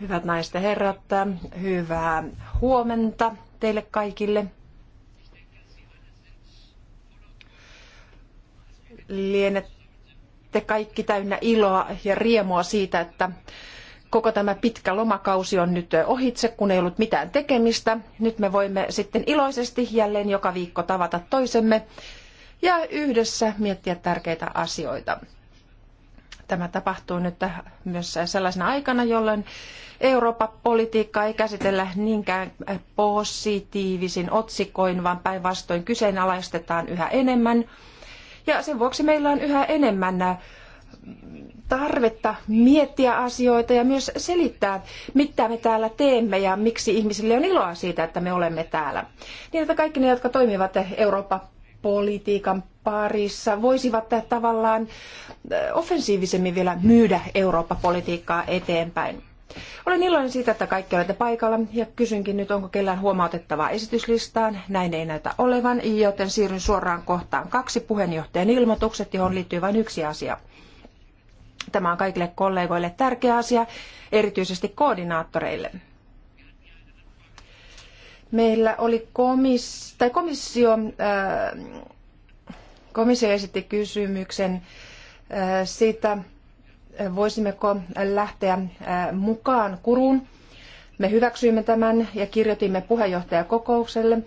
Hyvät naiset ja herrat, hyvää huomenta teille kaikille. Lienette kaikki täynnä iloa ja riemua siitä, että koko tämä pitkä lomakausi on nyt ohitse, kun ei ollut mitään tekemistä. Nyt me voimme sitten iloisesti jälleen joka viikko tavata toisemme ja yhdessä miettiä tärkeitä asioita tämä tapahtuu nyt myös sellaisena aikana, jolloin Euroopan politiikkaa ei käsitellä niinkään positiivisin otsikoin, vaan päinvastoin kyseenalaistetaan yhä enemmän. Ja sen vuoksi meillä on yhä enemmän tarvetta miettiä asioita ja myös selittää, mitä me täällä teemme ja miksi ihmisille on iloa siitä, että me olemme täällä. Niin, että kaikki ne, jotka toimivat Euroopan politiikan parissa voisivat tavallaan eh, offensiivisemmin vielä myydä Eurooppa-politiikkaa eteenpäin. Olen iloinen siitä, että kaikki olette paikalla ja kysynkin nyt, onko kellään huomautettavaa esityslistaan. Näin ei näytä olevan, joten siirryn suoraan kohtaan kaksi puheenjohtajan ilmoitukset, johon liittyy vain yksi asia. Tämä on kaikille kollegoille tärkeä asia, erityisesti koordinaattoreille. Meillä oli tai komissio, ää, äh, komissio esitti kysymyksen ää, äh, siitä, äh, voisimmeko lähteä ää, mukaan kuruun. Me hyväksyimme tämän ja kirjoitimme puheenjohtajakokoukselle.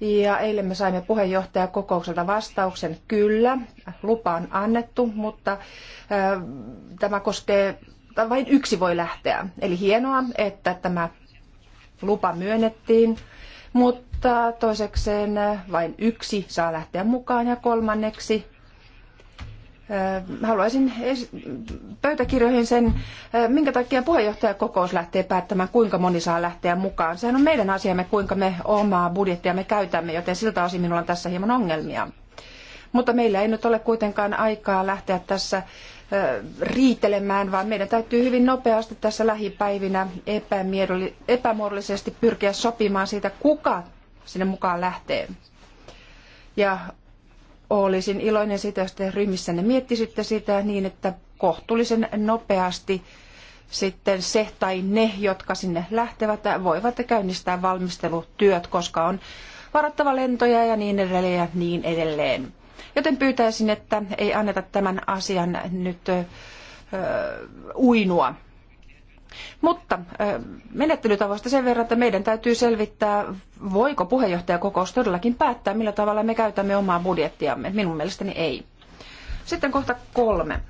Ja eilen me saimme puheenjohtajakokoukselta vastauksen, kyllä, lupa on annettu, mutta tämä koskee, vain yksi voi lähteä. Eli hienoa, että tämä lupa myönnettiin mutta toisekseen äh, vain yksi saa lähteä mukaan ja kolmanneksi äh, Haluaisin pöytäkirjoihin sen, äh, minkä takia puheenjohtajakokous lähtee päättämään, kuinka moni saa lähteä mukaan. Sehän on meidän asiamme, kuinka me omaa budjettiamme käytämme, joten siltä osin minulla on tässä hieman ongelmia. Mutta meillä ei nyt ole kuitenkaan aikaa lähteä tässä riitelemään, vaan meidän täytyy hyvin nopeasti tässä lähipäivinä epämuodollisesti pyrkiä sopimaan siitä, kuka sinne mukaan lähtee. Ja olisin iloinen siitä, jos te ryhmissänne miettisitte sitä niin, että kohtuullisen nopeasti sitten se tai ne, jotka sinne lähtevät, voivat käynnistää valmistelutyöt, koska on varattava lentoja ja niin edelleen ja niin edelleen. Joten pyytäisin, että ei anneta tämän asian nyt ö, uinua. Mutta menettelytavoista sen verran, että meidän täytyy selvittää, voiko puheenjohtajakokous todellakin päättää, millä tavalla me käytämme omaa budjettiamme. Minun mielestäni ei. Sitten kohta kolme.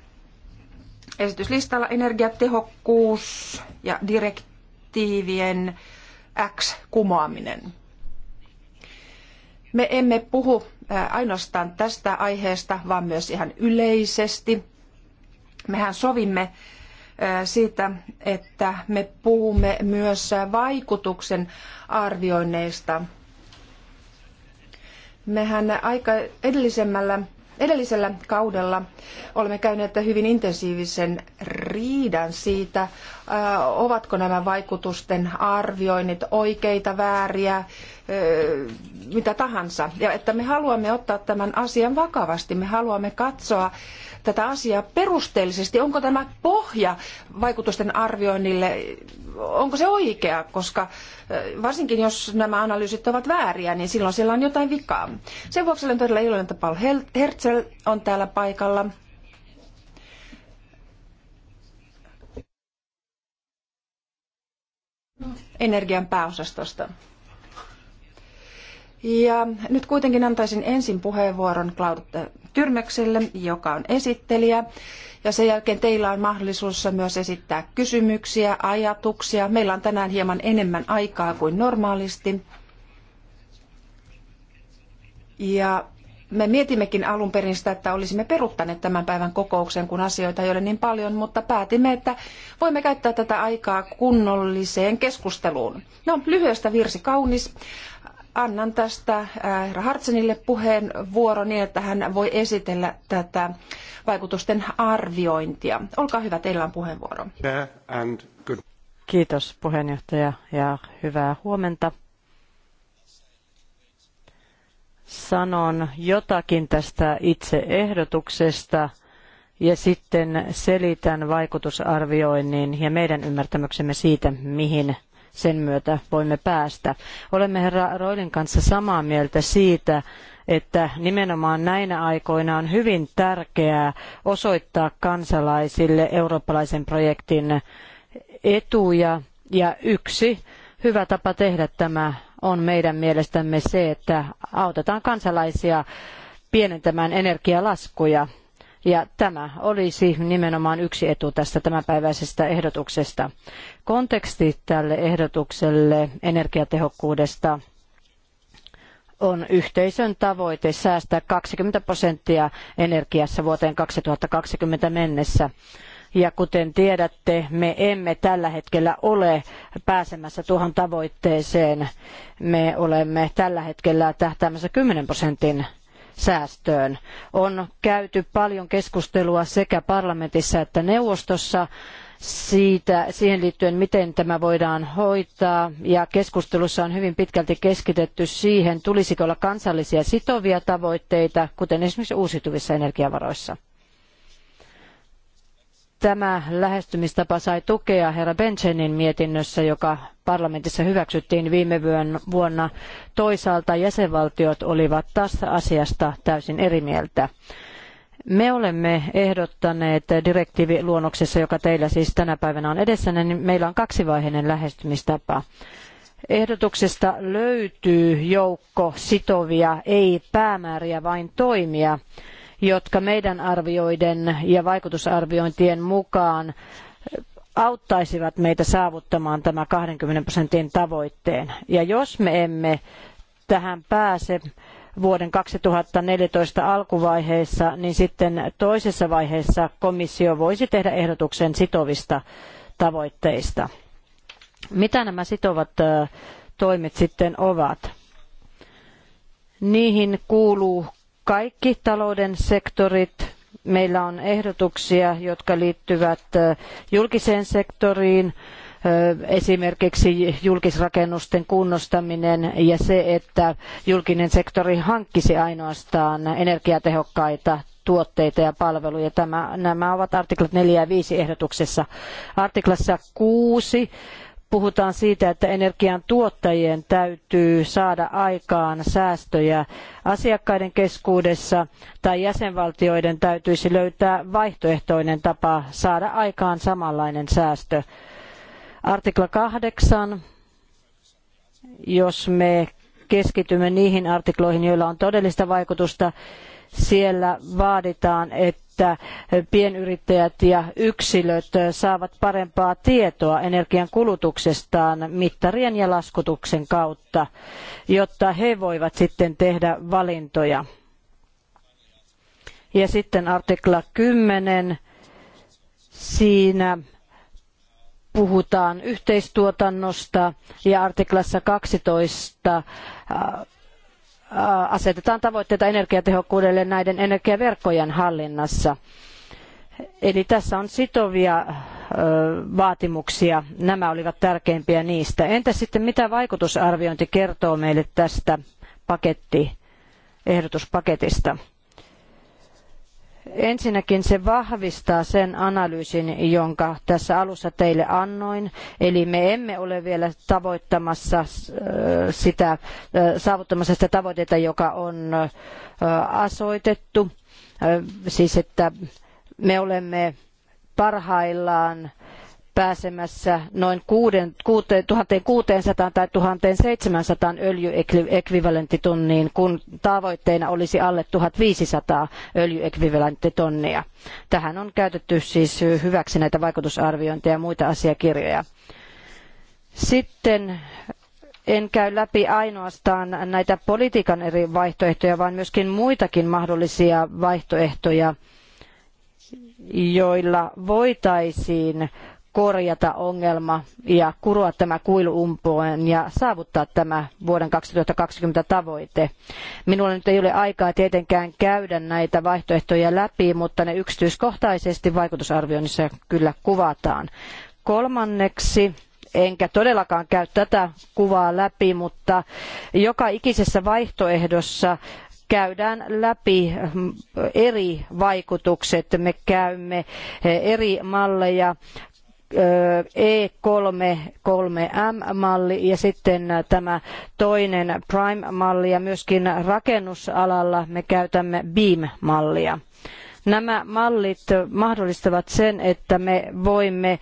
Esityslistalla energiatehokkuus ja direktiivien X kumoaminen. Me emme puhu ainoastaan tästä aiheesta, vaan myös ihan yleisesti. Mehän sovimme siitä, että me puhumme myös vaikutuksen arvioinneista. Mehän aika edellisemmällä edellisellä kaudella olemme käyneet hyvin intensiivisen riidan siitä, äh, ovatko nämä vaikutusten arvioinnit oikeita, vääriä, äh, mitä tahansa. Ja että me haluamme ottaa tämän asian vakavasti, me haluamme katsoa, tätä asiaa perusteellisesti. Onko tämä pohja vaikutusten arvioinnille, onko se oikea, koska eh, varsinkin jos nämä analyysit ovat vääriä, niin silloin siellä on jotain vikaa. Sen vuoksi olen todella iloinen, että Paul Herzl on täällä paikalla. Energian pääosastosta. Ja nyt kuitenkin antaisin ensin puheenvuoron Cloud äh, Tyrmökselle, joka on esittelijä. Ja sen jälkeen teillä on mahdollisuus myös esittää kysymyksiä, ajatuksia. Meillä on tänään hieman enemmän aikaa kuin normaalisti. Ja me mietimmekin alun perin sitä, että olisimme peruttaneet tämän päivän kokouksen, kun asioita ei ole niin paljon, mutta päätimme, että voimme käyttää tätä aikaa kunnolliseen keskusteluun. No, lyhyestä virsi kaunis annan tästä äh, herra Hartsenille puheenvuoron niin, että hän voi esitellä tätä vaikutusten arviointia. Olkaa hyvä, teillä on puheenvuoro. Kiitos puheenjohtaja ja hyvää huomenta. Sanon jotakin tästä itse ehdotuksesta ja sitten selitän vaikutusarvioinnin ja meidän ymmärtämyksemme siitä, mihin sen myötä voimme päästä. Olemme herra Roilin kanssa samaa mieltä siitä, että nimenomaan näinä aikoina on hyvin tärkeää osoittaa kansalaisille eurooppalaisen projektin etuja. Ja yksi hyvä tapa tehdä tämä on meidän mielestämme se, että autetaan kansalaisia pienentämään energialaskuja ja tämä olisi nimenomaan yksi etu tästä tämänpäiväisestä ehdotuksesta. Konteksti tälle ehdotukselle energiatehokkuudesta on yhteisön tavoite säästää 20 prosenttia energiassa vuoteen 2020 mennessä. Ja kuten tiedätte, me emme tällä hetkellä ole pääsemässä tuohon tavoitteeseen. Me olemme tällä hetkellä tähtäämässä 10 prosentin säästöön. On käyty paljon keskustelua sekä parlamentissa että neuvostossa siitä, siihen liittyen, miten tämä voidaan hoitaa. Ja keskustelussa on hyvin pitkälti keskitetty siihen, tulisiko olla kansallisia sitovia tavoitteita, kuten esimerkiksi uusiutuvissa energiavaroissa. Tämä lähestymistapa sai tukea herra Benchenin mietinnössä, joka parlamentissa hyväksyttiin viime vuonna. Toisaalta jäsenvaltiot olivat tässä asiasta täysin eri mieltä. Me olemme ehdottaneet direktiiviluonnoksessa, joka teillä siis tänä päivänä on edessänne, niin meillä on kaksivaiheinen lähestymistapa. Ehdotuksesta löytyy joukko sitovia, ei päämääriä, vain toimia jotka meidän arvioiden ja vaikutusarviointien mukaan auttaisivat meitä saavuttamaan tämä 20 prosentin tavoitteen. Ja jos me emme tähän pääse vuoden 2014 alkuvaiheessa, niin sitten toisessa vaiheessa komissio voisi tehdä ehdotuksen sitovista tavoitteista. Mitä nämä sitovat toimet sitten ovat? Niihin kuuluu kaikki talouden sektorit. Meillä on ehdotuksia, jotka liittyvät julkiseen sektoriin, esimerkiksi julkisrakennusten kunnostaminen ja se, että julkinen sektori hankkisi ainoastaan energiatehokkaita tuotteita ja palveluja. Tämä, nämä ovat artiklat 4 ja 5 ehdotuksessa. Artiklassa 6 puhutaan siitä, että energian tuottajien täytyy saada aikaan säästöjä asiakkaiden keskuudessa tai jäsenvaltioiden täytyisi löytää vaihtoehtoinen tapa saada aikaan samanlainen säästö. Artikla 8, jos me keskitymme niihin artikloihin, joilla on todellista vaikutusta, siellä vaaditaan, että että pienyrittäjät ja yksilöt saavat parempaa tietoa energian kulutuksestaan mittarien ja laskutuksen kautta, jotta he voivat sitten tehdä valintoja. Ja sitten artikla 10, siinä puhutaan yhteistuotannosta ja artiklassa 12 Äh, asetetaan tavoitteita energiatehokkuudelle näiden energiaverkkojen hallinnassa. Eli tässä on sitovia äh, vaatimuksia. Nämä olivat tärkeimpiä niistä. Entä sitten mitä vaikutusarviointi kertoo meille tästä paketti, ehdotuspaketista? Ensinnäkin se vahvistaa sen analyysin, jonka tässä alussa teille annoin. Eli me emme ole vielä tavoittamassa äh, sitä, äh, saavuttamassa sitä tavoitetta, joka on äh, asoitettu. Siis että me olemme parhaillaan pääsemässä noin 1600 tai 1700 öljyekvivalenttitunniin, kun tavoitteena olisi alle 1500 öljyekvivalenttitonnia. Tähän on käytetty siis hyväksi näitä vaikutusarviointeja ja muita asiakirjoja. Sitten en käy läpi ainoastaan näitä politiikan eri vaihtoehtoja, vaan myöskin muitakin mahdollisia vaihtoehtoja, joilla voitaisiin korjata ongelma ja kuroa tämä kuilu umpoon ja saavuttaa tämä vuoden 2020 tavoite. Minulla nyt ei ole aikaa tietenkään käydä näitä vaihtoehtoja läpi, mutta ne yksityiskohtaisesti vaikutusarvioinnissa kyllä kuvataan. Kolmanneksi enkä todellakaan käy tätä kuvaa läpi, mutta joka ikisessä vaihtoehdossa käydään läpi eri vaikutukset. Me käymme eri malleja E33M-malli ja sitten tämä toinen Prime-malli ja myöskin rakennusalalla me käytämme Beam-mallia. Nämä mallit mahdollistavat sen, että me voimme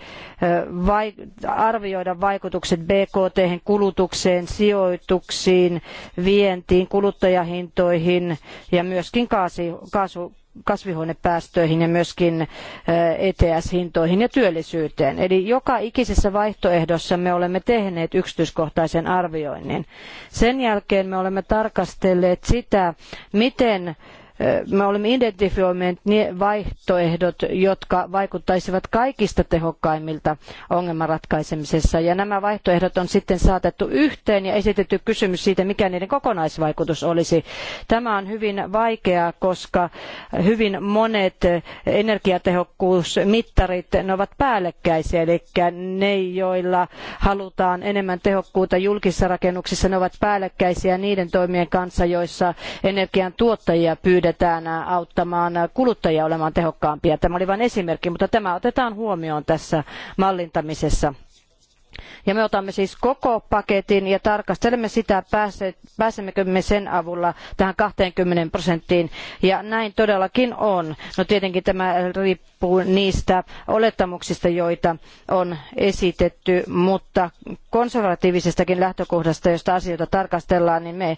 arvioida vaikutukset BKT, hen, kulutukseen, sijoituksiin, vientiin, kuluttajahintoihin ja myöskin kaasu, kaasu kasvihuonepäästöihin ja myöskin ETS-hintoihin eh, e ja työllisyyteen. Eli joka ikisessä vaihtoehdossa me olemme tehneet yksityiskohtaisen arvioinnin. Sen jälkeen me olemme tarkastelleet sitä, miten me olemme identifioineet ne vaihtoehdot, jotka vaikuttaisivat kaikista tehokkaimmilta ongelman ratkaisemisessa. Ja nämä vaihtoehdot on sitten saatettu yhteen ja esitetty kysymys siitä, mikä niiden kokonaisvaikutus olisi. Tämä on hyvin vaikeaa, koska hyvin monet energiatehokkuusmittarit ne ovat päällekkäisiä, eli ne, joilla halutaan enemmän tehokkuutta julkisissa rakennuksissa, ne ovat päällekkäisiä niiden toimien kanssa, joissa energian tuottajia pyydetään pyydetään auttamaan kuluttajia olemaan tehokkaampia. Tämä oli vain esimerkki, mutta tämä otetaan huomioon tässä mallintamisessa. Ja me otamme siis koko paketin ja tarkastelemme sitä, pääsemmekö me sen avulla tähän 20 prosenttiin. Ja näin todellakin on. No tietenkin tämä riippuu niistä olettamuksista, joita on esitetty, mutta konservatiivisestakin lähtökohdasta, josta asioita tarkastellaan, niin me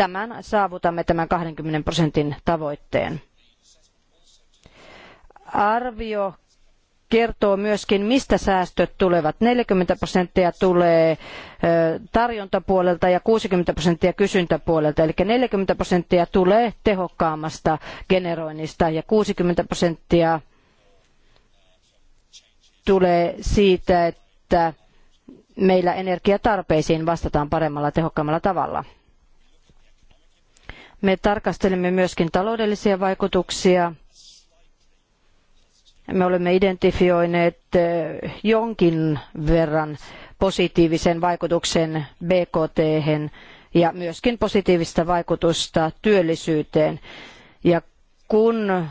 tämän saavutamme tämän 20 prosentin tavoitteen. Arvio kertoo myöskin, mistä säästöt tulevat. 40 prosenttia tulee tarjontapuolelta ja 60 prosenttia kysyntäpuolelta. Eli 40 prosenttia tulee tehokkaammasta generoinnista ja 60 prosenttia tulee siitä, että meillä energiatarpeisiin vastataan paremmalla tehokkaammalla tavalla. Me tarkastelemme myöskin taloudellisia vaikutuksia. Me olemme identifioineet eh, jonkin verran positiivisen vaikutuksen BKT hen ja myöskin positiivista vaikutusta työllisyyteen. Ja kun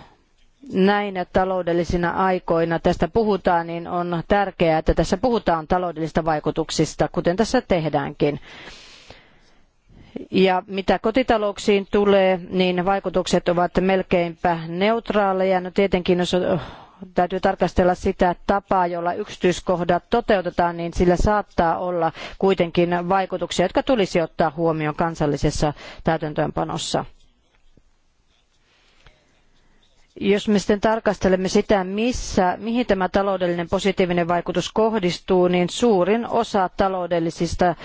näinä taloudellisina aikoina tästä puhutaan, niin on tärkeää, että tässä puhutaan taloudellisista vaikutuksista, kuten tässä tehdäänkin. Ja mitä kotitalouksiin tulee, niin vaikutukset ovat melkeinpä neutraaleja. No tietenkin jos täytyy tarkastella sitä tapaa, jolla yksityiskohdat toteutetaan, niin sillä saattaa olla kuitenkin vaikutuksia, jotka tulisi ottaa huomioon kansallisessa täytäntöönpanossa. Jos me sitten tarkastelemme sitä, missä, mihin tämä taloudellinen positiivinen vaikutus kohdistuu, niin suurin osa taloudellisista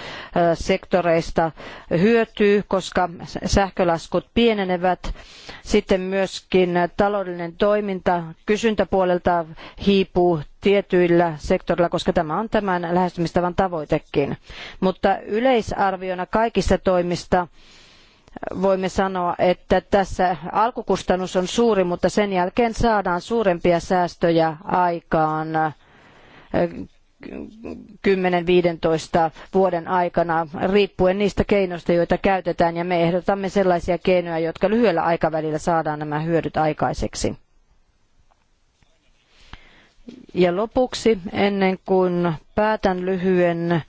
sektoreista hyötyy, koska sähkölaskut pienenevät. Sitten myöskin taloudellinen toiminta kysyntäpuolelta hiipuu tietyillä sektorilla, koska tämä on tämän lähestymistavan tavoitekin. Mutta yleisarviona kaikista toimista voimme sanoa, että tässä alkukustannus on suuri, mutta sen jälkeen saadaan suurempia säästöjä aikaan 10-15 äh, vuoden aikana, riippuen niistä keinoista, joita käytetään, ja me ehdotamme sellaisia keinoja, jotka lyhyellä aikavälillä saadaan nämä hyödyt aikaiseksi. Ja lopuksi, ennen kuin päätän lyhyen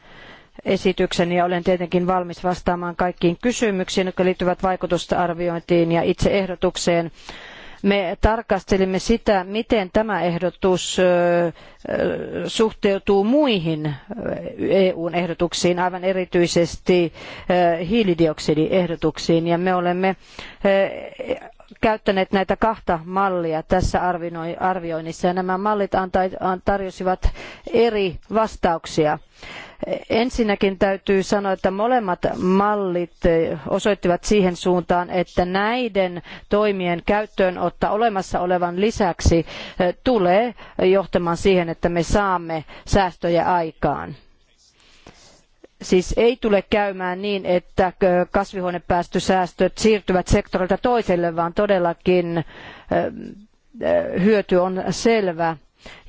esityksen ja olen tietenkin valmis vastaamaan kaikkiin kysymyksiin, jotka liittyvät vaikutusarviointiin ja itse ehdotukseen me tarkastelimme sitä, miten tämä ehdotus suhteutuu muihin EUn ehdotuksiin, aivan erityisesti hiilidioksidiehdotuksiin. Ja me olemme käyttäneet näitä kahta mallia tässä arvioinnissa ja nämä mallit tarjosivat eri vastauksia. Ensinnäkin täytyy sanoa, että molemmat mallit eh, osoittivat siihen suuntaan, että näiden toimien käyttöönotto olemassa olevan lisäksi eh, tulee johtamaan siihen, että me saamme säästöjä aikaan. Siis ei tule käymään niin, että kasvihuonepäästösäästöt siirtyvät sektorilta toiselle, vaan todellakin hyöty on selvä.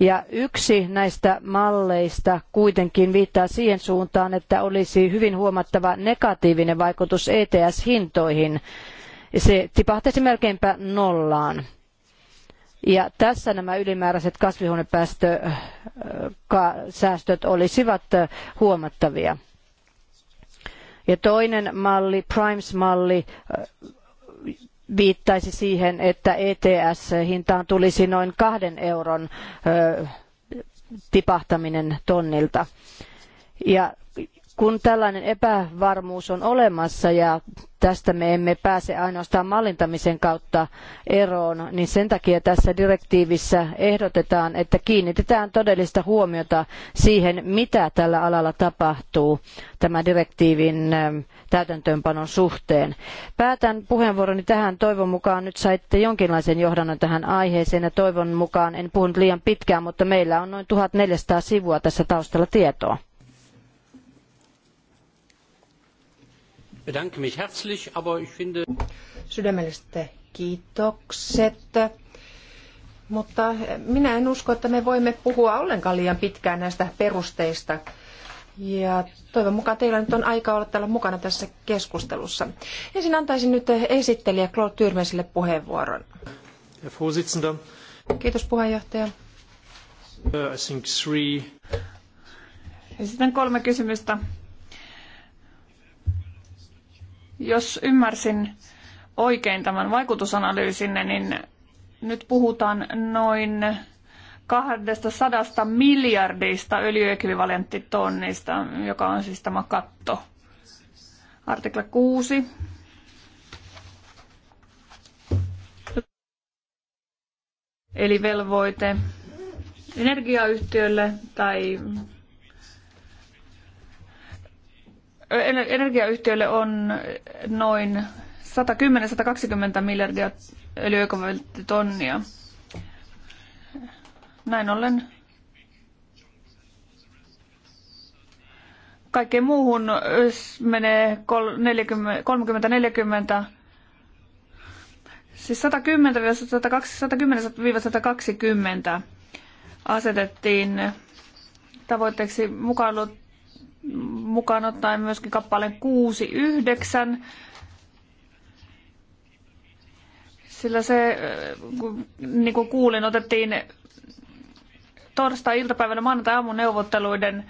Ja yksi näistä malleista kuitenkin viittaa siihen suuntaan, että olisi hyvin huomattava negatiivinen vaikutus ETS-hintoihin. Se tipahtaisi melkeinpä nollaan. Ja tässä nämä ylimääräiset kasvihuonepäästösäästöt olisivat huomattavia. Ja toinen malli, Primes-malli, viittaisi siihen, että ETS-hintaan tulisi noin kahden euron tipahtaminen tonnilta. Ja kun tällainen epävarmuus on olemassa ja tästä me emme pääse ainoastaan mallintamisen kautta eroon, niin sen takia tässä direktiivissä ehdotetaan, että kiinnitetään todellista huomiota siihen, mitä tällä alalla tapahtuu tämän direktiivin ähm, täytäntöönpanon suhteen. Päätän puheenvuoroni tähän. Toivon mukaan nyt saitte jonkinlaisen johdannon tähän aiheeseen ja toivon mukaan en puhunut liian pitkään, mutta meillä on noin 1400 sivua tässä taustalla tietoa. bedanke mich herzlich, aber ich finde... Sydämelliset kiitokset. Mutta minä en usko, että me voimme puhua ollenkaan liian pitkään näistä perusteista. Ja toivon mukaan teillä nyt on aika olla täällä mukana tässä keskustelussa. Ensin antaisin nyt esittelijä Claude Tyrmesille puheenvuoron. Kiitos puheenjohtaja. Uh, Esitän kolme kysymystä jos ymmärsin oikein tämän vaikutusanalyysinne, niin nyt puhutaan noin 200 miljardista öljyekvivalenttitonnista, joka on siis tämä katto. Artikla 6. Eli velvoite energiayhtiölle tai energiayhtiöille on noin 110-120 miljardia öljyökovolttitonnia. Näin ollen kaikkeen muuhun menee 30-40, siis 110-120 asetettiin tavoitteeksi mukaan mukaan ottaen myöskin kappaleen 69, sillä se, äh, niin kuin kuulin, otettiin torstai-iltapäivänä maanantai-aamun neuvotteluiden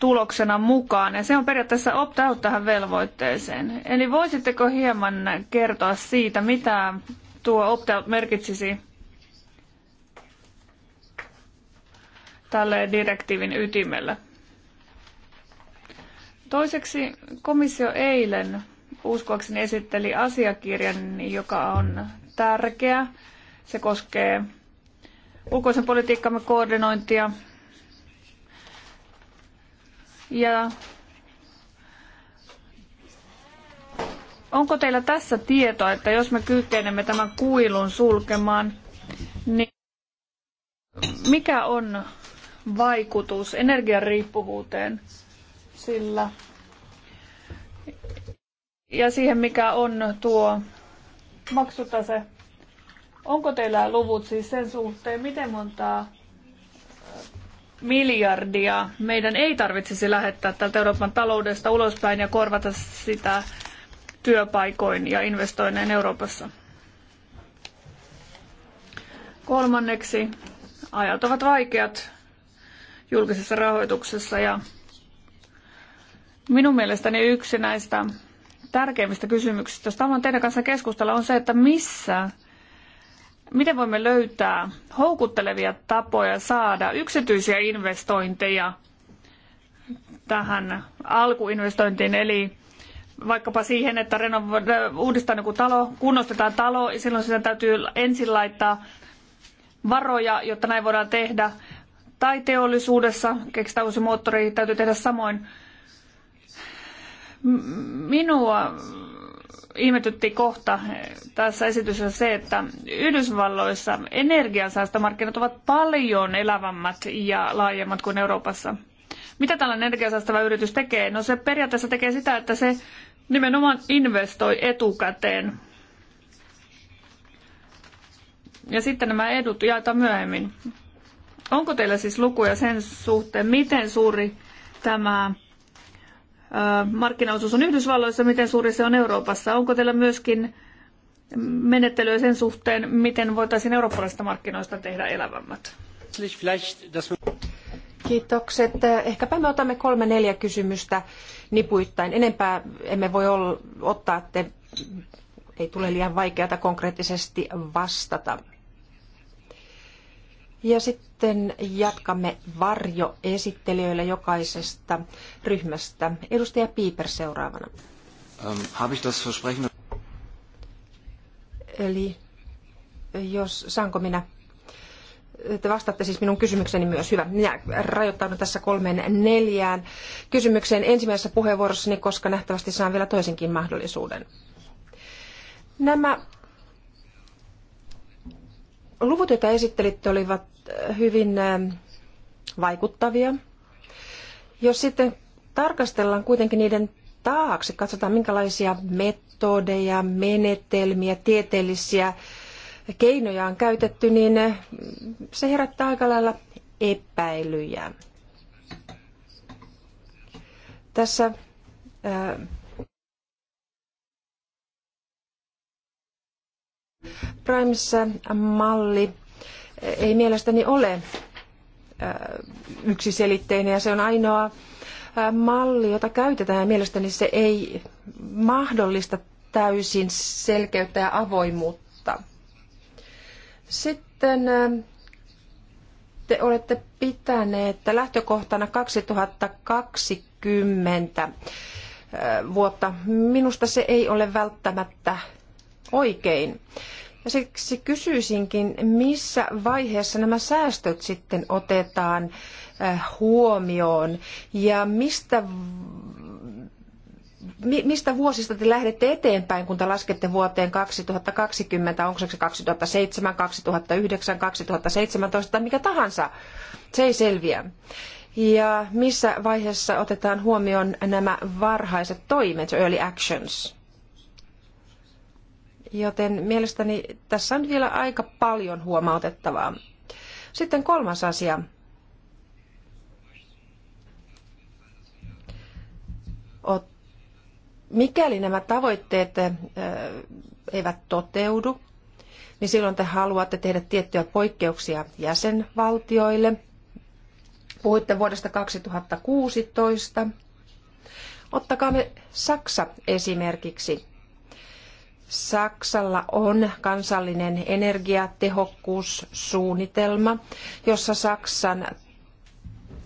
tuloksena mukaan, ja se on periaatteessa opt-out tähän velvoitteeseen. Eli voisitteko hieman kertoa siitä, mitä tuo opt-out merkitsisi tälle direktiivin ytimelle? Toiseksi komissio eilen uskoakseni esitteli asiakirjan, joka on tärkeä. Se koskee ulkoisen politiikkamme koordinointia ja onko teillä tässä tietoa, että jos me kykenemme tämän kuilun sulkemaan, niin mikä on vaikutus energian riippuvuuteen sillä ja siihen, mikä on tuo maksutase. Onko teillä luvut siis sen suhteen, miten montaa äh, miljardia meidän ei tarvitsisi lähettää tältä Euroopan taloudesta ulospäin ja korvata sitä työpaikoin ja investoinnein Euroopassa? Kolmanneksi, ajat ovat vaikeat julkisessa rahoituksessa ja Minun mielestäni yksi näistä tärkeimmistä kysymyksistä, josta haluan teidän kanssa keskustella, on se, että missä, miten voimme löytää houkuttelevia tapoja saada yksityisiä investointeja tähän alkuinvestointiin, eli vaikkapa siihen, että renovo- uudestaan joku talo, kunnostetaan talo, ja silloin sitä täytyy ensin laittaa varoja, jotta näin voidaan tehdä. Tai teollisuudessa keksitään uusi moottori, täytyy tehdä samoin. Minua ihmetytti kohta tässä esityksessä se, että Yhdysvalloissa energiansäästömarkkinat ovat paljon elävämmät ja laajemmat kuin Euroopassa. Mitä tällainen energiansäästävä yritys tekee? No se periaatteessa tekee sitä, että se nimenomaan investoi etukäteen. Ja sitten nämä edut jaetaan myöhemmin. Onko teillä siis lukuja sen suhteen, miten suuri tämä markkinaosuus on Yhdysvalloissa, miten suuri se on Euroopassa? Onko teillä myöskin menettelyä sen suhteen, miten voitaisiin eurooppalaisista markkinoista tehdä elävämmät? Kiitokset. Ehkäpä me otamme kolme neljä kysymystä nipuittain. Enempää emme voi olla, ottaa, että ei tule liian vaikeata konkreettisesti vastata. Ja sitten jatkamme varjoesittelijöillä jokaisesta ryhmästä. Edustaja Piiper seuraavana. Ähm, ich das versprechen? Eli jos saanko minä te vastaatte siis minun kysymykseni myös. Hyvä. Minä rajoittaudun tässä kolmeen neljään kysymykseen ensimmäisessä puheenvuorossani, koska nähtävästi saan vielä toisenkin mahdollisuuden. Nämä Luvut, joita esittelitte, olivat äh, hyvin äh, vaikuttavia. Jos sitten tarkastellaan kuitenkin niiden taakse, katsotaan minkälaisia metodeja, menetelmiä, tieteellisiä keinoja on käytetty, niin äh, se herättää aika lailla epäilyjä. Tässä Primes-malli ei mielestäni ole äh, yksiselitteinen ja se on ainoa äh, malli, jota käytetään ja mielestäni se ei mahdollista täysin selkeyttä ja avoimuutta. Sitten äh, te olette pitäneet lähtökohtana 2020 vuotta. Minusta se ei ole välttämättä oikein. Ja siksi kysyisinkin, missä vaiheessa nämä säästöt sitten otetaan äh, huomioon ja mistä, mistä vuosista te lähdette eteenpäin, kun te laskette vuoteen 2020, onko se 2007, 2009, 2017 tai mikä tahansa, se ei selviä. Ja missä vaiheessa otetaan huomioon nämä varhaiset toimet, early actions? Joten mielestäni tässä on vielä aika paljon huomautettavaa. Sitten kolmas asia. Mikäli nämä tavoitteet eivät toteudu, niin silloin te haluatte tehdä tiettyjä poikkeuksia jäsenvaltioille. Puhuitte vuodesta 2016. Ottakaa me Saksa esimerkiksi. Saksalla on kansallinen energiatehokkuussuunnitelma, jossa Saksan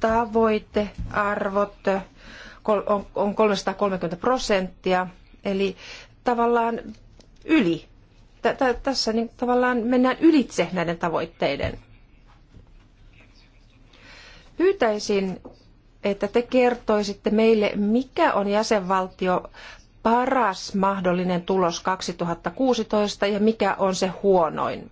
tavoitearvot on 330 prosenttia, eli tavallaan yli. Tässä niin tavallaan mennään ylitse näiden tavoitteiden. Pyytäisin, että te kertoisitte meille, mikä on jäsenvaltio paras mahdollinen tulos 2016 ja mikä on se huonoin.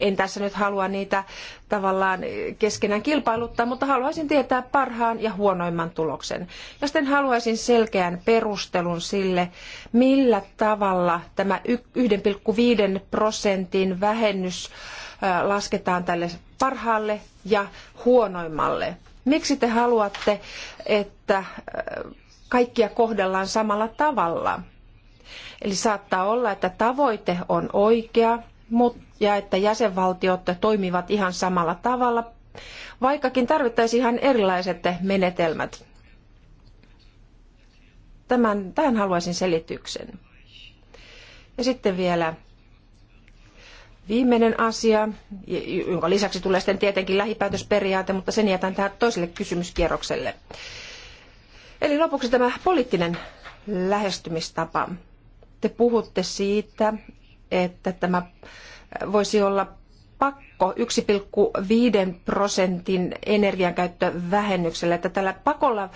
En tässä nyt halua niitä tavallaan keskenään kilpailuttaa, mutta haluaisin tietää parhaan ja huonoimman tuloksen. Ja sitten haluaisin selkeän perustelun sille, millä tavalla tämä 1,5 prosentin vähennys lasketaan tälle parhaalle ja huonoimmalle. Miksi te haluatte, että kaikkia kohdellaan samalla tavalla. Eli saattaa olla, että tavoite on oikea ja että jäsenvaltiot toimivat ihan samalla tavalla, vaikkakin tarvittaisiin ihan erilaiset menetelmät. Tämän, tähän haluaisin selityksen. Ja sitten vielä viimeinen asia, jonka lisäksi tulee sitten tietenkin lähipäätösperiaate, mutta sen jätän tähän toiselle kysymyskierrokselle. Eli lopuksi tämä poliittinen lähestymistapa. Te puhutte siitä, että tämä voisi olla pakko 1,5 prosentin energiankäyttövähennyksellä, että tällä pakolla äh,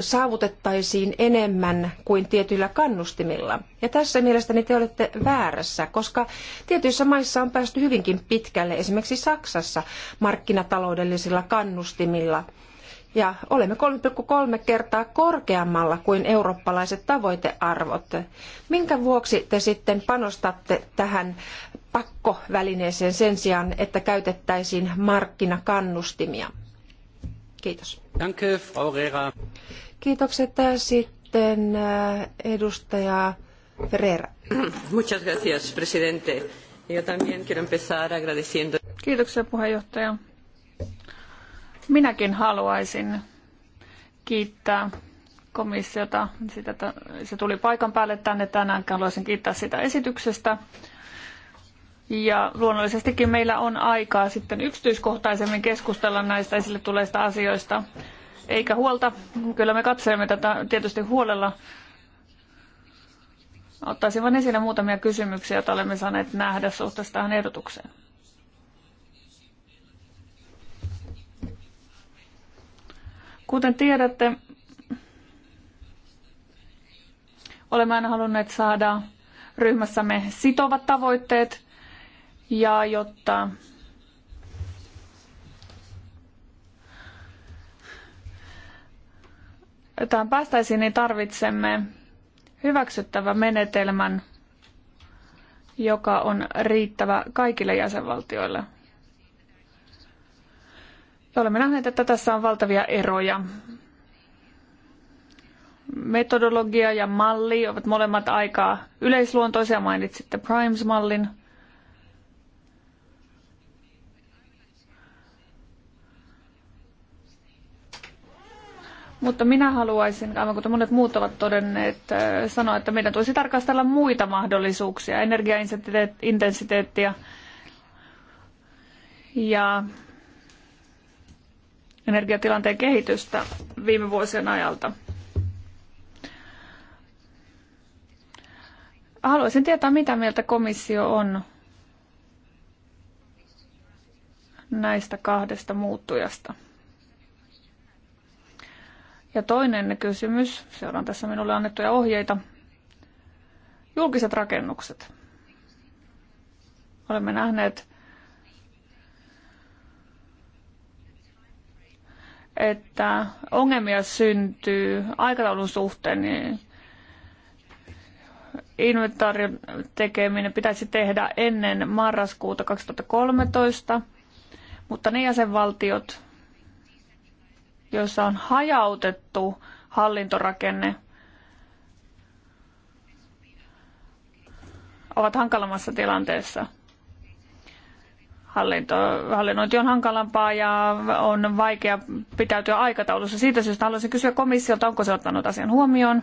saavutettaisiin enemmän kuin tietyillä kannustimilla. Ja tässä mielestäni te olette väärässä, koska tietyissä maissa on päästy hyvinkin pitkälle, esimerkiksi Saksassa markkinataloudellisilla kannustimilla – ja olemme 3,3 kertaa korkeammalla kuin eurooppalaiset tavoitearvot. Minkä vuoksi te sitten panostatte tähän pakkovälineeseen sen sijaan, että käytettäisiin markkinakannustimia? Kiitos. Danke, Frau Rera. Kiitokset sitten äh, edustaja Ferreira. Muchas gracias, presidente. Yo también quiero empezar agradeciendo. Kiitoksia puheenjohtaja. Minäkin haluaisin kiittää komissiota. Sitä, se tuli paikan päälle tänne tänään. Haluaisin kiittää sitä esityksestä. Ja luonnollisestikin meillä on aikaa sitten yksityiskohtaisemmin keskustella näistä esille tulleista asioista. Eikä huolta, kyllä me katselemme tätä tietysti huolella. Ottaisin vain esille muutamia kysymyksiä, joita olemme saaneet nähdä suhteessa tähän ehdotukseen. Kuten tiedätte, olemme aina halunneet saada ryhmässämme sitovat tavoitteet ja jotta tähän päästäisiin, niin tarvitsemme hyväksyttävän menetelmän, joka on riittävä kaikille jäsenvaltioille – ja olemme nähneet, että tässä on valtavia eroja. Metodologia ja malli ovat molemmat aikaa yleisluontoisia. Mainitsitte Primes-mallin. Mutta minä haluaisin, aivan kuten monet muut ovat todenneet, äh, sanoa, että meidän tulisi tarkastella muita mahdollisuuksia, energiaintensiteettiä ja energiatilanteen kehitystä viime vuosien ajalta. Haluaisin tietää, mitä mieltä komissio on näistä kahdesta muuttujasta. Ja toinen kysymys, seuraan tässä minulle annettuja ohjeita. Julkiset rakennukset. Olemme nähneet että ongelmia syntyy aikataulun suhteen, niin inventaarion tekeminen pitäisi tehdä ennen marraskuuta 2013, mutta ne jäsenvaltiot, joissa on hajautettu hallintorakenne, ovat hankalammassa tilanteessa – hallinto, hallinnointi on hankalampaa ja on vaikea pitäytyä aikataulussa. Siitä syystä haluaisin kysyä komissiolta, onko se ottanut asian huomioon.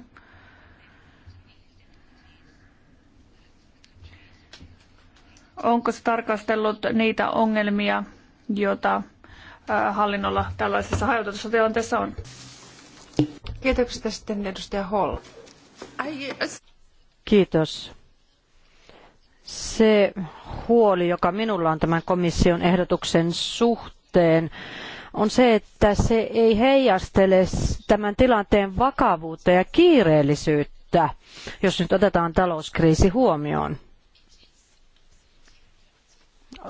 Onko se tarkastellut niitä ongelmia, joita hallinnolla tällaisessa hajautetussa tilanteessa on? Kiitoksia sitten edustaja Hall. Kiitos. Se huoli, joka minulla on tämän komission ehdotuksen suhteen, on se, että se ei heijastele tämän tilanteen vakavuutta ja kiireellisyyttä, jos nyt otetaan talouskriisi huomioon.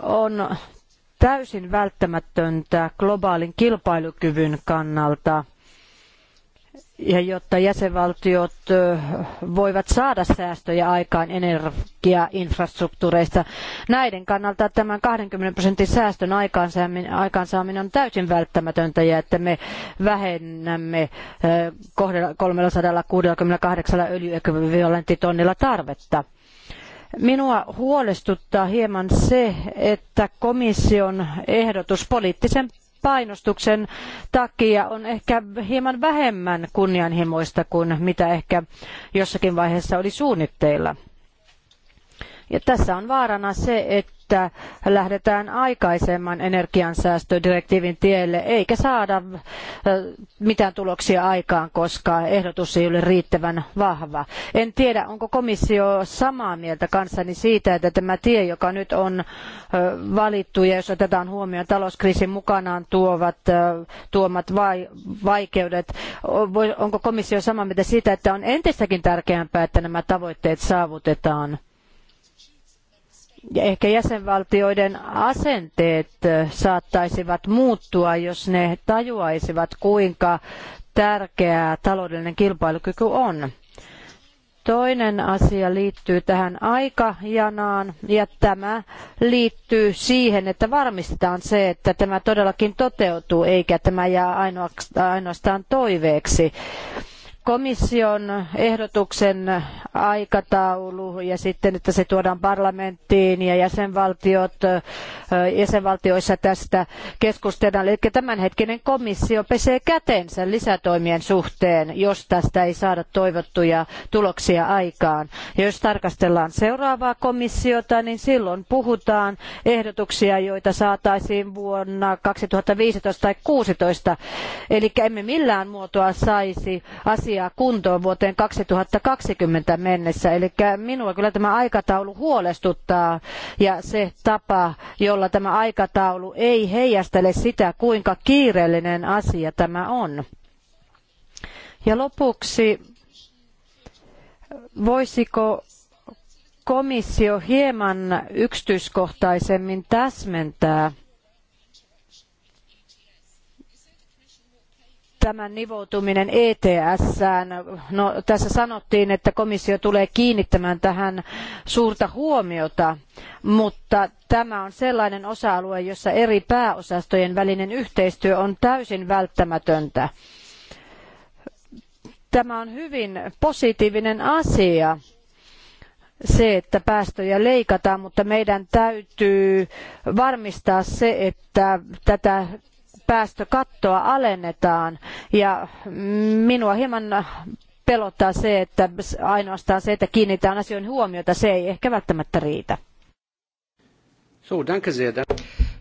On täysin välttämätöntä globaalin kilpailukyvyn kannalta – ja jotta jäsenvaltiot voivat saada säästöjä aikaan energiainfrastruktuureista. Näiden kannalta tämän 20 prosentin säästön aikaansaaminen on täysin välttämätöntä ja että me vähennämme 368 öljyekvivalenttitonnilla tarvetta. Minua huolestuttaa hieman se, että komission ehdotus poliittisen painostuksen takia on ehkä hieman vähemmän kunnianhimoista kuin mitä ehkä jossakin vaiheessa oli suunnitteilla. Ja tässä on vaarana se, että että lähdetään aikaisemman energiansäästödirektiivin tielle, eikä saada mitään tuloksia aikaan, koska ehdotus ei ole riittävän vahva. En tiedä, onko komissio samaa mieltä kanssani siitä, että tämä tie, joka nyt on valittu ja jos otetaan huomioon talouskriisin mukanaan tuovat, tuomat vaikeudet, onko komissio samaa mieltä siitä, että on entistäkin tärkeämpää, että nämä tavoitteet saavutetaan? ja ehkä jäsenvaltioiden asenteet saattaisivat muuttua, jos ne tajuaisivat, kuinka tärkeää taloudellinen kilpailukyky on. Toinen asia liittyy tähän aikajanaan ja tämä liittyy siihen, että varmistetaan se, että tämä todellakin toteutuu eikä tämä jää ainoastaan toiveeksi komission ehdotuksen aikataulu ja sitten, että se tuodaan parlamenttiin ja jäsenvaltiot, jäsenvaltioissa tästä keskustellaan. Eli tämänhetkinen komissio pesee kätensä lisätoimien suhteen, jos tästä ei saada toivottuja tuloksia aikaan. Ja jos tarkastellaan seuraavaa komissiota, niin silloin puhutaan ehdotuksia, joita saataisiin vuonna 2015 tai 2016. Eli emme millään muotoa saisi asiaa asiaa kuntoon vuoteen 2020 mennessä. Eli minua kyllä tämä aikataulu huolestuttaa ja se tapa, jolla tämä aikataulu ei heijastele sitä, kuinka kiireellinen asia tämä on. Ja lopuksi, voisiko komissio hieman yksityiskohtaisemmin täsmentää – tämän nivoutuminen ETS-ään. No, tässä sanottiin, että komissio tulee kiinnittämään tähän suurta huomiota, mutta tämä on sellainen osa-alue, jossa eri pääosastojen välinen yhteistyö on täysin välttämätöntä. Tämä on hyvin positiivinen asia se, että päästöjä leikataan, mutta meidän täytyy varmistaa se, että tätä päästökattoa alennetaan ja minua hieman pelottaa se, että ainoastaan se, että kiinnitään asioihin huomiota, se ei ehkä välttämättä riitä. So, danke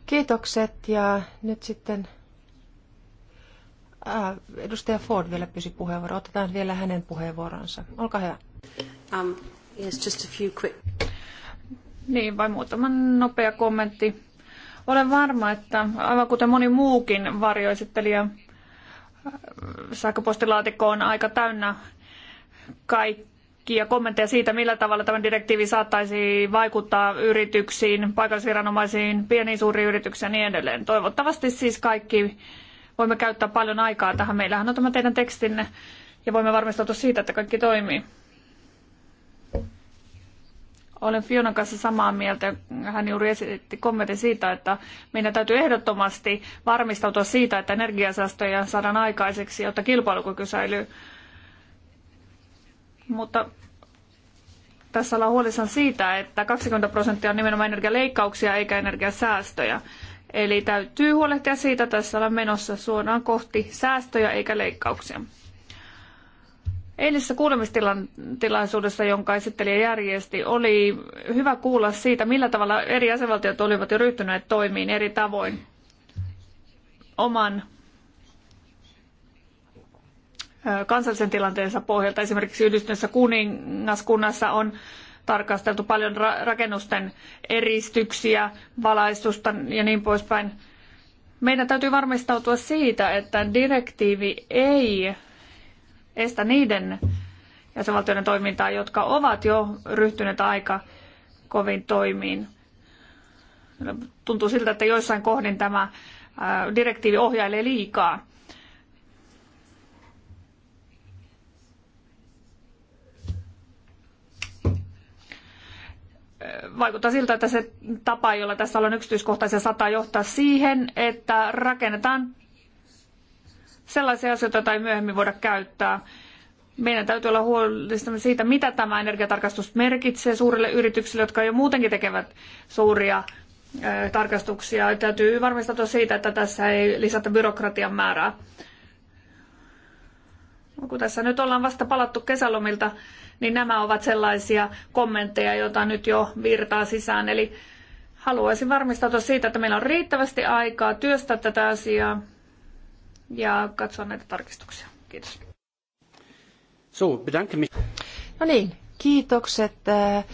Kiitokset ja nyt sitten äh, edustaja Ford vielä pysi puheenvuoro. Otetaan vielä hänen puheenvuoronsa. Olkaa hyvä. Um, yes, just a few quick... Niin, vain muutaman nopea kommentti. Olen varma, että aivan kuten moni muukin varjoesittelijä, sähköpostilaatikko on aika täynnä kaikkia kommentteja siitä, millä tavalla tämä direktiivi saattaisi vaikuttaa yrityksiin, paikallisviranomaisiin, pieniin suuriin yrityksiin ja niin edelleen. Toivottavasti siis kaikki voimme käyttää paljon aikaa tähän. Meillähän on tämä teidän tekstinne ja voimme varmistautua siitä, että kaikki toimii. Olen Fionan kanssa samaa mieltä. Hän juuri esitti kommentin siitä, että meidän täytyy ehdottomasti varmistautua siitä, että energiasäästöjä saadaan aikaiseksi, jotta kilpailukyky säilyy. Mutta tässä ollaan huolissaan siitä, että 20 prosenttia on nimenomaan energialeikkauksia eikä energiasäästöjä. Eli täytyy huolehtia siitä, että tässä ollaan menossa suoraan kohti säästöjä eikä leikkauksia. Eilisessä kuulemistilaisuudessa, jonka esittelijä järjesti, oli hyvä kuulla siitä, millä tavalla eri jäsenvaltiot olivat jo ryhtyneet toimiin eri tavoin oman kansallisen tilanteensa pohjalta. Esimerkiksi yhdistyneessä kuningaskunnassa on tarkasteltu paljon rakennusten eristyksiä, valaistusta ja niin poispäin. Meidän täytyy varmistautua siitä, että direktiivi ei estä niiden jäsenvaltioiden toimintaa, jotka ovat jo ryhtyneet aika kovin toimiin. Tuntuu siltä, että joissain kohdin tämä direktiivi ohjailee liikaa. vaikuttaa siltä, että se tapa, jolla tässä on yksityiskohtaisia sataa johtaa siihen, että rakennetaan sellaisia asioita, joita ei myöhemmin voida käyttää. Meidän täytyy olla huolissamme siitä, mitä tämä energiatarkastus merkitsee suurille yrityksille, jotka jo muutenkin tekevät suuria tarkastuksia. Täytyy varmistautua siitä, että tässä ei lisätä byrokratian määrää. No, kun tässä nyt ollaan vasta palattu kesälomilta, niin nämä ovat sellaisia kommentteja, joita nyt jo virtaa sisään. Eli haluaisin varmistautua siitä, että meillä on riittävästi aikaa työstää tätä asiaa ja katsoa näitä tarkistuksia. Kiitos. So, bedanke mich. No niin, kiitokset äh,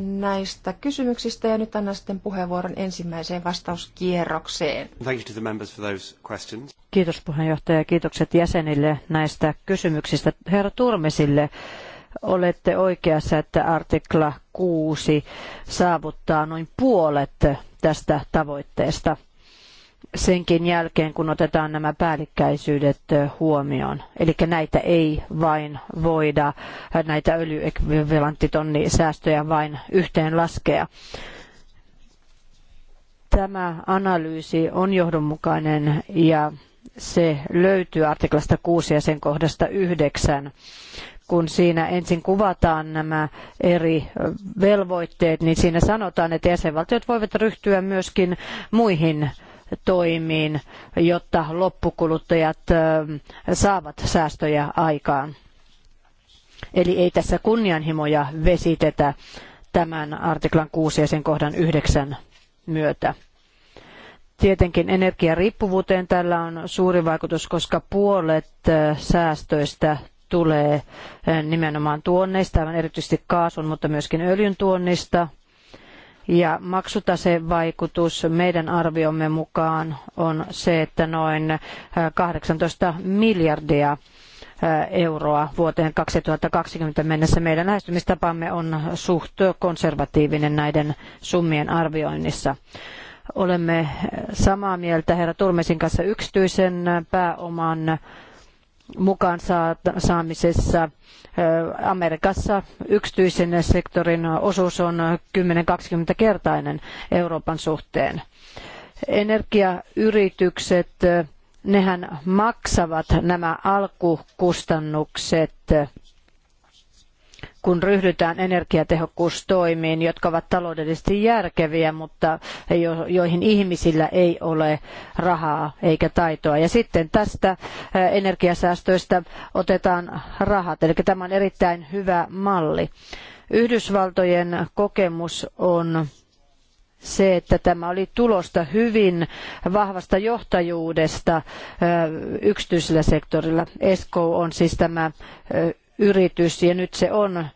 näistä kysymyksistä ja nyt annan sitten puheenvuoron ensimmäiseen vastauskierrokseen. Thank you Kiitos puheenjohtaja ja kiitokset jäsenille näistä kysymyksistä. Herra Turmesille, olette oikeassa, että artikla 6 saavuttaa noin puolet tästä tavoitteesta – senkin jälkeen, kun otetaan nämä päällikkäisyydet huomioon. Eli näitä ei vain voida, näitä öljyekvivalenttitonnisäästöjä vain yhteen laskea. Tämä analyysi on johdonmukainen ja se löytyy artiklasta 6 ja sen kohdasta 9 kun siinä ensin kuvataan nämä eri velvoitteet, niin siinä sanotaan, että jäsenvaltiot voivat ryhtyä myöskin muihin toimiin, jotta loppukuluttajat saavat säästöjä aikaan. Eli ei tässä kunnianhimoja vesitetä tämän artiklan 6 ja sen kohdan 9 myötä. Tietenkin energiariippuvuuteen tällä on suuri vaikutus, koska puolet säästöistä tulee nimenomaan tuonneista, aivan erityisesti kaasun, mutta myöskin öljyn tuonnista – ja maksutasevaikutus meidän arviomme mukaan on se, että noin 18 äh, miljardia äh, euroa vuoteen 2020 mennessä. Meidän lähestymistapamme on suht konservatiivinen näiden summien arvioinnissa. Olemme samaa mieltä herra Turmesin kanssa yksityisen pääoman mukaan saamisessa. Amerikassa yksityisen sektorin osuus on 10-20 kertainen Euroopan suhteen. Energiayritykset, nehän maksavat nämä alkukustannukset kun ryhdytään energiatehokkuustoimiin, jotka ovat taloudellisesti järkeviä, mutta joihin ihmisillä ei ole rahaa eikä taitoa. Ja sitten tästä energiasäästöistä otetaan rahat, eli tämä on erittäin hyvä malli. Yhdysvaltojen kokemus on se, että tämä oli tulosta hyvin vahvasta johtajuudesta yksityisellä sektorilla. ESCO on siis tämä yritys ja nyt se on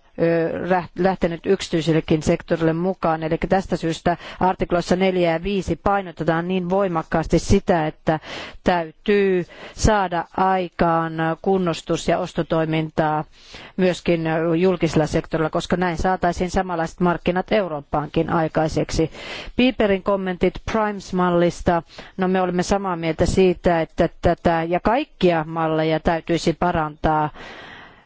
lähtenyt yksityisellekin sektorille mukaan. Eli tästä syystä artiklassa 4 ja 5 painotetaan niin voimakkaasti sitä, että täytyy saada aikaan kunnostus- ja ostotoimintaa myöskin julkisella sektorilla, koska näin saataisiin samanlaiset markkinat Eurooppaankin aikaiseksi. Piperin kommentit Primes-mallista. No me olemme samaa mieltä siitä, että tätä ja kaikkia malleja täytyisi parantaa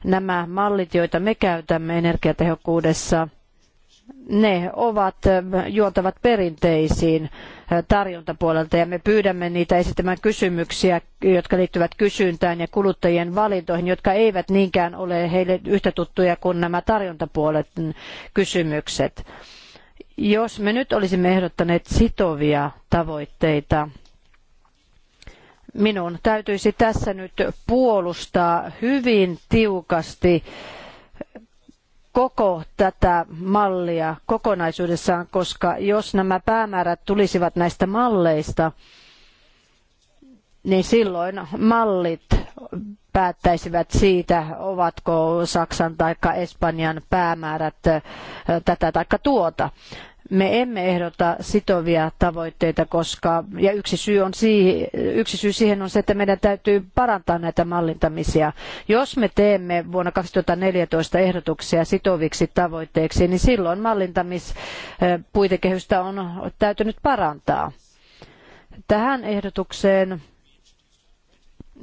nämä mallit, joita me käytämme energiatehokkuudessa, ne ovat juontavat perinteisiin tarjontapuolelta ja me pyydämme niitä esittämään kysymyksiä, jotka liittyvät kysyntään ja kuluttajien valintoihin, jotka eivät niinkään ole heille yhtä tuttuja kuin nämä tarjontapuolet kysymykset. Jos me nyt olisimme ehdottaneet sitovia tavoitteita minun täytyisi tässä nyt puolustaa hyvin tiukasti koko tätä mallia kokonaisuudessaan, koska jos nämä päämäärät tulisivat näistä malleista, niin silloin mallit päättäisivät siitä, ovatko Saksan tai Espanjan päämäärät tätä tai tuota. Me emme ehdota sitovia tavoitteita, koska, ja yksi syy, on siihen, yksi syy siihen on se, että meidän täytyy parantaa näitä mallintamisia. Jos me teemme vuonna 2014 ehdotuksia sitoviksi tavoitteiksi, niin silloin mallintamispuitekehystä on täytynyt parantaa. Tähän ehdotukseen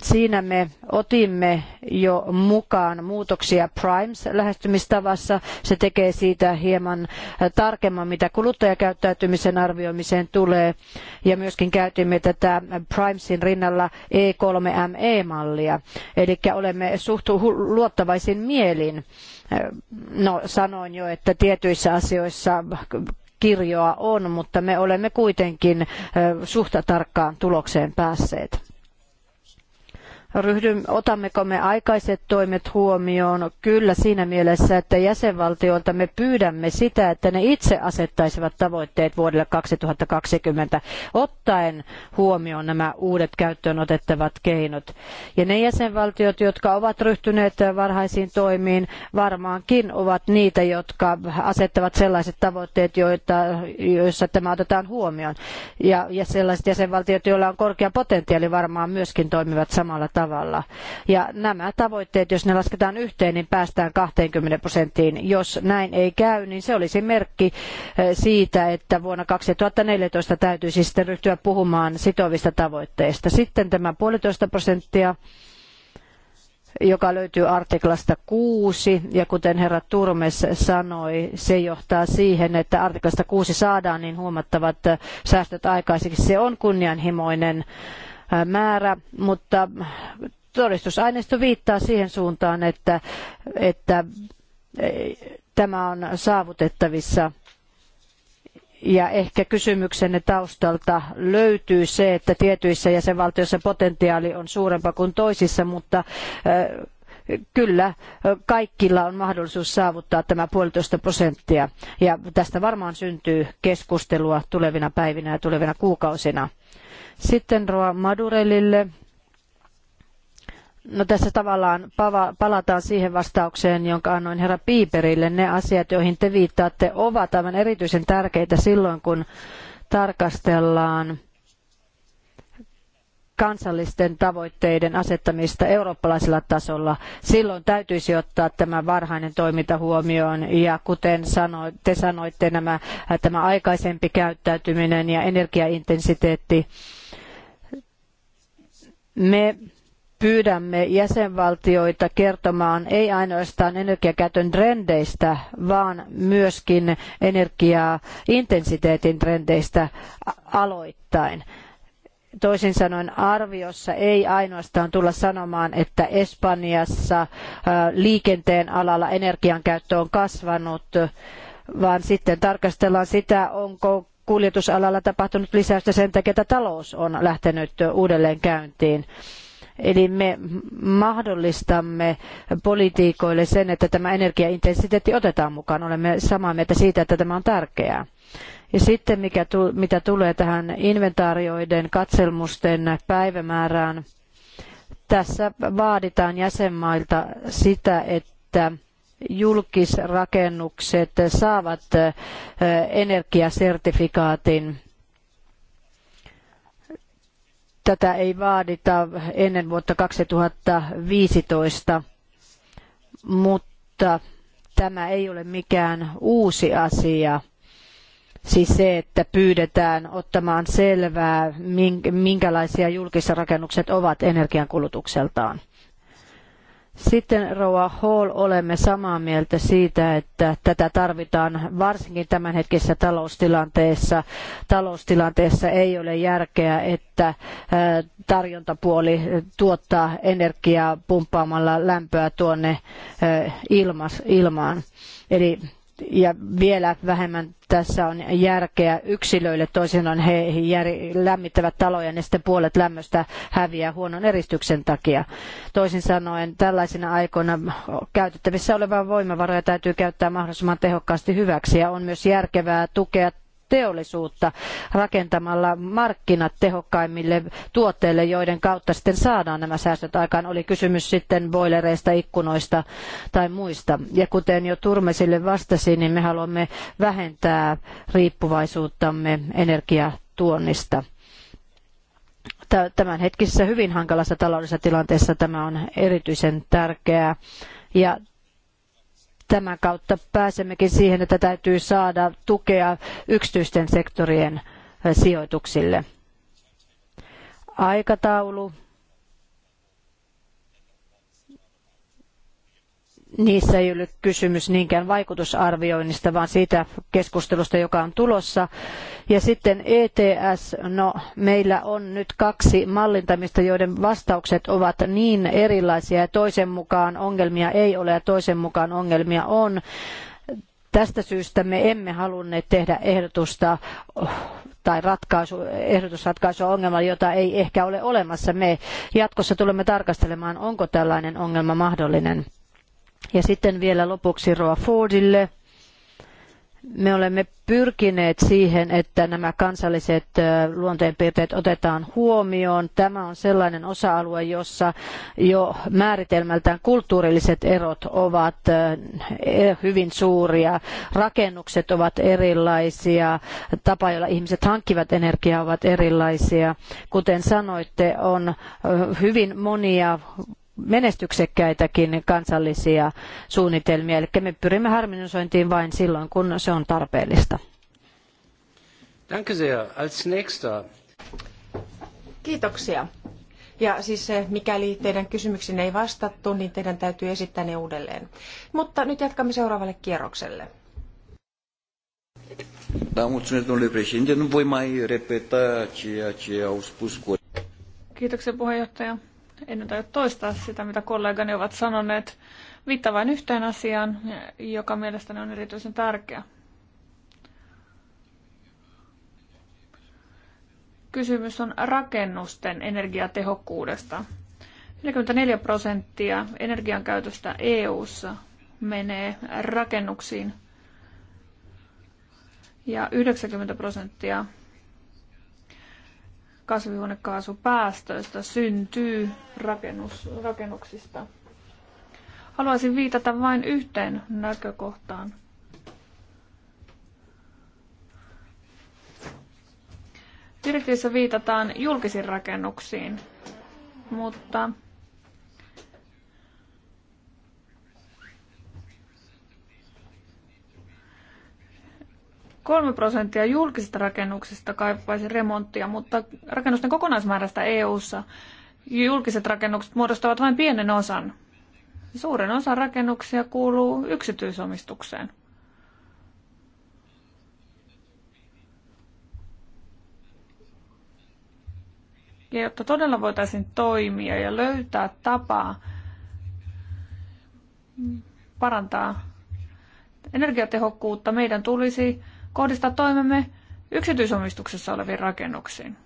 Siinä me otimme jo mukaan muutoksia Primes-lähestymistavassa. Se tekee siitä hieman äh, tarkemman, mitä kuluttajakäyttäytymisen arvioimiseen tulee. Ja myöskin käytimme tätä Primesin rinnalla E3ME-mallia. E Eli olemme suht luottavaisin mielin. Äh, no, sanoin jo, että tietyissä asioissa kirjoa on, mutta me olemme kuitenkin äh, suhta tarkkaan tulokseen päässeet ryhdym, otammeko me aikaiset toimet huomioon? Kyllä siinä mielessä, että jäsenvaltioilta me pyydämme sitä, että ne itse asettaisivat tavoitteet vuodelle 2020 ottaen huomioon nämä uudet käyttöön otettavat keinot. Ja ne jäsenvaltiot, jotka ovat ryhtyneet varhaisiin toimiin, varmaankin ovat niitä, jotka asettavat sellaiset tavoitteet, joita, joissa tämä otetaan huomioon. Ja, ja sellaiset jäsenvaltiot, joilla on korkea potentiaali, varmaan myöskin toimivat samalla tavalla tavalla. Ja nämä tavoitteet, jos ne lasketaan yhteen, niin päästään 20 prosenttiin. Jos näin ei käy, niin se olisi merkki eh, siitä, että vuonna 2014 täytyisi sitten ryhtyä puhumaan sitovista tavoitteista. Sitten tämä puolitoista prosenttia joka löytyy artiklasta 6, ja kuten herra Turmes sanoi, se johtaa siihen, että artiklasta 6 saadaan niin huomattavat eh, säästöt aikaiseksi. Se on kunnianhimoinen määrä, mutta todistusaineisto viittaa siihen suuntaan, että, että tämä on saavutettavissa. Ja ehkä kysymyksenne taustalta löytyy se, että tietyissä jäsenvaltioissa potentiaali on suurempi kuin toisissa, mutta kyllä kaikilla on mahdollisuus saavuttaa tämä puolitoista prosenttia. Ja tästä varmaan syntyy keskustelua tulevina päivinä ja tulevina kuukausina. Sitten Roa Madurelille. No tässä tavallaan palataan siihen vastaukseen, jonka annoin herra Piiperille. Ne asiat, joihin te viittaatte, ovat aivan erityisen tärkeitä silloin, kun tarkastellaan kansallisten tavoitteiden asettamista eurooppalaisella tasolla. Silloin täytyisi ottaa tämä varhainen toiminta huomioon ja kuten sanoit, te sanoitte, nämä, tämä aikaisempi käyttäytyminen ja energiaintensiteetti, me pyydämme jäsenvaltioita kertomaan ei ainoastaan energiakäytön trendeistä, vaan myöskin energiaintensiteetin trendeistä aloittain. Toisin sanoen arviossa ei ainoastaan tulla sanomaan, että Espanjassa äh, liikenteen alalla energiankäyttö on kasvanut, vaan sitten tarkastellaan sitä, onko kuljetusalalla tapahtunut lisäystä sen takia, että talous on lähtenyt uudelleen käyntiin. Eli me mahdollistamme poliitikoille sen, että tämä energiaintensiteetti otetaan mukaan. Olemme samaa mieltä siitä, että tämä on tärkeää. Ja sitten mikä mitä tulee tähän inventaarioiden katselmusten päivämäärään, tässä vaaditaan jäsenmailta sitä, että julkisrakennukset saavat energiasertifikaatin. Tätä ei vaadita ennen vuotta 2015, mutta tämä ei ole mikään uusi asia. Siis se, että pyydetään ottamaan selvää, minkälaisia julkisrakennukset ovat energiankulutukseltaan. Sitten Rouva Hall, olemme samaa mieltä siitä, että tätä tarvitaan varsinkin tämänhetkisessä taloustilanteessa. Taloustilanteessa ei ole järkeä, että tarjontapuoli tuottaa energiaa pumppaamalla lämpöä tuonne ilmaan. Eli ja vielä vähemmän tässä on järkeä yksilöille. Toisinaan he lämmittävät taloja ja niin sitten puolet lämmöstä häviää huonon eristyksen takia. Toisin sanoen tällaisina aikoina käytettävissä olevaa voimavaroja täytyy käyttää mahdollisimman tehokkaasti hyväksi ja on myös järkevää tukea teollisuutta rakentamalla markkinat tehokkaimmille tuotteille, joiden kautta sitten saadaan nämä säästöt aikaan. Oli kysymys sitten boilereista, ikkunoista tai muista. Ja kuten jo Turmesille vastasin, niin me haluamme vähentää riippuvaisuuttamme energiatuonnista tämänhetkisessä hyvin hankalassa taloudellisessa tilanteessa tämä on erityisen tärkeää. Ja tämän kautta pääsemmekin siihen, että täytyy saada tukea yksityisten sektorien sijoituksille. Aikataulu niissä ei ole kysymys niinkään vaikutusarvioinnista, vaan siitä keskustelusta, joka on tulossa. Ja sitten ETS, no meillä on nyt kaksi mallintamista, joiden vastaukset ovat niin erilaisia ja toisen mukaan ongelmia ei ole ja toisen mukaan ongelmia on. Tästä syystä me emme halunneet tehdä ehdotusta tai ratkaisu, ehdotusratkaisua ongelmalle, jota ei ehkä ole olemassa. Me jatkossa tulemme tarkastelemaan, onko tällainen ongelma mahdollinen. Ja sitten vielä lopuksi Roa Fordille. Me olemme pyrkineet siihen, että nämä kansalliset luonteenpiirteet otetaan huomioon. Tämä on sellainen osa-alue, jossa jo määritelmältään kulttuurilliset erot ovat e, hyvin suuria. Rakennukset ovat erilaisia, tapa jolla ihmiset hankkivat energiaa ovat erilaisia. Kuten sanoitte, on hyvin monia menestyksekkäitäkin kansallisia suunnitelmia. Eli me pyrimme harmonisointiin vain silloin, kun se on tarpeellista. Danke sehr. Als nächster. Kiitoksia. Ja siis mikäli teidän kysymyksiin ei vastattu, niin teidän täytyy esittää ne uudelleen. Mutta nyt jatkamme seuraavalle kierrokselle. Da, mulțumesc, domnule președinte. Nu voi mai repeta ceea ce au spus Kiitoksia puheenjohtaja en nyt aio toistaa sitä, mitä kollegani ovat sanoneet, viittaa vain yhteen asiaan, joka mielestäni on erityisen tärkeä. Kysymys on rakennusten energiatehokkuudesta. 44 prosenttia energiankäytöstä EU:ssa menee rakennuksiin ja 90 prosenttia kasvihuonekaasupäästöistä syntyy rakennus, rakennuksista. Haluaisin viitata vain yhteen näkökohtaan. Direktiivissä viitataan julkisiin rakennuksiin, mutta 3 prosenttia julkisista rakennuksista kaipaisi remonttia, mutta rakennusten kokonaismäärästä EU-ssa julkiset rakennukset muodostavat vain pienen osan. Suurin osa rakennuksia kuuluu yksityisomistukseen. Ja jotta todella voitaisiin toimia ja löytää tapaa parantaa energiatehokkuutta, meidän tulisi kohdistaa toimemme yksityisomistuksessa oleviin rakennuksiin.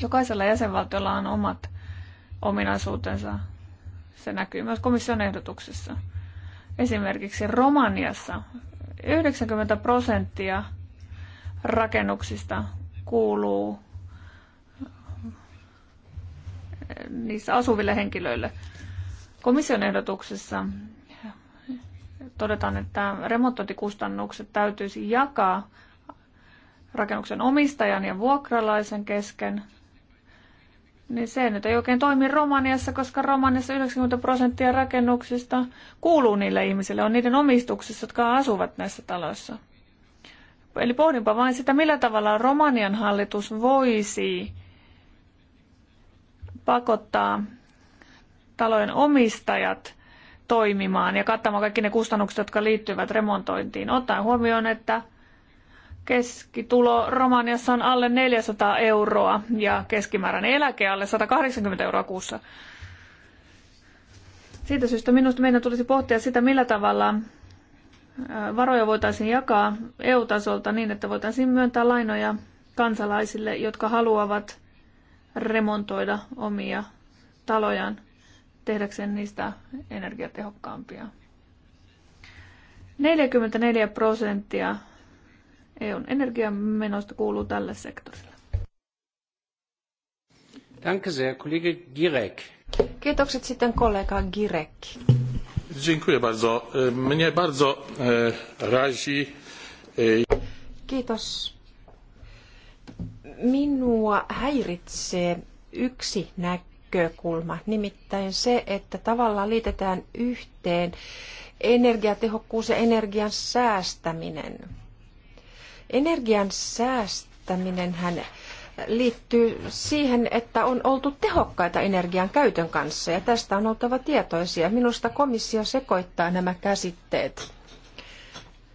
Jokaisella jäsenvaltiolla on omat ominaisuutensa. Se näkyy myös komission ehdotuksessa. Esimerkiksi Romaniassa 90 prosenttia rakennuksista kuuluu niissä asuville henkilöille. Komission ehdotuksessa todetaan, että remontointikustannukset täytyisi jakaa rakennuksen omistajan ja vuokralaisen kesken, niin se nyt ei oikein toimi Romaniassa, koska Romaniassa 90 prosenttia rakennuksista kuuluu niille ihmisille, on niiden omistuksissa, jotka asuvat näissä taloissa. Eli pohdinpa vain sitä, millä tavalla Romanian hallitus voisi pakottaa talojen omistajat toimimaan ja kattamaan kaikki ne kustannukset, jotka liittyvät remontointiin. Ottaen huomioon, että keskitulo Romaniassa on alle 400 euroa ja keskimääräinen eläke alle 180 euroa kuussa. Siitä syystä minusta meidän tulisi pohtia sitä, millä tavalla varoja voitaisiin jakaa EU-tasolta niin, että voitaisiin myöntää lainoja kansalaisille, jotka haluavat remontoida omia talojaan tehdäkseen niistä energiatehokkaampia. 44 prosenttia EUn energiamenoista kuuluu tälle sektorille. Danke sehr, kollega Girek. Kiitokset sitten kollega Girek. Dziękuję bardzo. E, mnie bardzo e, razi... E, Kiitos. Minua häiritsee yksi näkö näkökulma, nimittäin se, että tavallaan liitetään yhteen energiatehokkuus ja energian säästäminen. Energian säästäminen hän liittyy siihen, että on oltu tehokkaita energian käytön kanssa ja tästä on oltava tietoisia. Minusta komissio sekoittaa nämä käsitteet.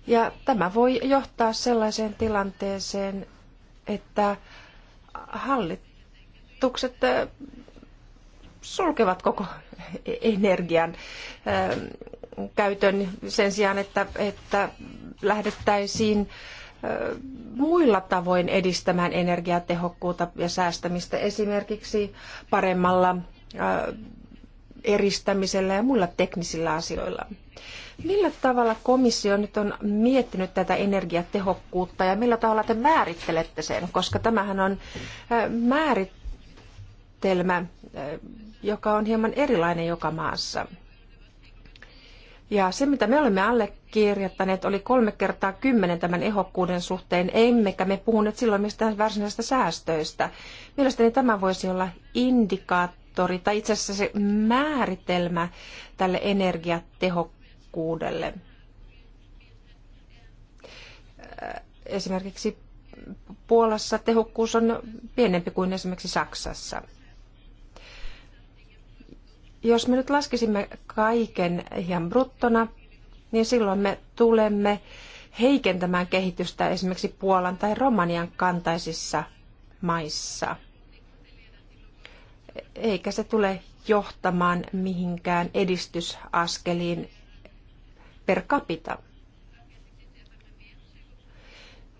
Ja tämä voi johtaa sellaiseen tilanteeseen, että hallitukset sulkevat koko energian ähm, käytön sen sijaan, että, että lähdettäisiin äh, muilla tavoin edistämään energiatehokkuutta ja säästämistä esimerkiksi paremmalla äh, eristämisellä ja muilla teknisillä asioilla. Millä tavalla komissio nyt on miettinyt tätä energiatehokkuutta ja millä tavalla te määrittelette sen, koska tämähän on äh, määrittelmä joka on hieman erilainen joka maassa. Ja se, mitä me olemme allekirjoittaneet, oli kolme kertaa kymmenen tämän ehokkuuden suhteen, emmekä me puhuneet silloin mistään varsinaisista säästöistä. Mielestäni tämä voisi olla indikaattori tai itse asiassa se määritelmä tälle energiatehokkuudelle. Esimerkiksi Puolassa tehokkuus on pienempi kuin esimerkiksi Saksassa. Jos me nyt laskisimme kaiken ihan bruttona, niin silloin me tulemme heikentämään kehitystä esimerkiksi Puolan tai Romanian kantaisissa maissa. Eikä se tule johtamaan mihinkään edistysaskeliin per capita.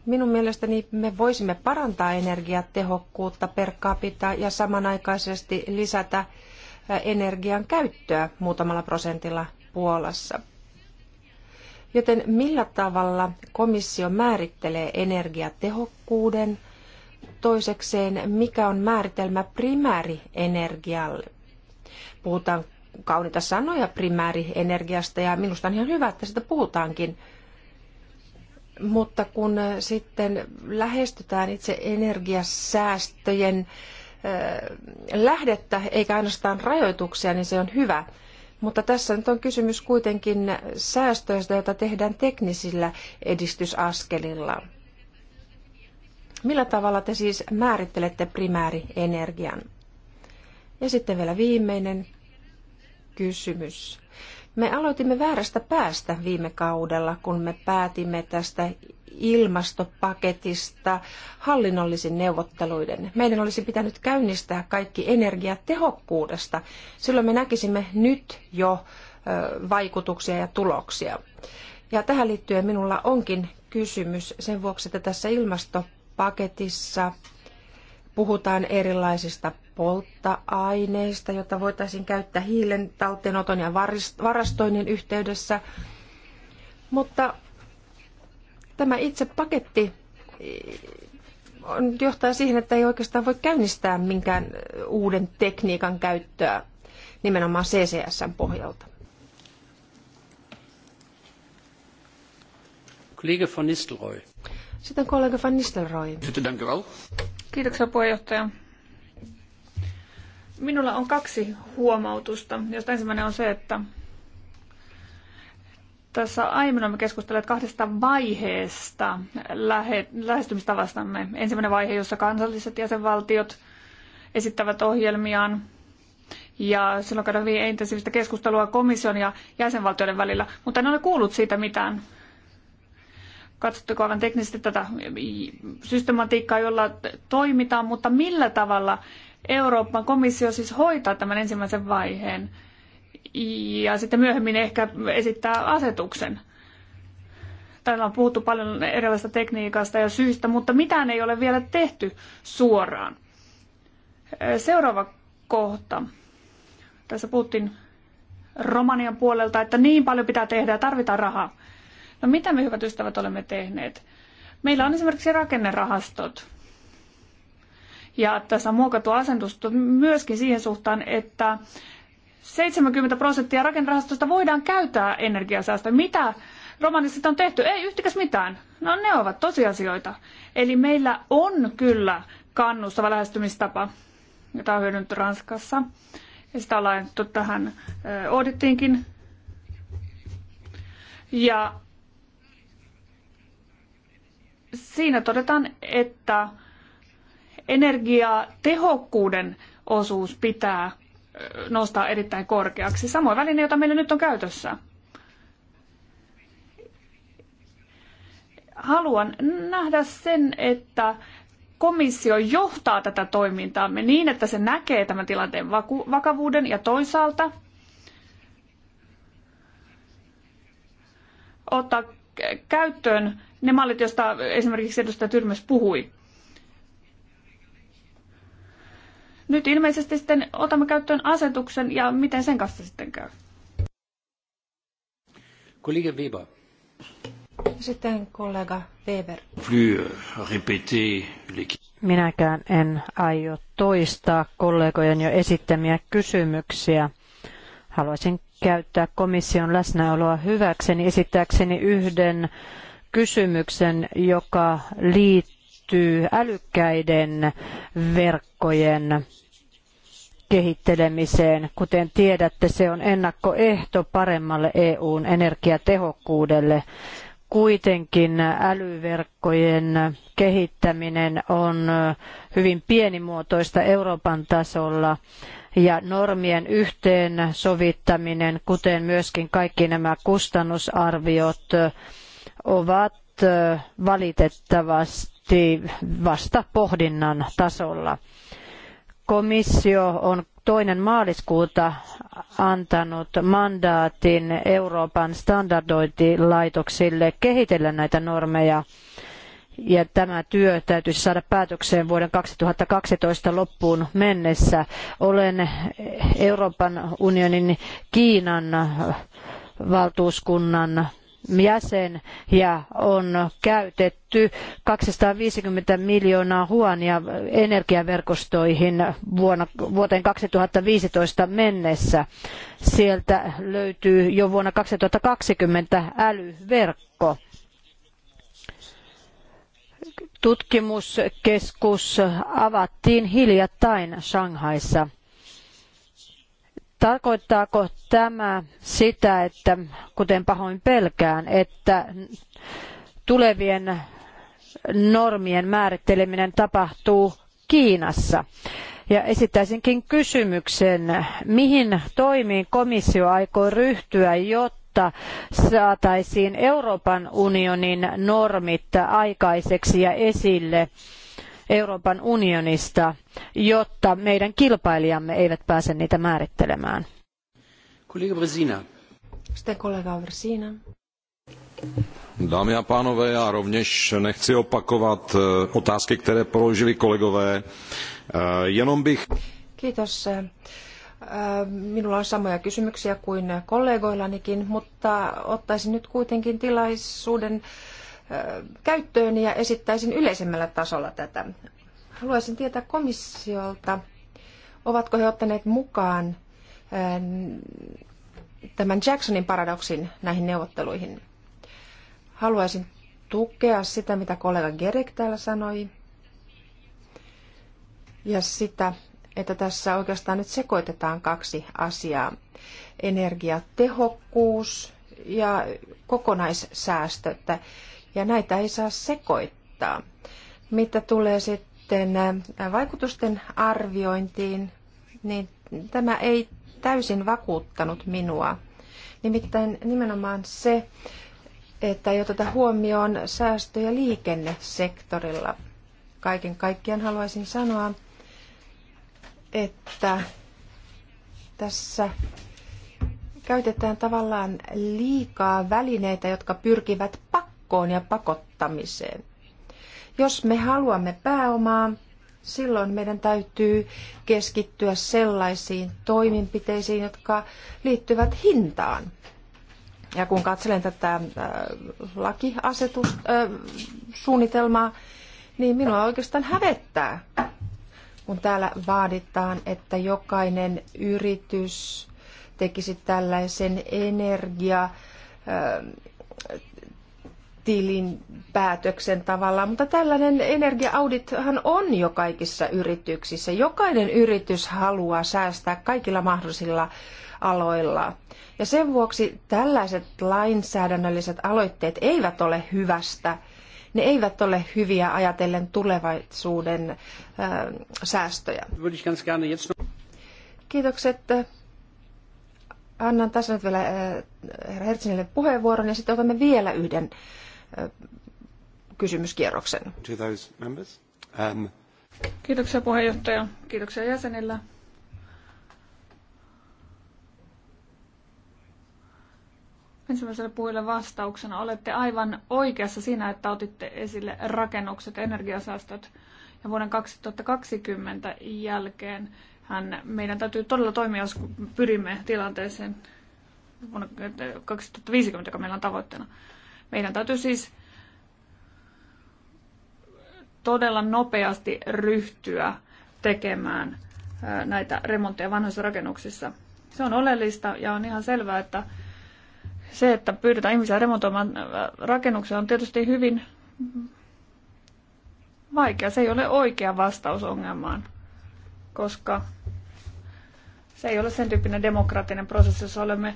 Minun mielestäni me voisimme parantaa energiatehokkuutta per capita ja samanaikaisesti lisätä energian käyttöä muutamalla prosentilla Puolassa. Joten millä tavalla komissio määrittelee energiatehokkuuden? Toisekseen, mikä on määritelmä primäärienergialle? Puhutaan kauniita sanoja primäärienergiasta ja minusta on ihan hyvä, että sitä puhutaankin. Mutta kun sitten lähestytään itse energiasäästöjen lähdettä eikä ainoastaan rajoituksia, niin se on hyvä. Mutta tässä nyt on kysymys kuitenkin säästöistä, joita tehdään teknisillä edistysaskelilla. Millä tavalla te siis määrittelette primäärienergian? Ja sitten vielä viimeinen kysymys. Me aloitimme väärästä päästä viime kaudella, kun me päätimme tästä ilmastopaketista hallinnollisin neuvotteluiden. Meidän olisi pitänyt käynnistää kaikki energiatehokkuudesta. Silloin me näkisimme nyt jo vaikutuksia ja tuloksia. Ja tähän liittyen minulla onkin kysymys sen vuoksi, että tässä ilmastopaketissa puhutaan erilaisista polttoaineista, joita voitaisiin käyttää hiilen talteenoton ja varastoinnin yhteydessä. Mutta tämä itse paketti eh, on, johtaa siihen, että ei oikeastaan voi käynnistää minkään eh, uuden tekniikan käyttöä nimenomaan CCSn pohjalta. Kollega van Nistelrooy. Sitten kollega van Nistelrooy. Dank Kiitoksia puheenjohtaja. Minulla on kaksi huomautusta, josta ensimmäinen on se, että tässä aiemmin olemme keskustelleet kahdesta vaiheesta lähe, lähestymistavastamme. Ensimmäinen vaihe, jossa kansalliset jäsenvaltiot esittävät ohjelmiaan ja silloin käydään hyvin intensiivistä keskustelua komission ja jäsenvaltioiden välillä, mutta en ole kuullut siitä mitään katsotteko aivan teknisesti tätä systematiikkaa, jolla toimitaan, mutta millä tavalla Euroopan komissio siis hoitaa tämän ensimmäisen vaiheen ja sitten myöhemmin ehkä esittää asetuksen? Täällä on puhuttu paljon erilaisista tekniikasta ja syistä, mutta mitään ei ole vielä tehty suoraan. Seuraava kohta. Tässä puhuttiin Romanian puolelta, että niin paljon pitää tehdä ja tarvitaan rahaa. No mitä me hyvät ystävät olemme tehneet? Meillä on esimerkiksi rakennerahastot. Ja tässä on muokattu asentusta myöskin siihen suhtaan, että 70 prosenttia rakennerahastosta voidaan käyttää energiasäästöä. Mitä romanissa on tehty? Ei yhtikäs mitään. No ne ovat tosiasioita. Eli meillä on kyllä kannustava lähestymistapa, jota on hyödynnetty Ranskassa. Ja sitä on laajentettu tähän audittiinkin. Ja siinä todetaan, että energiatehokkuuden osuus pitää nostaa erittäin korkeaksi. Samoin väline, jota meillä nyt on käytössä. Haluan nähdä sen, että komissio johtaa tätä toimintaamme niin, että se näkee tämän tilanteen vakavuuden ja toisaalta ottaa käyttöön ne mallit, joista esimerkiksi edustaja Tyrmys puhui. Nyt ilmeisesti sitten otamme käyttöön asetuksen ja miten sen kanssa sitten käy? Kollega Weber. Sitten kollega Weber. Minäkään en aio toistaa kollegojen jo esittämiä kysymyksiä. Haluaisin käyttää komission läsnäoloa hyväkseni esittääkseni yhden kysymyksen, joka liittyy älykkäiden verkkojen kehittelemiseen. Kuten tiedätte, se on ennakkoehto paremmalle EUn energiatehokkuudelle. Kuitenkin älyverkkojen kehittäminen on hyvin pienimuotoista Euroopan tasolla ja normien yhteensovittaminen, kuten myöskin kaikki nämä kustannusarviot, ovat valitettavasti vasta pohdinnan tasolla. Komissio on toinen maaliskuuta antanut mandaatin Euroopan standardointilaitoksille kehitellä näitä normeja ja tämä työ täytyisi saada päätökseen vuoden 2012 loppuun mennessä. Olen Euroopan unionin Kiinan valtuuskunnan jäsen ja on käytetty 250 miljoonaa huonia energiaverkostoihin vuonna, vuoteen 2015 mennessä. Sieltä löytyy jo vuonna 2020 älyverkko tutkimuskeskus avattiin hiljattain Shanghaissa. Tarkoittaako tämä sitä, että kuten pahoin pelkään, että tulevien normien määritteleminen tapahtuu Kiinassa? Ja esittäisinkin kysymyksen, mihin toimiin komissio aikoo ryhtyä, jotta saataisiin Euroopan unionin normit aikaiseksi ja esille Euroopan unionista, jotta meidän kilpailijamme eivät pääse niitä määrittelemään. Kollega Brezina. Sitten kollega Brezina. Dámy a pánové, já rovněž nechci opakovat eh, otázky, které položili kolegové. Eh, jenom bych... Kiitos. Eh, minulla on samoja kysymyksiä kuin kollegoillanikin, mutta ottaisin nyt kuitenkin tilaisuuden käyttöön ja esittäisin yleisemmällä tasolla tätä. Haluaisin tietää komissiolta, ovatko he ottaneet mukaan eh, tämän Jacksonin paradoksin näihin neuvotteluihin. Haluaisin tukea sitä, mitä kollega Gerek täällä sanoi, ja sitä, että tässä oikeastaan nyt sekoitetaan kaksi asiaa. Energiatehokkuus ja kokonaissäästö. Että ja näitä ei saa sekoittaa. Mitä tulee sitten äh, vaikutusten arviointiin, niin tämä ei täysin vakuuttanut minua. Nimittäin nimenomaan se, että ei oteta huomioon säästöjä liikennesektorilla. Kaiken kaikkiaan haluaisin sanoa, että tässä käytetään tavallaan liikaa välineitä, jotka pyrkivät pakkaamaan pakkoon ja pakottamiseen. Jos me haluamme pääomaa, silloin meidän täytyy keskittyä sellaisiin toimenpiteisiin, jotka liittyvät hintaan. Ja kun katselen tätä äh, lakiasetussuunnitelmaa, äh, niin minua oikeastaan hävettää, kun täällä vaaditaan, että jokainen yritys tekisi tällaisen energia äh, tilinpäätöksen tavallaan, mutta tällainen energiaudithan on jo kaikissa yrityksissä. Jokainen yritys haluaa säästää kaikilla mahdollisilla aloilla. Ja sen vuoksi tällaiset lainsäädännölliset aloitteet eivät ole hyvästä. Ne eivät ole hyviä ajatellen tulevaisuuden äh, säästöjä. Kiitokset. Annan tässä nyt vielä äh, herra Hertsinille puheenvuoron ja sitten otamme vielä yhden kysymyskierroksen. Um, Kiitoksia puheenjohtaja. Kiitoksia jäsenillä. Ensimmäiselle puhujalle vastauksena. Olette aivan oikeassa siinä, että otitte esille rakennukset, energiasäästöt ja vuoden 2020 jälkeen hän, meidän täytyy todella toimia, jos pyrimme tilanteeseen vuonna 2050, joka meillä on tavoitteena. Meidän täytyy siis todella nopeasti ryhtyä tekemään näitä remontteja vanhoissa rakennuksissa. Se on oleellista ja on ihan selvää, että se, että pyydetään ihmisiä remontoimaan rakennuksia, on tietysti hyvin vaikea. Se ei ole oikea vastaus ongelmaan, koska se ei ole sen tyyppinen demokraattinen prosessi, jossa olemme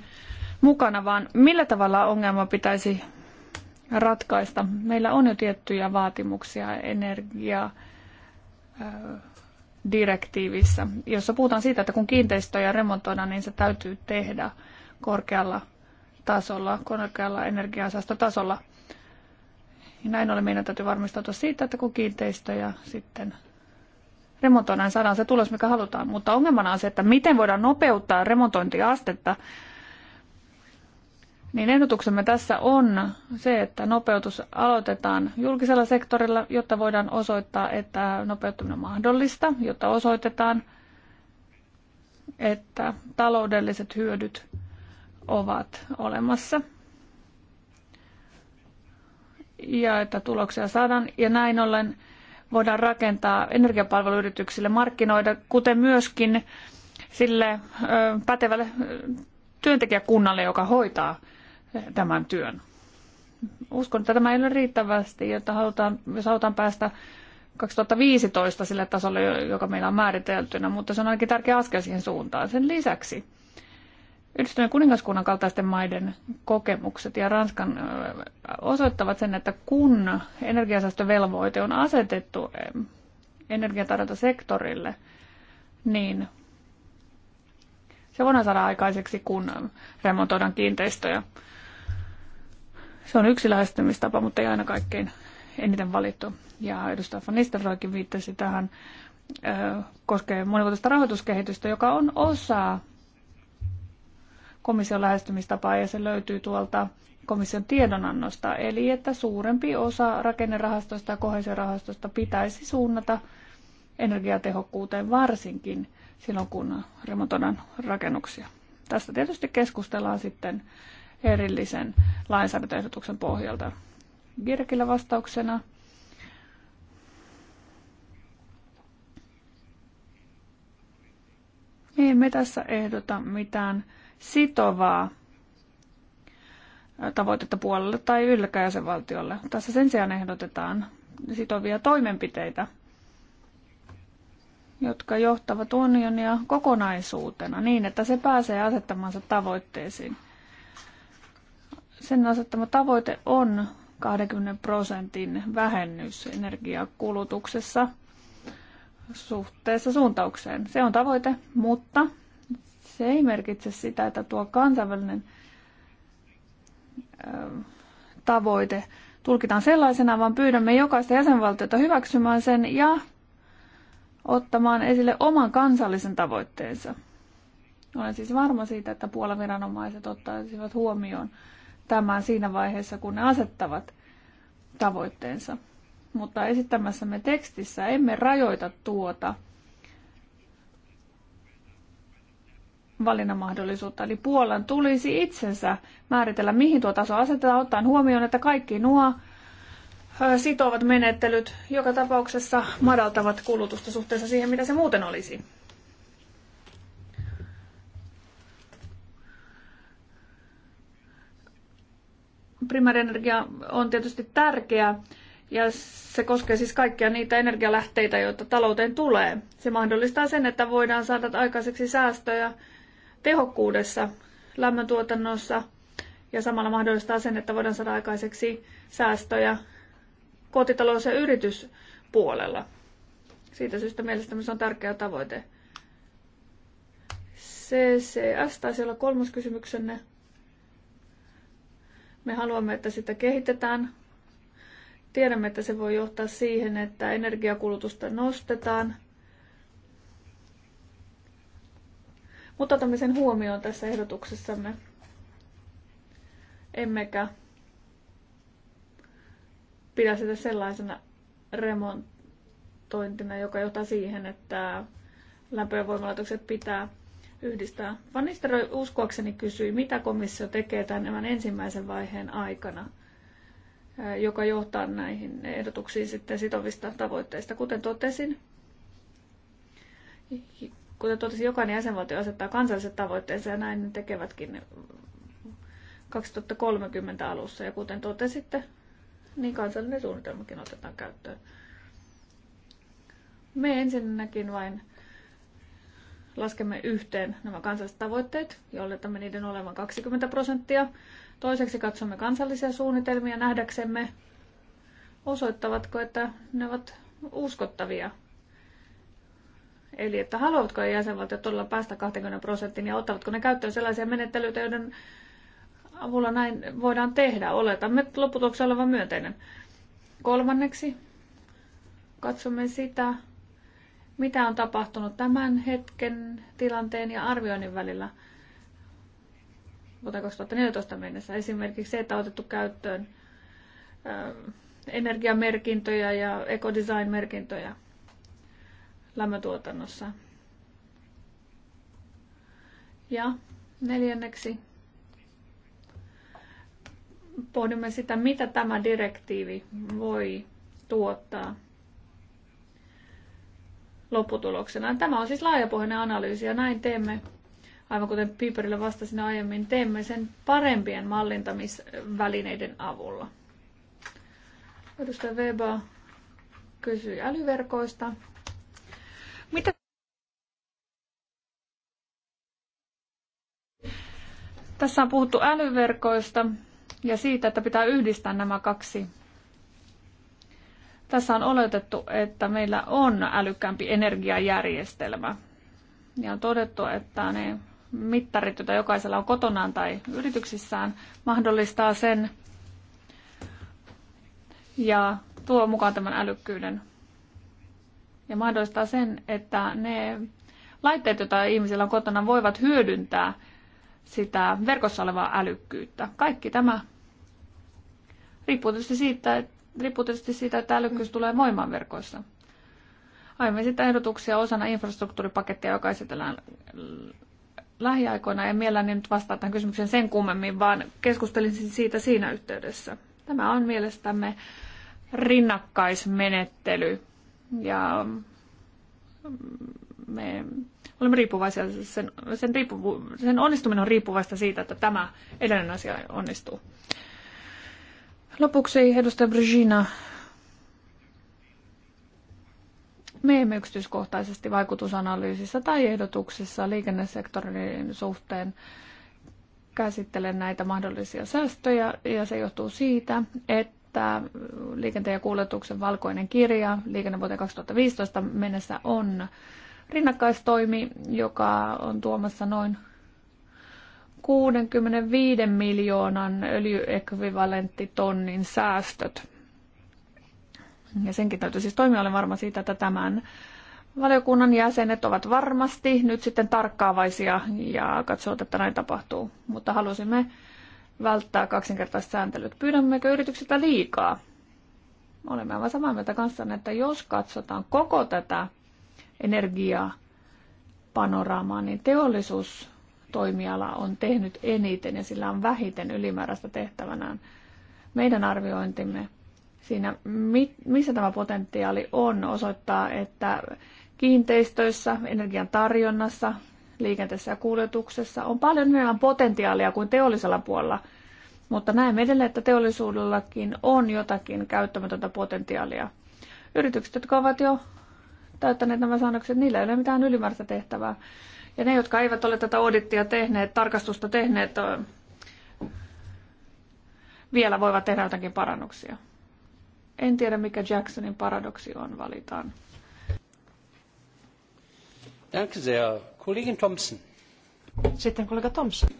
mukana, vaan millä tavalla ongelma pitäisi ratkaista. Meillä on jo tiettyjä vaatimuksia energiadirektiivissä, jossa puhutaan siitä, että kun kiinteistöjä remontoidaan, niin se täytyy tehdä korkealla tasolla, korkealla energiansäästötasolla. Ja näin ollen meidän täytyy varmistautua siitä, että kun kiinteistöjä sitten remontoidaan, niin saadaan se tulos, mikä halutaan. Mutta ongelmana on se, että miten voidaan nopeuttaa remontointiastetta niin ehdotuksemme tässä on se, että nopeutus aloitetaan julkisella sektorilla, jotta voidaan osoittaa, että nopeuttaminen on mahdollista, jotta osoitetaan, että taloudelliset hyödyt ovat olemassa ja että tuloksia saadaan. Ja näin ollen voidaan rakentaa energiapalveluyrityksille markkinoida, kuten myöskin sille pätevälle työntekijäkunnalle, joka hoitaa tämän työn. Uskon, että tämä ei ole riittävästi, jotta halutaan, jos halutaan päästä 2015 sille tasolle, joka meillä on määriteltynä, mutta se on ainakin tärkeä askel siihen suuntaan. Sen lisäksi Yhdistyneen kuningaskunnan kaltaisten maiden kokemukset ja Ranskan osoittavat sen, että kun energiasäästövelvoite on asetettu energiatarjontasektorille, niin se voidaan saada aikaiseksi, kun remontoidaan kiinteistöjä. Se on yksi lähestymistapa, mutta ei aina kaikkein eniten valittu. Ja edustaja Van Nistelrooykin viittasi tähän, koskee monivuotista rahoituskehitystä, joka on osa komission lähestymistapaa ja se löytyy tuolta komission tiedonannosta. Eli että suurempi osa rakennerahastoista ja kohesiorahastoista pitäisi suunnata energiatehokkuuteen varsinkin silloin, kun remontoidaan rakennuksia. Tästä tietysti keskustellaan sitten erillisen lainsäädäntöehdotuksen pohjalta. Girkillä vastauksena. Ei me tässä ehdota mitään sitovaa tavoitetta puolelle tai yllekään jäsenvaltiolle. Tässä sen sijaan ehdotetaan sitovia toimenpiteitä, jotka johtavat unionia kokonaisuutena niin, että se pääsee asettamansa tavoitteisiin – sen asettama tavoite on 20 prosentin vähennys energiakulutuksessa suhteessa suuntaukseen. Se on tavoite, mutta se ei merkitse sitä, että tuo kansainvälinen tavoite tulkitaan sellaisena, vaan pyydämme jokaista jäsenvaltiota hyväksymään sen ja ottamaan esille oman kansallisen tavoitteensa. Olen siis varma siitä, että Puolan viranomaiset ottaisivat huomioon tämän siinä vaiheessa, kun ne asettavat tavoitteensa. Mutta esittämässämme tekstissä emme rajoita tuota valinnanmahdollisuutta. Eli Puolan tulisi itsensä määritellä, mihin tuo taso asetetaan, ottaen huomioon, että kaikki nuo sitovat menettelyt joka tapauksessa madaltavat kulutusta suhteessa siihen, mitä se muuten olisi. Primäärienergia on tietysti tärkeä ja se koskee siis kaikkia niitä energialähteitä, joita talouteen tulee. Se mahdollistaa sen, että voidaan saada aikaiseksi säästöjä tehokkuudessa lämmöntuotannossa ja samalla mahdollistaa sen, että voidaan saada aikaiseksi säästöjä kotitalous- ja yrityspuolella. Siitä syystä mielestäni se on tärkeä tavoite. CCS taisi olla kolmas kysymyksenne. Me haluamme, että sitä kehitetään. Tiedämme, että se voi johtaa siihen, että energiakulutusta nostetaan. Mutta otamme sen huomioon tässä ehdotuksessamme. Emmekä pidä sitä sellaisena remontointina, joka johtaa siihen, että lämpövoimalaitokset pitää yhdistää. Van uskoakseni kysyi, mitä komissio tekee tämän ensimmäisen vaiheen aikana, joka johtaa näihin ehdotuksiin sitten sitovista tavoitteista. Kuten totesin, kuten totesin, jokainen jäsenvaltio asettaa kansalliset tavoitteensa ja näin ne tekevätkin 2030 alussa. Ja kuten totesitte, niin kansallinen suunnitelmakin otetaan käyttöön. Me ensinnäkin vain laskemme yhteen nämä kansalliset tavoitteet ja oletamme niiden olevan 20 prosenttia. Toiseksi katsomme kansallisia suunnitelmia nähdäksemme, osoittavatko, että ne ovat uskottavia. Eli että haluavatko jäsenvaltiot todella päästä 20 prosenttiin ja ottavatko ne käyttöön sellaisia menettelyitä, joiden avulla näin voidaan tehdä. Oletamme lopputuloksen olevan myönteinen. Kolmanneksi katsomme sitä, mitä on tapahtunut tämän hetken tilanteen ja arvioinnin välillä vuoteen 2014 mennessä. Esimerkiksi se, että on otettu käyttöön energiamerkintöjä ja ekodesign-merkintöjä lämmötuotannossa. Ja neljänneksi pohdimme sitä, mitä tämä direktiivi voi tuottaa lopputuloksena. Tämä on siis laajapohjainen analyysi ja näin teemme, aivan kuten Piperille vastasin aiemmin, teemme sen parempien mallintamisvälineiden avulla. Edustaja Weber kysyi älyverkoista. Mitä Tässä on puhuttu älyverkoista ja siitä, että pitää yhdistää nämä kaksi tässä on oletettu, että meillä on älykkäämpi energiajärjestelmä. Ja on todettu, että ne mittarit, joita jokaisella on kotonaan tai yrityksissään, mahdollistaa sen ja tuo mukaan tämän älykkyyden. Ja mahdollistaa sen, että ne laitteet, joita ihmisillä on kotona, voivat hyödyntää sitä verkossa olevaa älykkyyttä. Kaikki tämä riippuu tietysti siitä, että riippuu siitä, että älykkyys tulee voimaan verkoissa. Aivan sitä ehdotuksia osana infrastruktuuripakettia, joka esitellään lähiaikoina. En mielelläni nyt vastaa tähän kysymykseen sen kummemmin, vaan keskustelin siitä siinä yhteydessä. Tämä on mielestämme rinnakkaismenettely ja mm, me olemme riippuvaisia, sen, sen, riippuvu, sen onnistuminen on riippuvaista siitä, että tämä edellinen asia onnistuu. Lopuksi edustaja Brigina. Me emme yksityiskohtaisesti vaikutusanalyysissä tai ehdotuksissa liikennesektorin suhteen käsittele näitä mahdollisia säästöjä ja se johtuu siitä, että liikenteen ja kuljetuksen valkoinen kirja liikennevuoteen 2015 mennessä on rinnakkaistoimi, joka on tuomassa noin 65 miljoonan öljyekvivalenttitonnin säästöt. Ja senkin täytyy siis toimia, olen varma siitä, että tämän valiokunnan jäsenet ovat varmasti nyt sitten tarkkaavaisia ja katsovat, että näin tapahtuu. Mutta halusimme välttää kaksinkertaiset sääntelyt. Pyydämmekö yrityksiltä liikaa? Olemme aivan samaa mieltä kanssanne, että jos katsotaan koko tätä energiaa, niin teollisuus toimiala on tehnyt eniten ja sillä on vähiten ylimääräistä tehtävänään. Meidän arviointimme siinä, missä tämä potentiaali on, osoittaa, että kiinteistöissä, energian tarjonnassa, liikenteessä ja kuljetuksessa on paljon enemmän potentiaalia kuin teollisella puolella. Mutta näemme edelleen, että teollisuudellakin on jotakin käyttämätöntä potentiaalia. Yritykset, jotka ovat jo täyttäneet nämä säännökset, niillä ei ole mitään ylimääräistä tehtävää. Ja ne, jotka eivät ole tätä audittia tehneet, tarkastusta tehneet, vielä voivat tehdä jotakin parannuksia. En tiedä, mikä Jacksonin paradoksi on, valitaan. Danke sehr. Kollegin Thompson. Sitten kollega Thompson.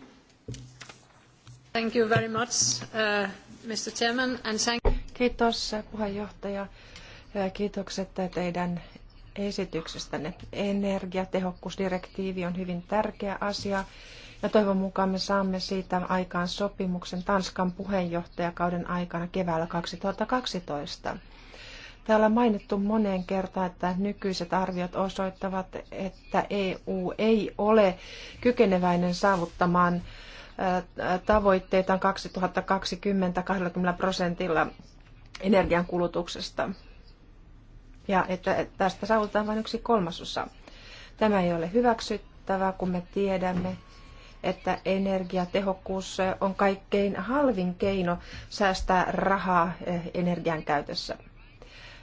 Thank you very much, uh, Mr. Chairman, and thank... Kiitos puheenjohtaja. Kiitokset teidän esityksestänne. Energiatehokkuusdirektiivi on hyvin tärkeä asia ja toivon mukaan me saamme siitä aikaan sopimuksen Tanskan puheenjohtajakauden aikana keväällä 2012. Täällä on mainittu moneen kertaan, että nykyiset arviot osoittavat, että EU ei ole kykeneväinen saavuttamaan tavoitteitaan 2020 20 prosentilla energiankulutuksesta ja että tästä saavutetaan vain yksi kolmasosa. Tämä ei ole hyväksyttävää, kun me tiedämme, että energiatehokkuus on kaikkein halvin keino säästää rahaa eh, energian käytössä.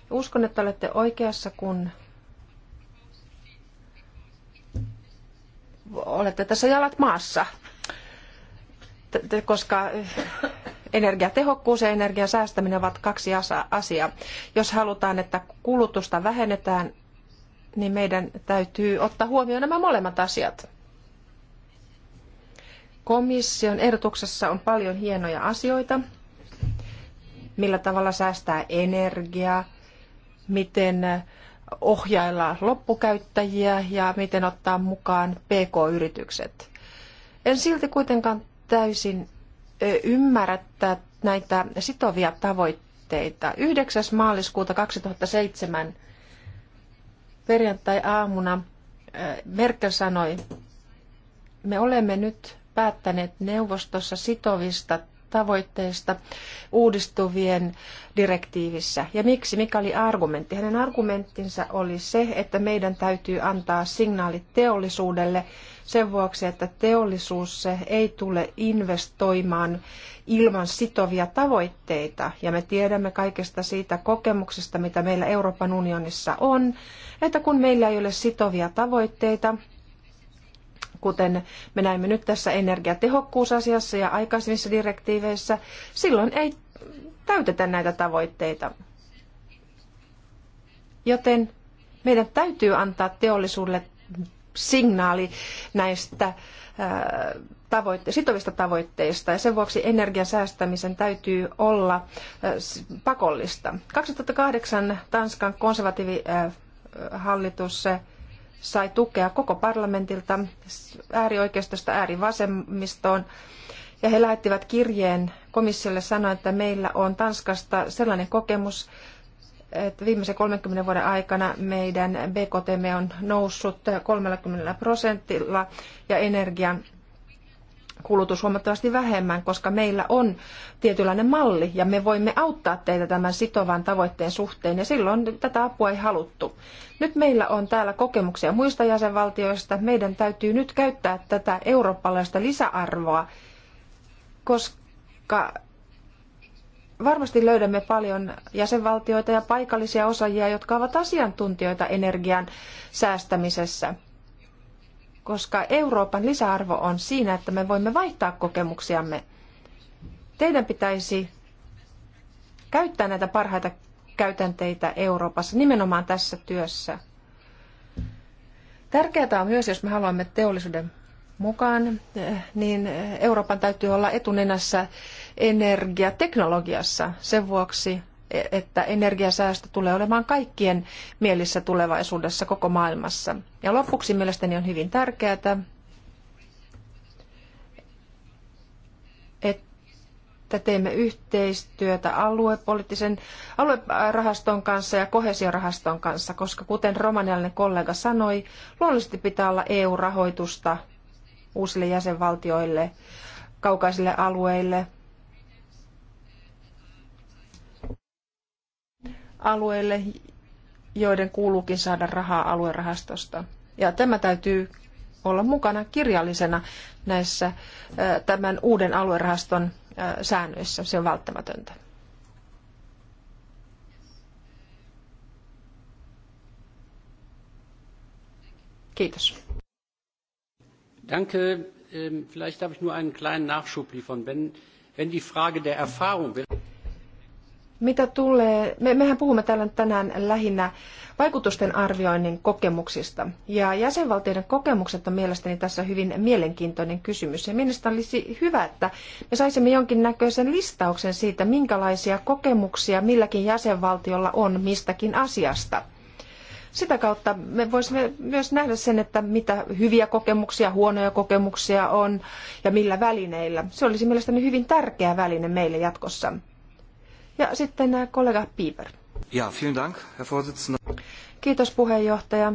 Uskon, että olette oikeassa, kun olette tässä jalat maassa, koska eh, energiatehokkuus ja energian säästäminen ovat kaksi asiaa. Jos halutaan, että kulutusta vähennetään, niin meidän täytyy ottaa huomioon nämä molemmat asiat. Komission ehdotuksessa on paljon hienoja asioita, millä tavalla säästää energiaa, miten ohjailla loppukäyttäjiä ja miten ottaa mukaan PK-yritykset. En silti kuitenkaan täysin ymmärrä näitä sitovia tavoitteita. 9. maaliskuuta 2007 perjantai-aamuna Merkel sanoi, me olemme nyt päättäneet neuvostossa sitovista tavoitteesta uudistuvien direktiivissä. Ja miksi? Mikä oli argumentti? Hänen argumenttinsa oli se, että meidän täytyy antaa signaali teollisuudelle sen vuoksi, että teollisuus se ei tule investoimaan ilman sitovia tavoitteita. Ja me tiedämme kaikesta siitä kokemuksesta, mitä meillä Euroopan unionissa on, että kun meillä ei ole sitovia tavoitteita, kuten me näimme nyt tässä energiatehokkuusasiassa ja aikaisemmissa direktiiveissä, silloin ei täytetä näitä tavoitteita. Joten meidän täytyy antaa teollisuudelle signaali näistä äh, tavoitte- sitovista tavoitteista ja sen vuoksi energian säästämisen täytyy olla äh, pakollista. 2008 Tanskan konservatiivihallitus äh, sai tukea koko parlamentilta äärioikeistosta äärivasemmistoon. Ja he lähettivät kirjeen komissiolle sanoen, että meillä on Tanskasta sellainen kokemus, että viimeisen 30 vuoden aikana meidän BKT on noussut 30 prosentilla ja energian kulutus huomattavasti vähemmän, koska meillä on tietynlainen malli ja me voimme auttaa teitä tämän sitovan tavoitteen suhteen ja silloin tätä apua ei haluttu. Nyt meillä on täällä kokemuksia muista jäsenvaltioista. Meidän täytyy nyt käyttää tätä eurooppalaista lisäarvoa, koska varmasti löydämme paljon jäsenvaltioita ja paikallisia osaajia, jotka ovat asiantuntijoita energian säästämisessä – koska Euroopan lisäarvo on siinä, että me voimme vaihtaa kokemuksiamme. Teidän pitäisi käyttää näitä parhaita käytänteitä Euroopassa nimenomaan tässä työssä. Tärkeää on myös, jos me haluamme teollisuuden mukaan, niin Euroopan täytyy olla etunenässä energiateknologiassa. Sen vuoksi että energiasäästö tulee olemaan kaikkien mielissä tulevaisuudessa koko maailmassa. Ja lopuksi mielestäni on hyvin tärkeää, että teemme yhteistyötä aluepoliittisen aluerahaston kanssa ja kohesiorahaston kanssa, koska kuten romanialainen kollega sanoi, luonnollisesti pitää olla EU-rahoitusta uusille jäsenvaltioille, kaukaisille alueille, alueille, joiden kuuluukin saada rahaa aluerahastosta. Ja tämä täytyy olla mukana kirjallisena näissä tämän uuden aluerahaston säännöissä. Se on välttämätöntä. Kiitos. Danke. Ähm, vielleicht darf ich nur einen kleinen Nachschub liefern. Wenn, wenn die Frage der Erfahrung... Mitä tulee, me, mehän puhumme täällä tänään lähinnä vaikutusten arvioinnin kokemuksista. Ja jäsenvaltioiden kokemukset on mielestäni tässä hyvin mielenkiintoinen kysymys. Ja mielestäni olisi hyvä, että me saisimme jonkinnäköisen listauksen siitä, minkälaisia kokemuksia milläkin jäsenvaltiolla on mistäkin asiasta. Sitä kautta me voisimme myös nähdä sen, että mitä hyviä kokemuksia, huonoja kokemuksia on ja millä välineillä. Se olisi mielestäni hyvin tärkeä väline meille jatkossa. Ja sitten äh, kollega Piiper. Ja, vielen Dank, Herr Vorsitzender. Kiitos puheenjohtaja.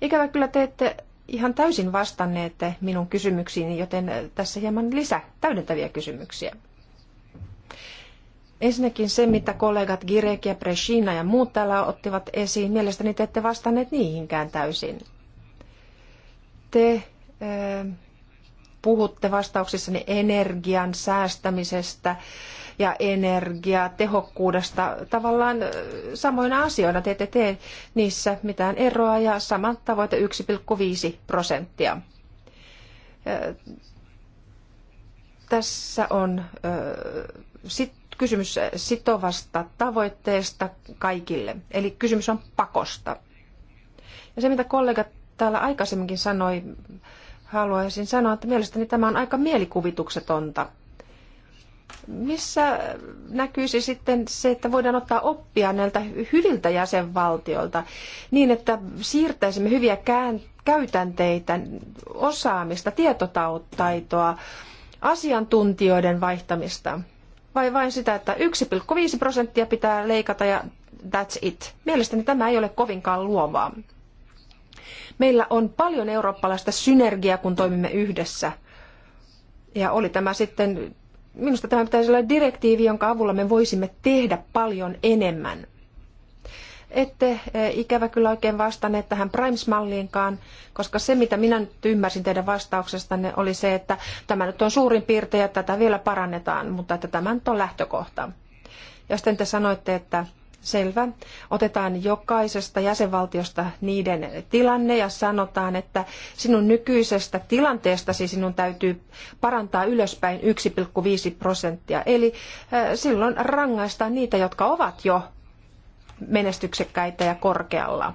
Ikävä kyllä te ette ihan täysin vastanneet minun kysymyksiini, joten äh, tässä hieman lisä täydentäviä kysymyksiä. Ensinnäkin se, mitä kollegat Girek ja Preshina ja muut täällä ottivat esiin, mielestäni te ette vastanneet niihinkään täysin. Te äh, puhutte vastauksissanne energian säästämisestä ja energiatehokkuudesta tavallaan samoina asioina. Te ette tee niissä mitään eroa ja sama tavoite 1,5 prosenttia. Tässä on kysymys sitovasta tavoitteesta kaikille, eli kysymys on pakosta. Ja se, mitä kollegat täällä aikaisemminkin sanoi, haluaisin sanoa, että mielestäni tämä on aika mielikuvituksetonta. Missä näkyisi sitten se, että voidaan ottaa oppia näiltä hyviltä jäsenvaltioilta niin, että siirtäisimme hyviä käytänteitä, osaamista, tietotaitoa, asiantuntijoiden vaihtamista? Vai vain sitä, että 1,5 prosenttia pitää leikata ja that's it? Mielestäni tämä ei ole kovinkaan luovaa. Meillä on paljon eurooppalaista synergiaa, kun toimimme yhdessä. Ja oli tämä sitten, minusta tämä pitäisi olla direktiivi, jonka avulla me voisimme tehdä paljon enemmän. Ette e, ikävä kyllä oikein vastanneet tähän Primes-malliinkaan, koska se mitä minä nyt ymmärsin teidän vastauksestanne oli se, että tämä nyt on suurin piirtein ja tätä vielä parannetaan, mutta että tämä nyt on lähtökohta. Ja sitten te sanoitte, että Selvä. Otetaan jokaisesta jäsenvaltiosta niiden tilanne ja sanotaan, että sinun nykyisestä tilanteestasi sinun täytyy parantaa ylöspäin 1,5 prosenttia. Eli äh, silloin rangaistaan niitä, jotka ovat jo menestyksekkäitä ja korkealla.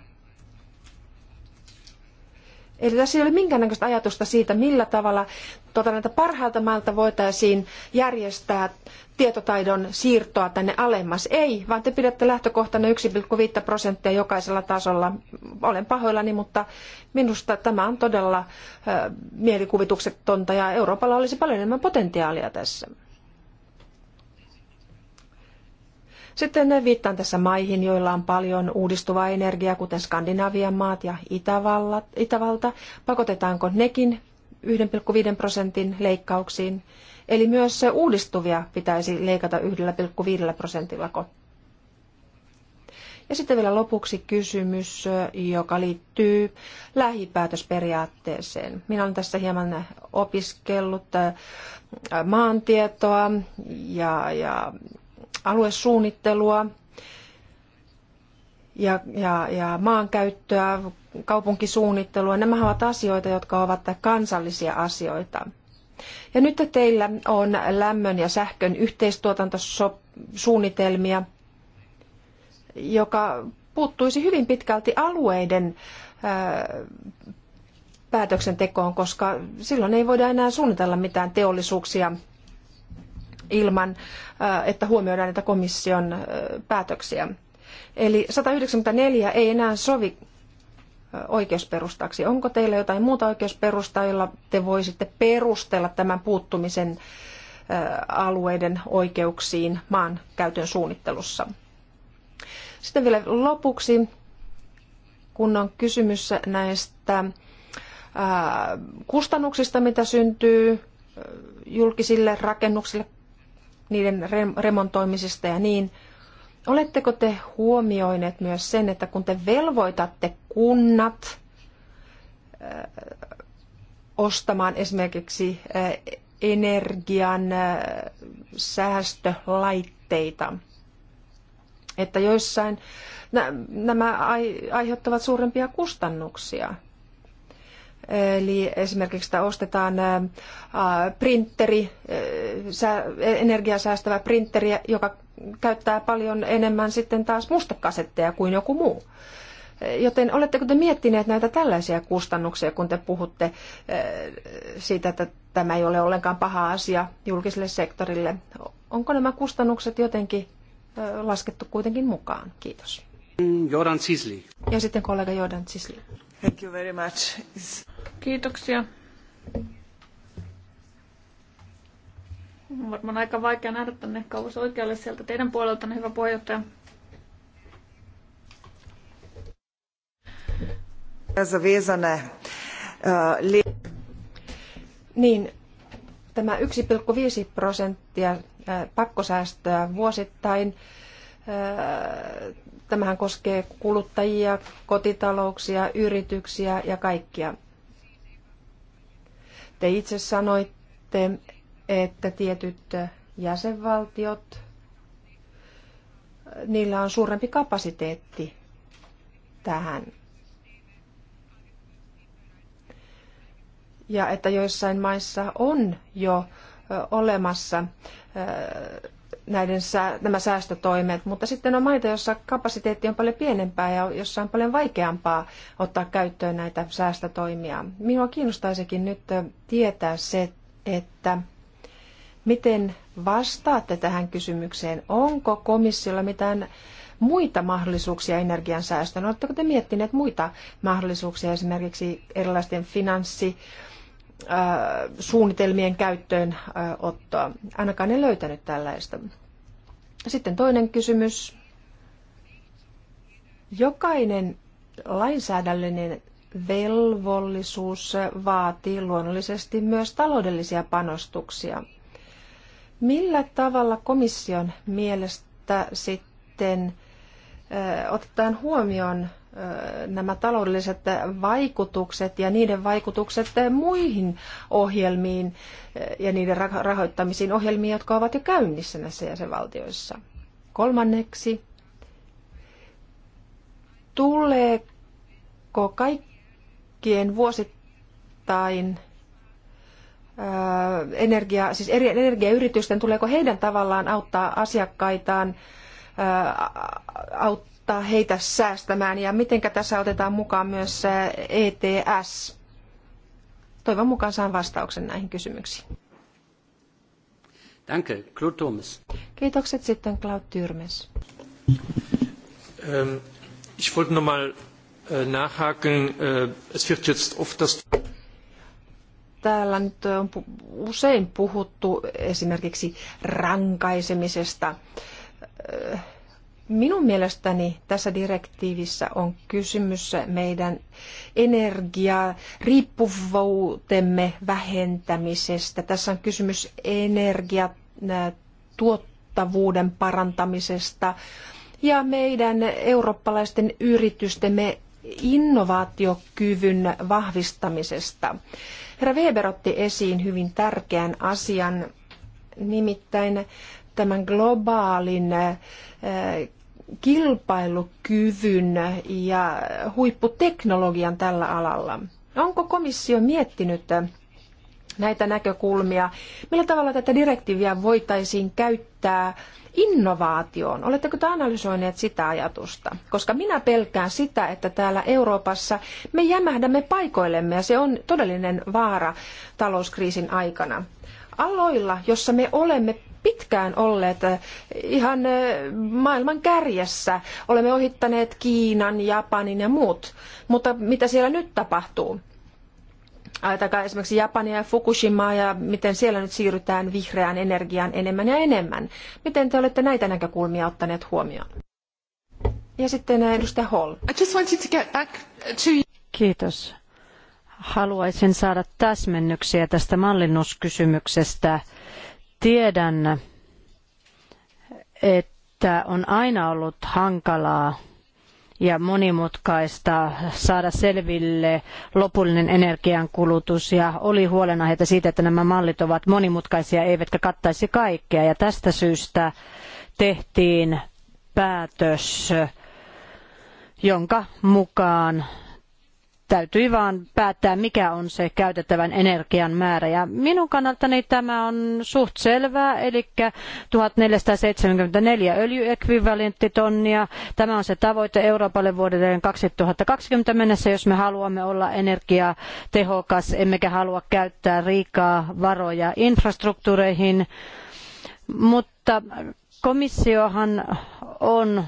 Eli tässä ei ole minkäännäköistä ajatusta siitä, millä tavalla tuota, näitä parhaalta maalta voitaisiin järjestää tietotaidon siirtoa tänne alemmas. Ei, vaan te pidätte lähtökohtana 1,5 prosenttia jokaisella tasolla. Olen pahoillani, mutta minusta tämä on todella äh, mielikuvituksetonta ja Euroopalla olisi paljon enemmän potentiaalia tässä. Sitten viittaan tässä maihin, joilla on paljon uudistuvaa energiaa, kuten Skandinavian maat ja Itävallat, Itävalta. Pakotetaanko nekin 1,5 prosentin leikkauksiin? Eli myös uudistuvia pitäisi leikata 1,5 prosentilla. Ja sitten vielä lopuksi kysymys, joka liittyy lähipäätösperiaatteeseen. Minä olen tässä hieman opiskellut äh, maantietoa ja, ja aluesuunnittelua ja, ja, ja maankäyttöä, kaupunkisuunnittelua. Nämä ovat asioita, jotka ovat kansallisia asioita. Ja nyt teillä on lämmön ja sähkön yhteistuotantosuunnitelmia, joka puuttuisi hyvin pitkälti alueiden päätöksentekoon, koska silloin ei voida enää suunnitella mitään teollisuuksia ilman, äh, että huomioidaan näitä komission äh, päätöksiä. Eli 194 ei enää sovi äh, oikeusperustaksi. Onko teillä jotain muuta oikeusperustaa, jolla te voisitte perustella tämän puuttumisen alueiden oikeuksiin maan käytön suunnittelussa? Sitten vielä lopuksi, kun on kysymys näistä kustannuksista, mitä syntyy julkisille rakennuksille, niiden remontoimisesta ja niin. Oletteko te huomioineet myös sen, että kun te velvoitatte kunnat äh, ostamaan esimerkiksi äh, energian äh, säästölaitteita, että joissain nämä aiheuttavat suurempia kustannuksia – Eli esimerkiksi että ostetaan printeri, energiasäästävä printeri, joka käyttää paljon enemmän sitten taas mustekasetteja kuin joku muu. Joten oletteko te miettineet näitä tällaisia kustannuksia, kun te puhutte siitä, että tämä ei ole ollenkaan paha asia julkiselle sektorille? Onko nämä kustannukset jotenkin laskettu kuitenkin mukaan? Kiitos. Jordan Sisli. Ja sitten kollega Jordan Sisli. Thank you very much. Kiitoksia. On varmaan aika vaikea nähdä tänne kauas oikealle sieltä teidän puoleltanne, hyvä puheenjohtaja. Zavezane. Eh, niin, tämä 1,5 prosenttia eh, pakkosäästöä vuosittain eh, Tämähän koskee kuluttajia, kotitalouksia, yrityksiä ja kaikkia. Te itse sanoitte, että tietyt jäsenvaltiot, niillä on suurempi kapasiteetti tähän. Ja että joissain maissa on jo olemassa näiden, nämä säästötoimet, mutta sitten on maita, joissa kapasiteetti on paljon pienempää ja jossa on paljon vaikeampaa ottaa käyttöön näitä säästötoimia. Minua kiinnostaisikin nyt tietää se, että miten vastaatte tähän kysymykseen. Onko komissiolla mitään muita mahdollisuuksia energiansäästöön? Oletteko te miettineet muita mahdollisuuksia esimerkiksi erilaisten finanssi- suunnitelmien käyttöönottoa. Ainakaan en löytänyt tällaista. Sitten toinen kysymys. Jokainen lainsäädännöllinen velvollisuus vaatii luonnollisesti myös taloudellisia panostuksia. Millä tavalla komission mielestä sitten otetaan huomioon nämä taloudelliset vaikutukset ja niiden vaikutukset muihin ohjelmiin ja niiden rahoittamisiin ohjelmiin, jotka ovat jo käynnissä näissä jäsenvaltioissa. Kolmanneksi, tuleeko kaikkien vuosittain energia, siis eri energiayritysten, tuleeko heidän tavallaan auttaa asiakkaitaan auttaa auttaa heitä säästämään ja miten tässä otetaan mukaan myös ETS? Toivon mukaan saan vastauksen näihin kysymyksiin. Danke, Claude Turmes. Kiitokset sitten Claude Tyrmes. Ähm, ich wollte nochmal äh, nachhaken. Äh, es wird jetzt oft das täällä nyt on usein puhuttu esimerkiksi rankaisemisesta. Äh, Minun mielestäni tässä direktiivissä on kysymys meidän energiariippuvuutemme vähentämisestä. Tässä on kysymys energiatuottavuuden parantamisesta ja meidän eurooppalaisten yritystemme innovaatiokyvyn vahvistamisesta. Herra Weber otti esiin hyvin tärkeän asian, nimittäin tämän globaalin kilpailukyvyn ja huipputeknologian tällä alalla. Onko komissio miettinyt näitä näkökulmia? Millä tavalla tätä direktiiviä voitaisiin käyttää innovaatioon? Oletteko te analysoineet sitä ajatusta? Koska minä pelkään sitä, että täällä Euroopassa me jämähdämme paikoillemme ja se on todellinen vaara talouskriisin aikana. Aloilla, jossa me olemme pitkään olleet eh, ihan eh, maailman kärjessä. Olemme ohittaneet Kiinan, Japanin ja muut. Mutta mitä siellä nyt tapahtuu? Ajatakaa esimerkiksi Japania ja Fukushimaa ja miten siellä nyt siirrytään vihreään energiaan enemmän ja enemmän. Miten te olette näitä näkökulmia ottaneet huomioon? Ja sitten eh, edustaja Hall. Kiitos. Haluaisin saada täsmennyksiä tästä mallinnuskysymyksestä Tiedän, että on aina ollut hankalaa ja monimutkaista saada selville lopullinen energiankulutus ja oli huolenaiheita siitä, että nämä mallit ovat monimutkaisia eivätkä kattaisi kaikkea ja tästä syystä tehtiin päätös, jonka mukaan täytyy vaan päättää, mikä on se käytettävän energian määrä. Ja minun kannaltani tämä on suht selvää, eli 1474 öljyekvivalenttitonnia. Tämä on se tavoite Euroopalle vuodelle 2020 mennessä, jos me haluamme olla energiatehokas, emmekä halua käyttää riikaa varoja infrastruktuureihin. Mutta komissiohan on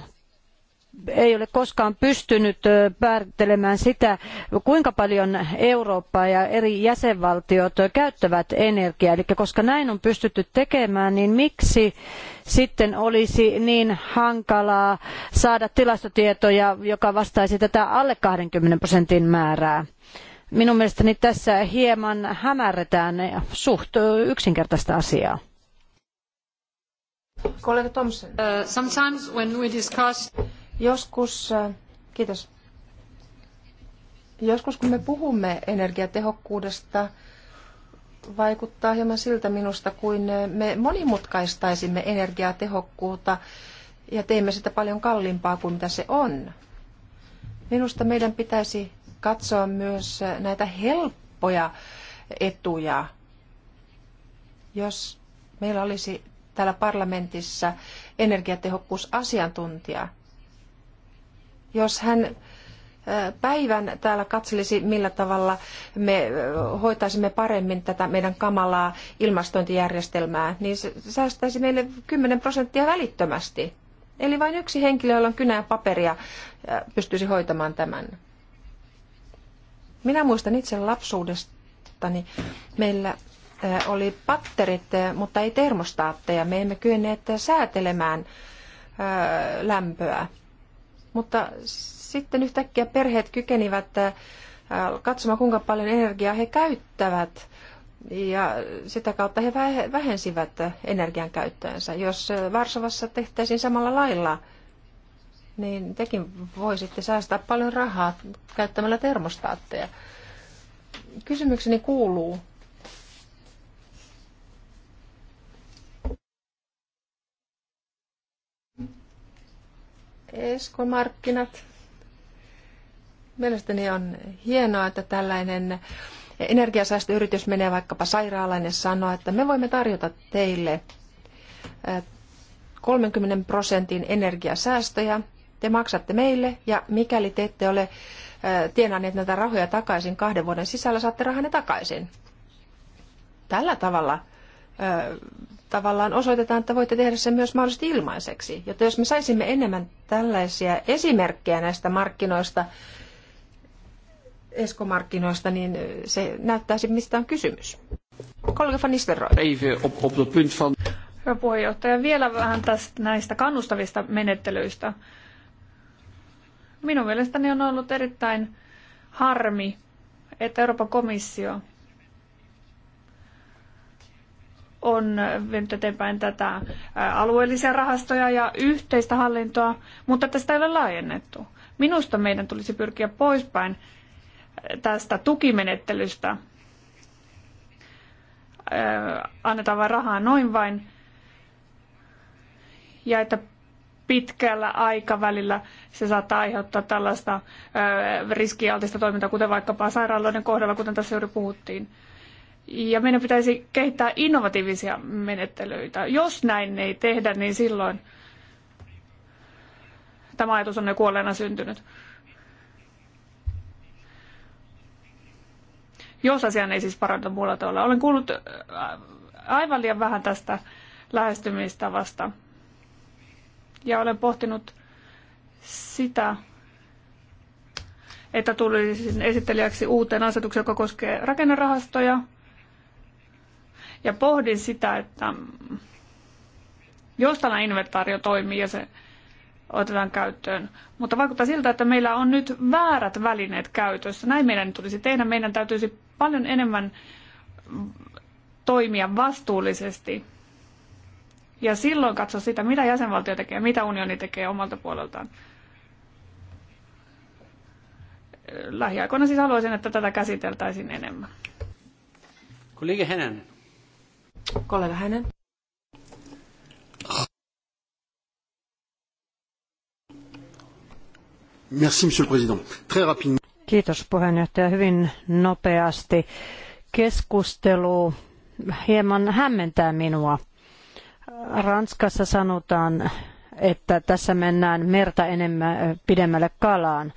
ei ole koskaan pystynyt päättelemään sitä, kuinka paljon Eurooppa ja eri jäsenvaltiot käyttävät energiaa. Eli koska näin on pystytty tekemään, niin miksi sitten olisi niin hankalaa saada tilastotietoja, joka vastaisi tätä alle 20 prosentin määrää? Minun mielestäni tässä hieman hämärretään suht yksinkertaista asiaa. Kollega Thompson. Uh, sometimes when we discuss Joskus, äh, kiitos. Joskus kun me puhumme energiatehokkuudesta, vaikuttaa hieman siltä minusta, kuin äh, me monimutkaistaisimme energiatehokkuutta ja teemme sitä paljon kalliimpaa kuin mitä se on. Minusta meidän pitäisi katsoa myös äh, näitä helppoja etuja. Jos meillä olisi täällä parlamentissa energiatehokkuusasiantuntija, jos hän äh, päivän täällä katselisi, millä tavalla me äh, hoitaisimme paremmin tätä meidän kamalaa ilmastointijärjestelmää, niin se säästäisi meille 10 prosenttia välittömästi. Eli vain yksi henkilö, jolla on kynä ja paperia, äh, pystyisi hoitamaan tämän. Minä muistan itse lapsuudestani, meillä oli patterit, mutta ei termostaatteja. Me emme kyenneet säätelemään lämpöä. Mutta sitten yhtäkkiä perheet kykenivät äh, katsomaan, kuinka paljon energiaa he käyttävät. Ja sitä kautta he vähensivät energian käyttöönsä. Jos äh, Varsovassa tehtäisiin samalla lailla, niin tekin voisitte säästää paljon rahaa käyttämällä termostaatteja. Kysymykseni kuuluu, eskomarkkinat. Mielestäni on hienoa, että tällainen energiasäästöyritys menee vaikkapa sairaalaan ja sanoo, että me voimme tarjota teille 30 prosentin energiasäästöjä. Te maksatte meille ja mikäli te ette ole tienanneet näitä rahoja takaisin kahden vuoden sisällä, saatte rahanne takaisin. Tällä tavalla tavallaan osoitetaan, että voitte tehdä sen myös mahdollisesti ilmaiseksi. Joten jos me saisimme enemmän tällaisia esimerkkejä näistä markkinoista, eskomarkkinoista, niin se näyttäisi, mistä on kysymys. Kollega van Nistelrooy. Hyvä puheenjohtaja, vielä vähän tästä näistä kannustavista menettelyistä. Minun mielestäni on ollut erittäin harmi, että Euroopan komissio on vienyt eteenpäin tätä alueellisia rahastoja ja yhteistä hallintoa, mutta tästä ei ole laajennettu. Minusta meidän tulisi pyrkiä poispäin tästä tukimenettelystä. Annetaan vain rahaa noin vain. Ja että pitkällä aikavälillä se saattaa aiheuttaa tällaista riskialtista toimintaa, kuten vaikkapa sairaaloiden kohdalla, kuten tässä juuri puhuttiin ja meidän pitäisi kehittää innovatiivisia menettelyitä. Jos näin ei tehdä, niin silloin tämä ajatus on jo kuolleena syntynyt. Jos asian ei siis paranta muulla tavalla. Olen kuullut äh, aivan liian vähän tästä lähestymistavasta. Ja olen pohtinut sitä, että tulisin esittelijäksi uuteen asetukseen, joka koskee rakennerahastoja – ja pohdin sitä, että mm, jos tämä inventaario toimii ja se otetaan käyttöön. Mutta vaikuttaa siltä, että meillä on nyt väärät välineet käytössä. Näin meidän tulisi tehdä. Meidän täytyisi paljon enemmän mm, toimia vastuullisesti ja silloin katso sitä, mitä jäsenvaltio tekee, mitä unioni tekee omalta puoleltaan. Lähiaikoina siis haluaisin, että tätä käsiteltäisiin enemmän. Kollega Henänen. Kolle Vähänen. Merci, monsieur le président. Très rapidement. Kiitos puheenjohtaja. Hyvin nopeasti. Keskustelu hieman hämmentää minua. Ranskassa sanotaan että tässä mennään merta enemmän pidemmälle kalaan.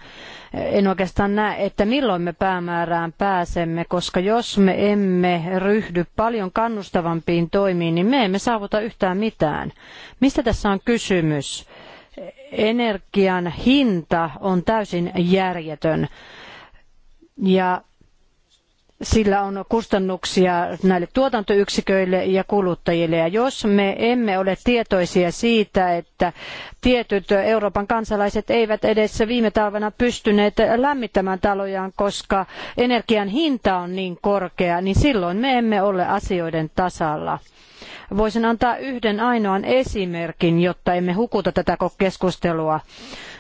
En oikeastaan näe, että milloin me päämäärään pääsemme, koska jos me emme ryhdy paljon kannustavampiin toimiin, niin me emme saavuta yhtään mitään. Mistä tässä on kysymys? Energian hinta on täysin järjetön. Ja sillä on kustannuksia näille tuotantoyksiköille ja kuluttajille. Ja jos me emme ole tietoisia siitä, että tietyt Euroopan kansalaiset eivät edes viime talvena pystyneet lämmittämään talojaan, koska energian hinta on niin korkea, niin silloin me emme ole asioiden tasalla. Voisin antaa yhden ainoan esimerkin, jotta emme hukuta tätä keskustelua.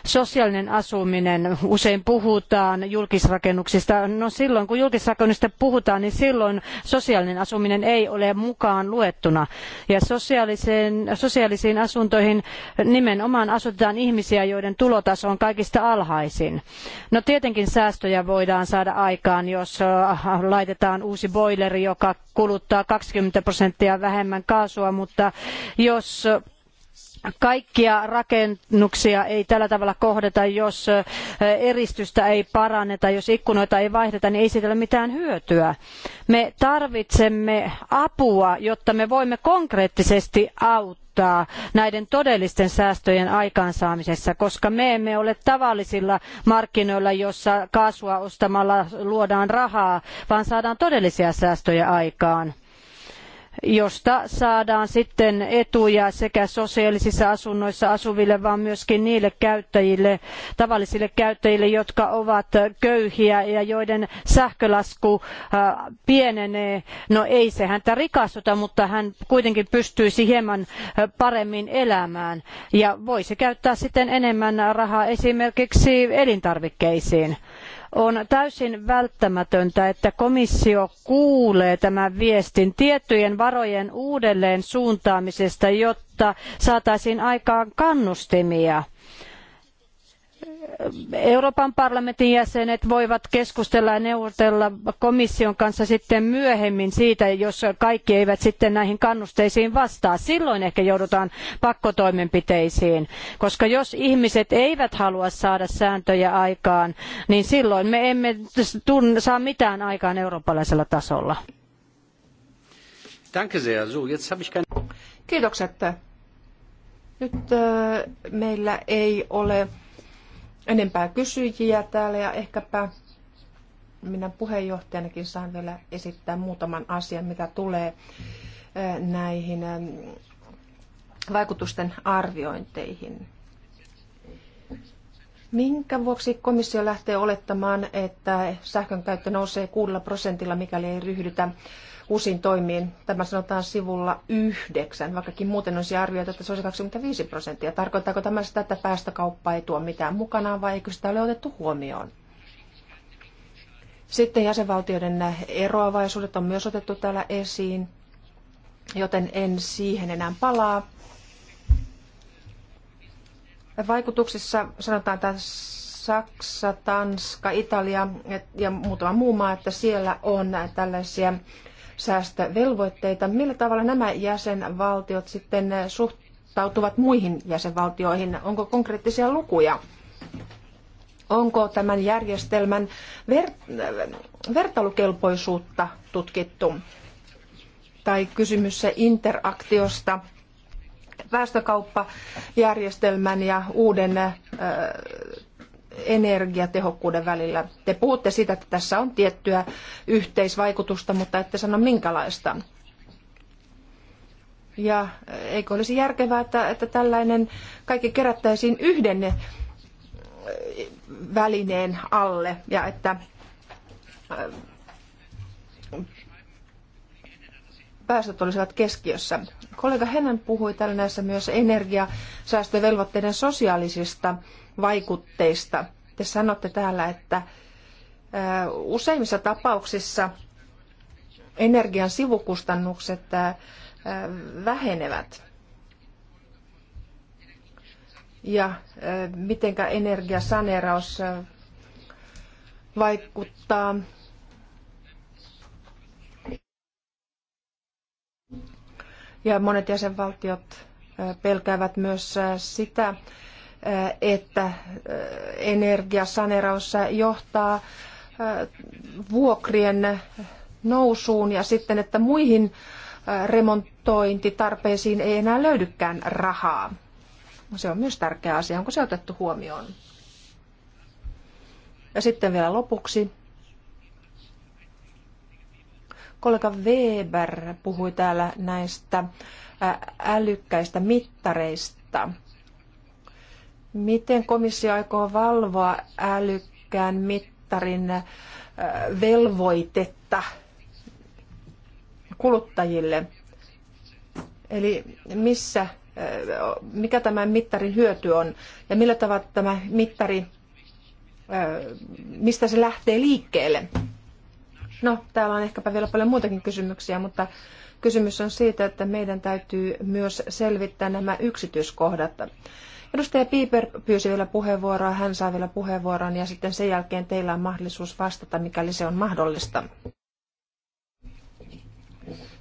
Sosiaalinen asuminen, usein puhutaan julkisrakennuksista. No silloin kun julkisrakennuksista puhutaan, niin silloin sosiaalinen asuminen ei ole mukaan luettuna. Ja sosiaaliseen, sosiaalisiin asuntoihin nimenomaan asutetaan ihmisiä, joiden tulotaso on kaikista alhaisin. No tietenkin säästöjä voidaan saada aikaan, jos äh, laitetaan uusi boileri, joka kuluttaa 20 prosenttia vähemmän kaasua, mutta jos kaikkia rakennuksia ei tällä tavalla kohdeta, jos eristystä ei paranneta, jos ikkunoita ei vaihdeta, niin ei siitä ole mitään hyötyä. Me tarvitsemme apua, jotta me voimme konkreettisesti auttaa näiden todellisten säästöjen aikaansaamisessa, koska me emme ole tavallisilla markkinoilla, jossa kaasua ostamalla luodaan rahaa, vaan saadaan todellisia säästöjä aikaan josta saadaan sitten etuja sekä sosiaalisissa asunnoissa asuville, vaan myöskin niille käyttäjille, tavallisille käyttäjille, jotka ovat köyhiä ja joiden sähkölasku äh, pienenee. No ei se häntä rikastuta, mutta hän kuitenkin pystyisi hieman äh, paremmin elämään ja voisi käyttää sitten enemmän rahaa esimerkiksi elintarvikkeisiin. On täysin välttämätöntä, että komissio kuulee tämän viestin tiettyjen varojen uudelleen suuntaamisesta, jotta saataisiin aikaan kannustimia Euroopan parlamentin jäsenet voivat keskustella ja neuvotella komission kanssa sitten myöhemmin siitä, jos kaikki eivät sitten näihin kannusteisiin vastaa. Silloin ehkä joudutaan pakkotoimenpiteisiin, koska jos ihmiset eivät halua saada sääntöjä aikaan, niin silloin me emme saa mitään aikaan eurooppalaisella tasolla. Kiitokset. Nyt äh, meillä ei ole enempää kysyjiä täällä ja ehkäpä minä puheenjohtajanakin saan vielä esittää muutaman asian, mitä tulee näihin vaikutusten arviointeihin. Minkä vuoksi komissio lähtee olettamaan, että sähkön käyttö nousee 6 prosentilla, mikäli ei ryhdytä uusiin toimiin. Tämä sanotaan sivulla yhdeksän, vaikkakin muuten olisi arvioitu, että se olisi 25 prosenttia. Tarkoittaako tämä sitä, että päästökauppa ei tuo mitään mukanaan vai eikö sitä ole otettu huomioon? Sitten jäsenvaltioiden eroavaisuudet on myös otettu täällä esiin, joten en siihen enää palaa. Vaikutuksissa sanotaan tässä Saksa, Tanska, Italia ja muutama muu maa, että siellä on tällaisia säästövelvoitteita. Millä tavalla nämä jäsenvaltiot sitten suhtautuvat muihin jäsenvaltioihin? Onko konkreettisia lukuja? Onko tämän järjestelmän ver- vertailukelpoisuutta tutkittu? Tai kysymys interaktiosta päästökauppajärjestelmän ja uuden energiatehokkuuden välillä. Te puhutte siitä, että tässä on tiettyä yhteisvaikutusta, mutta ette sano minkälaista. Ja eikö olisi järkevää, että, että tällainen kaikki kerättäisiin yhden eh, välineen alle ja että eh, päästöt olisivat keskiössä. Kollega Hennan puhui tällä näissä myös energiasäästövelvoitteiden sosiaalisista vaikutteista. Te sanotte täällä, että useimmissa tapauksissa energian sivukustannukset vähenevät. Ja mitenkä energiasaneeraus vaikuttaa Ja monet jäsenvaltiot pelkäävät myös sitä, että äh, energiasaneraus johtaa äh, vuokrien nousuun ja sitten, että muihin äh, remontointitarpeisiin ei enää löydykään rahaa. Se on myös tärkeä asia. Onko se otettu huomioon? Ja sitten vielä lopuksi. Kollega Weber puhui täällä näistä älykkäistä mittareista. Miten komissio aikoo valvoa älykkään mittarin velvoitetta kuluttajille? Eli missä, mikä tämän mittarin hyöty on ja millä tavalla tämä mittari, mistä se lähtee liikkeelle? No, täällä on ehkäpä vielä paljon muitakin kysymyksiä, mutta kysymys on siitä, että meidän täytyy myös selvittää nämä yksityiskohdat. Edustaja Piiper pyysi vielä puheenvuoroa, hän saa vielä puheenvuoron ja sitten sen jälkeen teillä on mahdollisuus vastata, mikäli se on mahdollista.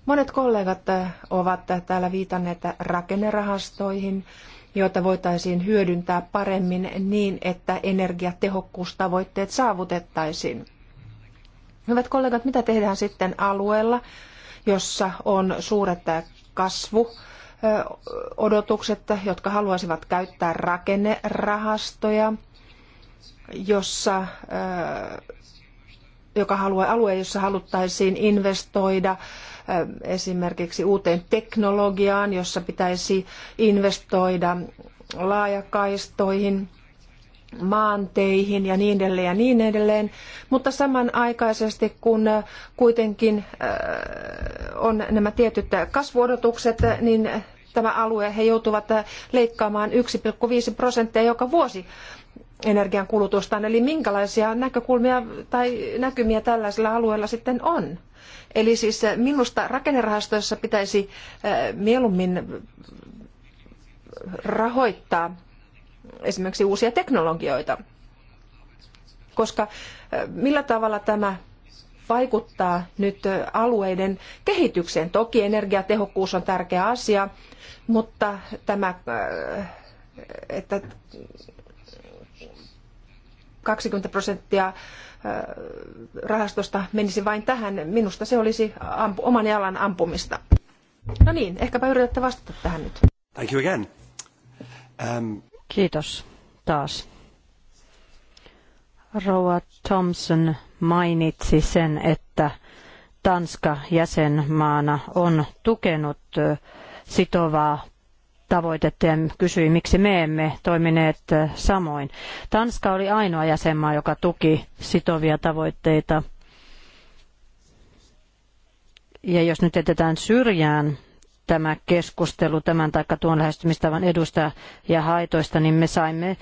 Monet kollegat äh, ovat täällä viitanneet rakennerahastoihin, joita voitaisiin hyödyntää paremmin niin, että energiatehokkuustavoitteet saavutettaisiin. Hyvät kollegat, mitä tehdään sitten alueella, jossa on suuret äh, kasvu- odotukset, jotka haluaisivat käyttää rakennerahastoja, jossa, joka haluaa alue, jossa haluttaisiin investoida esimerkiksi uuteen teknologiaan, jossa pitäisi investoida laajakaistoihin – maanteihin ja niin edelleen ja niin edelleen, mutta samanaikaisesti kun äh, kuitenkin äh, on nämä tietyt kasvuodotukset, niin tämä alue he joutuvat äh, leikkaamaan 1,5 prosenttia joka vuosi energian Eli minkälaisia näkökulmia tai näkymiä tällaisella alueella sitten on? Eli siis minusta rakennerahastoissa pitäisi mieluummin rahoittaa esimerkiksi uusia teknologioita. Koska millä tavalla tämä vaikuttaa nyt alueiden kehitykseen? Toki energiatehokkuus on tärkeä asia, mutta tämä, että 20 prosenttia rahastosta menisi vain tähän, minusta se olisi ampu, oman jalan ampumista. No niin, ehkäpä yritätte vastata tähän nyt. Thank you again. Um... Kiitos taas. Rouva Thompson mainitsi sen, että Tanska jäsenmaana on tukenut sitovaa tavoitetta ja kysyi, miksi me emme toimineet samoin. Tanska oli ainoa jäsenmaa, joka tuki sitovia tavoitteita. Ja jos nyt jätetään syrjään tämä keskustelu tämän taikka tuon lähestymistavan edusta ja haitoista, niin me saimme eh,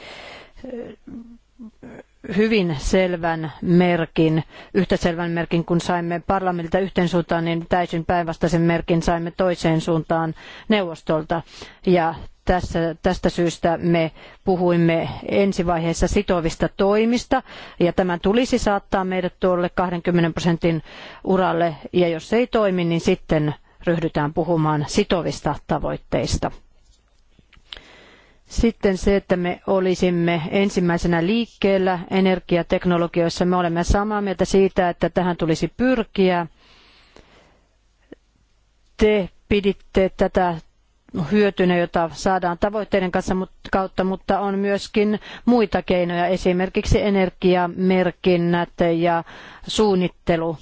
hyvin selvän merkin, yhtä selvän merkin kun saimme parlamentilta yhteen suuntaan, niin täysin päinvastaisen merkin saimme toiseen suuntaan neuvostolta. Ja tässä, tästä syystä me puhuimme ensivaiheessa sitovista toimista ja tämän tulisi saattaa meidät tuolle 20 prosentin uralle ja jos se ei toimi, niin sitten ryhdytään puhumaan sitovista tavoitteista. Sitten se, että me olisimme ensimmäisenä liikkeellä energiateknologioissa, me olemme samaa mieltä siitä, että tähän tulisi pyrkiä. Te piditte tätä hyötynä, jota saadaan tavoitteiden kanssa, kautta, mutta on myöskin muita keinoja, esimerkiksi energiamerkinnät ja suunnittelu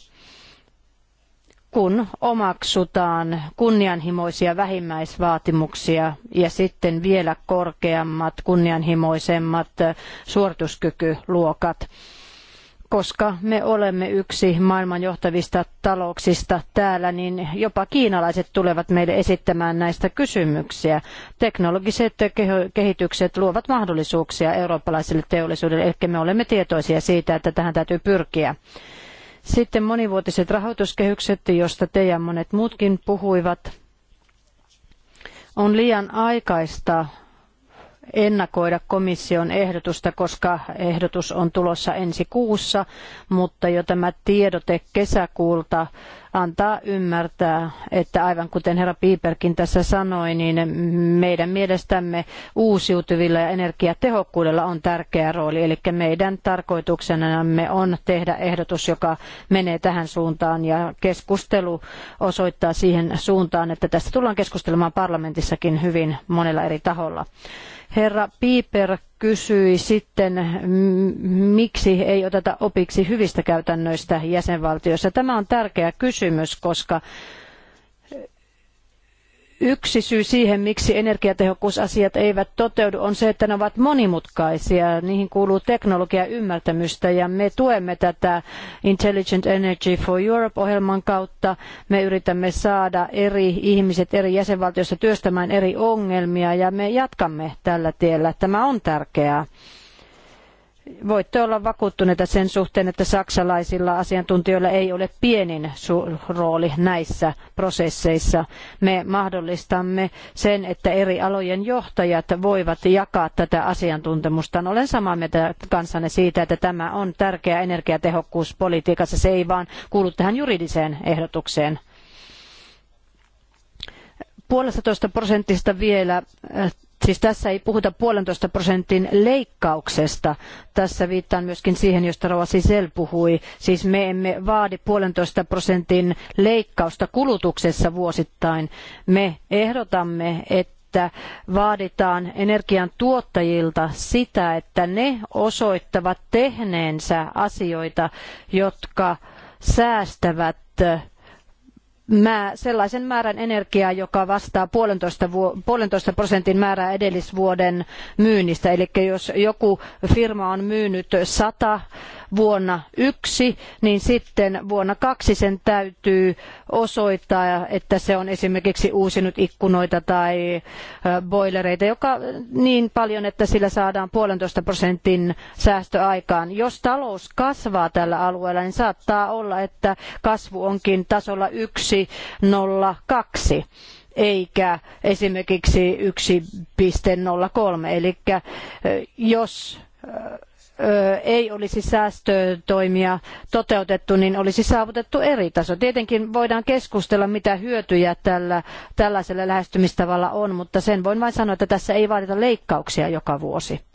kun omaksutaan kunnianhimoisia vähimmäisvaatimuksia ja sitten vielä korkeammat, kunnianhimoisemmat eh, suorituskykyluokat koska me olemme yksi maailman johtavista talouksista täällä, niin jopa kiinalaiset tulevat meille esittämään näistä kysymyksiä. Teknologiset kehitykset luovat mahdollisuuksia eurooppalaiselle teollisuudelle, ehkä me olemme tietoisia siitä, että tähän täytyy pyrkiä. Sitten monivuotiset rahoituskehykset, josta te ja monet muutkin puhuivat. On liian aikaista ennakoida komission ehdotusta, koska ehdotus on tulossa ensi kuussa, mutta jo tämä tiedote kesäkuulta antaa ymmärtää, että aivan kuten herra Piiperkin tässä sanoi, niin meidän mielestämme uusiutuvilla ja energiatehokkuudella on tärkeä rooli. Eli meidän tarkoituksenamme on tehdä ehdotus, joka menee tähän suuntaan ja keskustelu osoittaa siihen suuntaan, että tästä tullaan keskustelemaan parlamentissakin hyvin monella eri taholla. Herra Pieper kysyi sitten, miksi ei oteta opiksi hyvistä käytännöistä jäsenvaltioissa. Tämä on tärkeä kysymys, koska Yksi syy siihen, miksi energiatehokkuusasiat eivät toteudu, on se, että ne ovat monimutkaisia. Niihin kuuluu teknologia ymmärtämystä ja me tuemme tätä Intelligent Energy for Europe-ohjelman kautta. Me yritämme saada eri ihmiset eri jäsenvaltioissa työstämään eri ongelmia ja me jatkamme tällä tiellä. Tämä on tärkeää voitte olla vakuuttuneita sen suhteen, että saksalaisilla asiantuntijoilla ei ole pienin rooli näissä prosesseissa. Me mahdollistamme sen, että eri alojen johtajat voivat jakaa tätä asiantuntemustaan. Olen samaa mieltä kanssanne siitä, että tämä on tärkeä energiatehokkuuspolitiikassa. Se ei vaan kuulu tähän juridiseen ehdotukseen. Puolestatoista prosentista vielä Siis tässä ei puhuta puolentoista prosentin leikkauksesta. Tässä viittaan myöskin siihen, josta Rova Sisel puhui. Siis me emme vaadi puolentoista prosentin leikkausta kulutuksessa vuosittain. Me ehdotamme, että että vaaditaan energian tuottajilta sitä, että ne osoittavat tehneensä asioita, jotka säästävät sellaisen määrän energiaa, joka vastaa puolentoista, prosentin määrää edellisvuoden myynnistä. Eli jos joku firma on myynyt sata vuonna yksi, niin sitten vuonna kaksi sen täytyy osoittaa, että se on esimerkiksi uusinut ikkunoita tai boilereita, joka niin paljon, että sillä saadaan puolentoista prosentin säästö aikaan. Jos talous kasvaa tällä alueella, niin saattaa olla, että kasvu onkin tasolla yksi nolla kaksi eikä esimerkiksi 1.03. Eli jos ei olisi säästötoimia toteutettu, niin olisi saavutettu eri taso. Tietenkin voidaan keskustella, mitä hyötyjä tällä, tällaisella lähestymistavalla on, mutta sen voin vain sanoa, että tässä ei vaadita leikkauksia joka vuosi.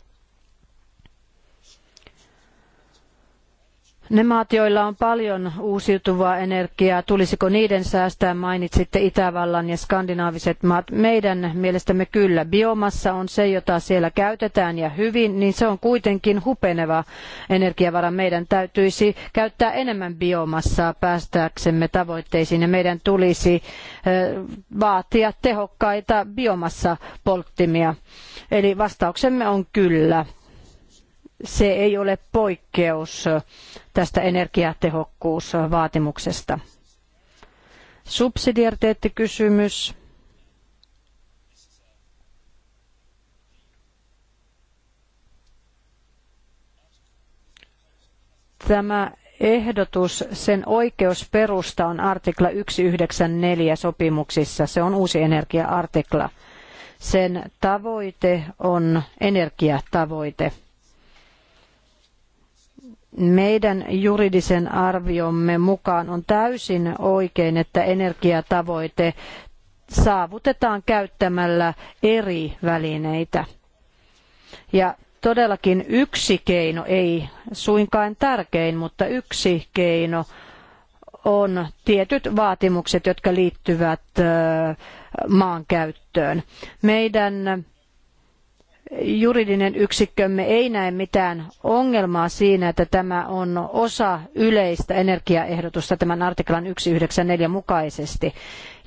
Ne maat, joilla on paljon uusiutuvaa energiaa, tulisiko niiden säästää? Mainitsitte Itävallan ja skandinaaviset maat. Meidän mielestämme kyllä. Biomassa on se, jota siellä käytetään ja hyvin, niin se on kuitenkin hupeneva energiavara. Meidän täytyisi käyttää enemmän biomassaa päästäksemme tavoitteisiin ja meidän tulisi vaatia tehokkaita biomassapolttimia. Eli vastauksemme on kyllä se ei ole poikkeus tästä energiatehokkuusvaatimuksesta. Subsidiariteettikysymys. Tämä ehdotus, sen oikeusperusta on artikla 194 sopimuksissa. Se on uusi energia-artikla. Sen tavoite on energiatavoite meidän juridisen arviomme mukaan on täysin oikein, että energiatavoite saavutetaan käyttämällä eri välineitä. Ja todellakin yksi keino, ei suinkaan tärkein, mutta yksi keino on tietyt vaatimukset, jotka liittyvät maankäyttöön. Meidän juridinen yksikkömme ei näe mitään ongelmaa siinä, että tämä on osa yleistä energiaehdotusta tämän artiklan 194 mukaisesti.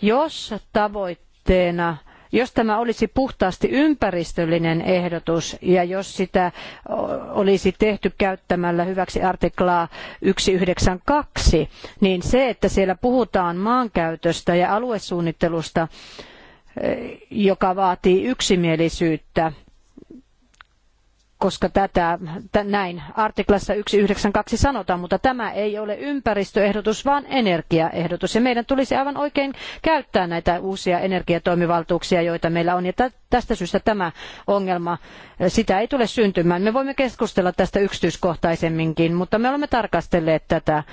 Jos tavoitteena jos tämä olisi puhtaasti ympäristöllinen ehdotus ja jos sitä olisi tehty käyttämällä hyväksi artiklaa 192, niin se, että siellä puhutaan maankäytöstä ja aluesuunnittelusta, joka vaatii yksimielisyyttä, koska tätä näin artiklassa 192 sanotaan, mutta tämä ei ole ympäristöehdotus, vaan energiaehdotus. Ja meidän tulisi aivan oikein käyttää näitä uusia energiatoimivaltuuksia, joita meillä on. Ja tästä syystä tämä ongelma, sitä ei tule syntymään. Me voimme keskustella tästä yksityiskohtaisemminkin, mutta me olemme tarkastelleet tätä.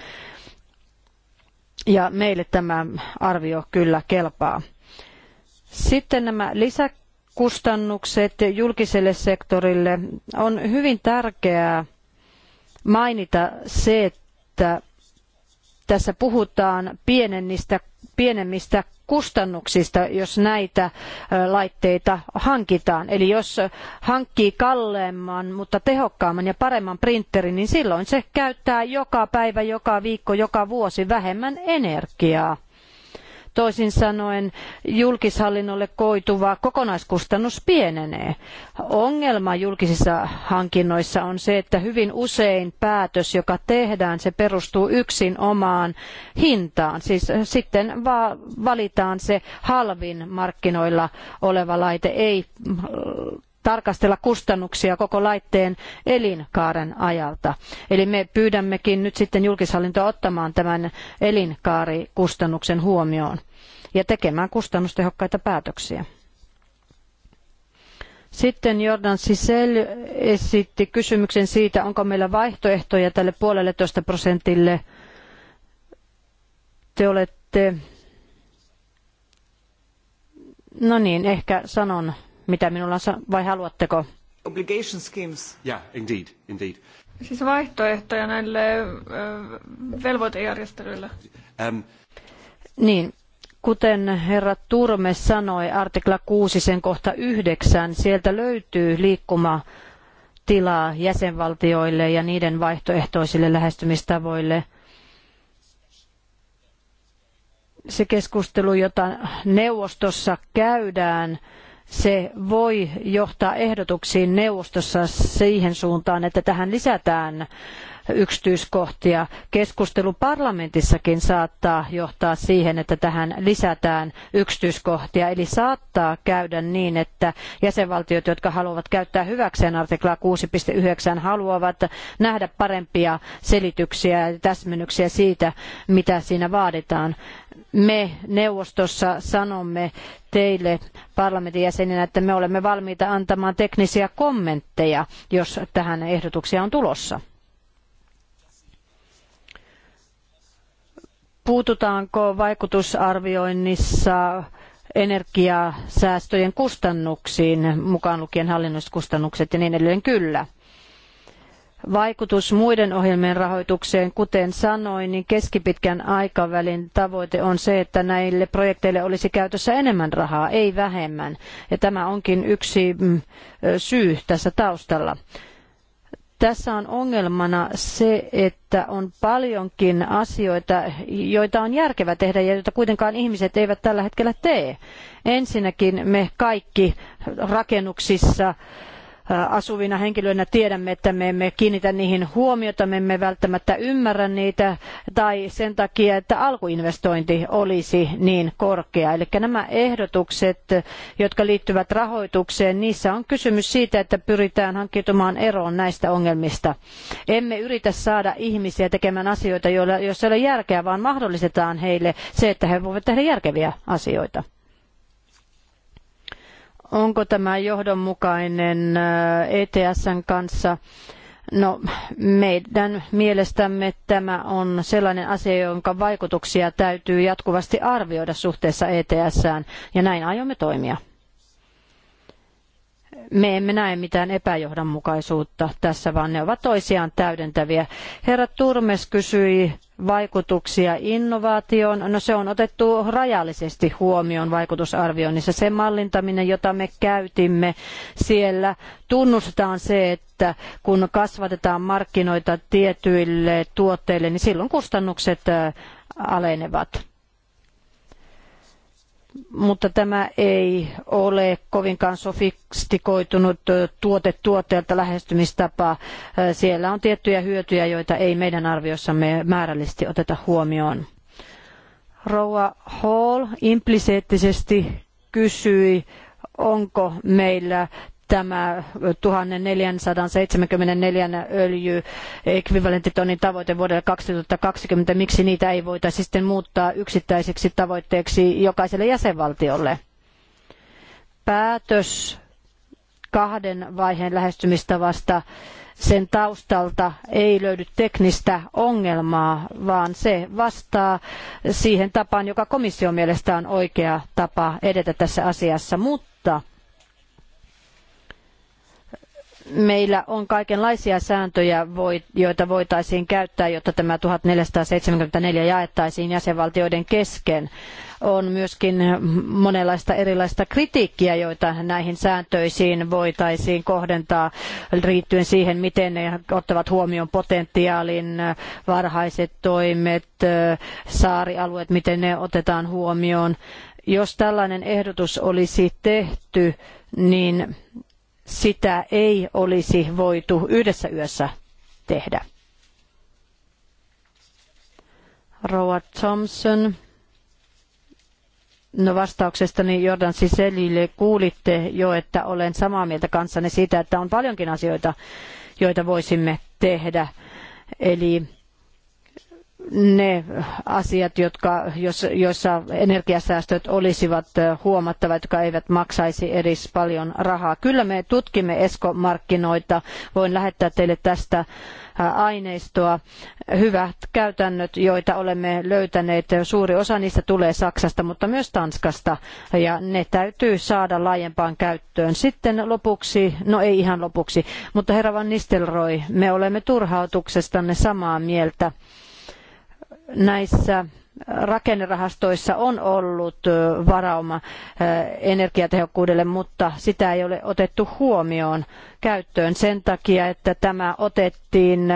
Ja meille tämä arvio kyllä kelpaa. Sitten nämä lisäkysymykset kustannukset julkiselle sektorille. On hyvin tärkeää mainita se, että tässä puhutaan pienemmistä kustannuksista, jos näitä laitteita hankitaan. Eli jos hankkii kalleimman, mutta tehokkaamman ja paremman printerin, niin silloin se käyttää joka päivä, joka viikko, joka vuosi vähemmän energiaa. Toisin sanoen julkishallinnolle koituva kokonaiskustannus pienenee. Ongelma julkisissa hankinnoissa on se, että hyvin usein päätös, joka tehdään, se perustuu yksin omaan hintaan. Siis sitten valitaan se halvin markkinoilla oleva laite, ei tarkastella kustannuksia koko laitteen elinkaaren ajalta. Eli me pyydämmekin nyt sitten julkishallintoa ottamaan tämän elinkaarikustannuksen huomioon ja tekemään kustannustehokkaita päätöksiä. Sitten Jordan Sisel esitti kysymyksen siitä, onko meillä vaihtoehtoja tälle puolelletoista prosentille. Te olette... No niin, ehkä sanon mitä minulla on, vai haluatteko? Obligation schemes. Yeah, indeed, indeed. Siis vaihtoehtoja näille ö, velvoitejärjestelyille. Um. Niin, kuten herra Turme sanoi, artikla 6 sen kohta 9, sieltä löytyy liikkuma tilaa jäsenvaltioille ja niiden vaihtoehtoisille lähestymistavoille. Se keskustelu, jota neuvostossa käydään, se voi johtaa ehdotuksiin neuvostossa siihen suuntaan, että tähän lisätään yksityiskohtia. Keskustelu parlamentissakin saattaa johtaa siihen, että tähän lisätään yksityiskohtia. Eli saattaa käydä niin, että jäsenvaltiot, jotka haluavat käyttää hyväkseen artiklaa 6.9, haluavat nähdä parempia selityksiä ja täsmennyksiä siitä, mitä siinä vaaditaan me neuvostossa sanomme teille parlamentin jäseninä, että me olemme valmiita antamaan teknisiä kommentteja, jos tähän ehdotuksia on tulossa. Puututaanko vaikutusarvioinnissa energiasäästöjen kustannuksiin, mukaan lukien hallinnolliset kustannukset ja niin edelleen? Kyllä vaikutus muiden ohjelmien rahoitukseen. Kuten sanoin, niin keskipitkän aikavälin tavoite on se, että näille projekteille olisi käytössä enemmän rahaa, ei vähemmän. Ja tämä onkin yksi mm, syy tässä taustalla. Tässä on ongelmana se, että on paljonkin asioita, joita on järkevä tehdä ja joita kuitenkaan ihmiset eivät tällä hetkellä tee. Ensinnäkin me kaikki rakennuksissa asuvina henkilöinä tiedämme, että me emme kiinnitä niihin huomiota, me emme välttämättä ymmärrä niitä tai sen takia, että alkuinvestointi olisi niin korkea. Eli nämä ehdotukset, jotka liittyvät rahoitukseen, niissä on kysymys siitä, että pyritään hankkiutumaan eroon näistä ongelmista. Emme yritä saada ihmisiä tekemään asioita, joilla, joissa ei ole järkeä, vaan mahdollistetaan heille se, että he voivat tehdä järkeviä asioita. Onko tämä johdonmukainen äh, ETSn kanssa? No, meidän mielestämme tämä on sellainen asia, jonka vaikutuksia täytyy jatkuvasti arvioida suhteessa ETSään, ja näin aiomme toimia me emme näe mitään epäjohdonmukaisuutta tässä, vaan ne ovat toisiaan täydentäviä. Herra Turmes kysyi vaikutuksia innovaatioon. No se on otettu rajallisesti huomioon vaikutusarvioinnissa. Se mallintaminen, jota me käytimme siellä, tunnustetaan se, että kun kasvatetaan markkinoita tietyille tuotteille, niin silloin kustannukset äh, alenevat mutta tämä ei ole kovinkaan sofistikoitunut tuote tuotteelta lähestymistapa. Siellä on tiettyjä hyötyjä, joita ei meidän arviossamme määrällisesti oteta huomioon. Rouva Hall impliseettisesti kysyi, onko meillä tämä 1474 öljy ekvivalenttitonnin tavoite vuodelle 2020, miksi niitä ei voitaisi sitten muuttaa yksittäiseksi tavoitteeksi jokaiselle jäsenvaltiolle? Päätös kahden vaiheen lähestymistavasta sen taustalta ei löydy teknistä ongelmaa, vaan se vastaa siihen tapaan, joka komission mielestä on oikea tapa edetä tässä asiassa. Mutta meillä on kaikenlaisia sääntöjä, joita voitaisiin käyttää, jotta tämä 1474 jaettaisiin jäsenvaltioiden kesken. On myöskin monenlaista erilaista kritiikkiä, joita näihin sääntöisiin voitaisiin kohdentaa liittyen siihen, miten ne ottavat huomioon potentiaalin, varhaiset toimet, saarialueet, miten ne otetaan huomioon. Jos tällainen ehdotus olisi tehty, niin sitä ei olisi voitu yhdessä yössä tehdä. Rouva Thompson. No vastauksestani Jordan Siselille kuulitte jo, että olen samaa mieltä kanssanne siitä, että on paljonkin asioita, joita voisimme tehdä. Eli ne asiat, jotka, jos, joissa energiasäästöt olisivat huomattavat, jotka eivät maksaisi edes paljon rahaa. Kyllä me tutkimme eskomarkkinoita. Voin lähettää teille tästä aineistoa. Hyvät käytännöt, joita olemme löytäneet, suuri osa niistä tulee Saksasta, mutta myös Tanskasta, ja ne täytyy saada laajempaan käyttöön. Sitten lopuksi, no ei ihan lopuksi, mutta herra Van Nistelrooy, me olemme turhautuksestanne samaa mieltä näissä äh, rakennerahastoissa on ollut äh, varauma äh, energiatehokkuudelle, mutta sitä ei ole otettu huomioon käyttöön sen takia, että tämä otettiin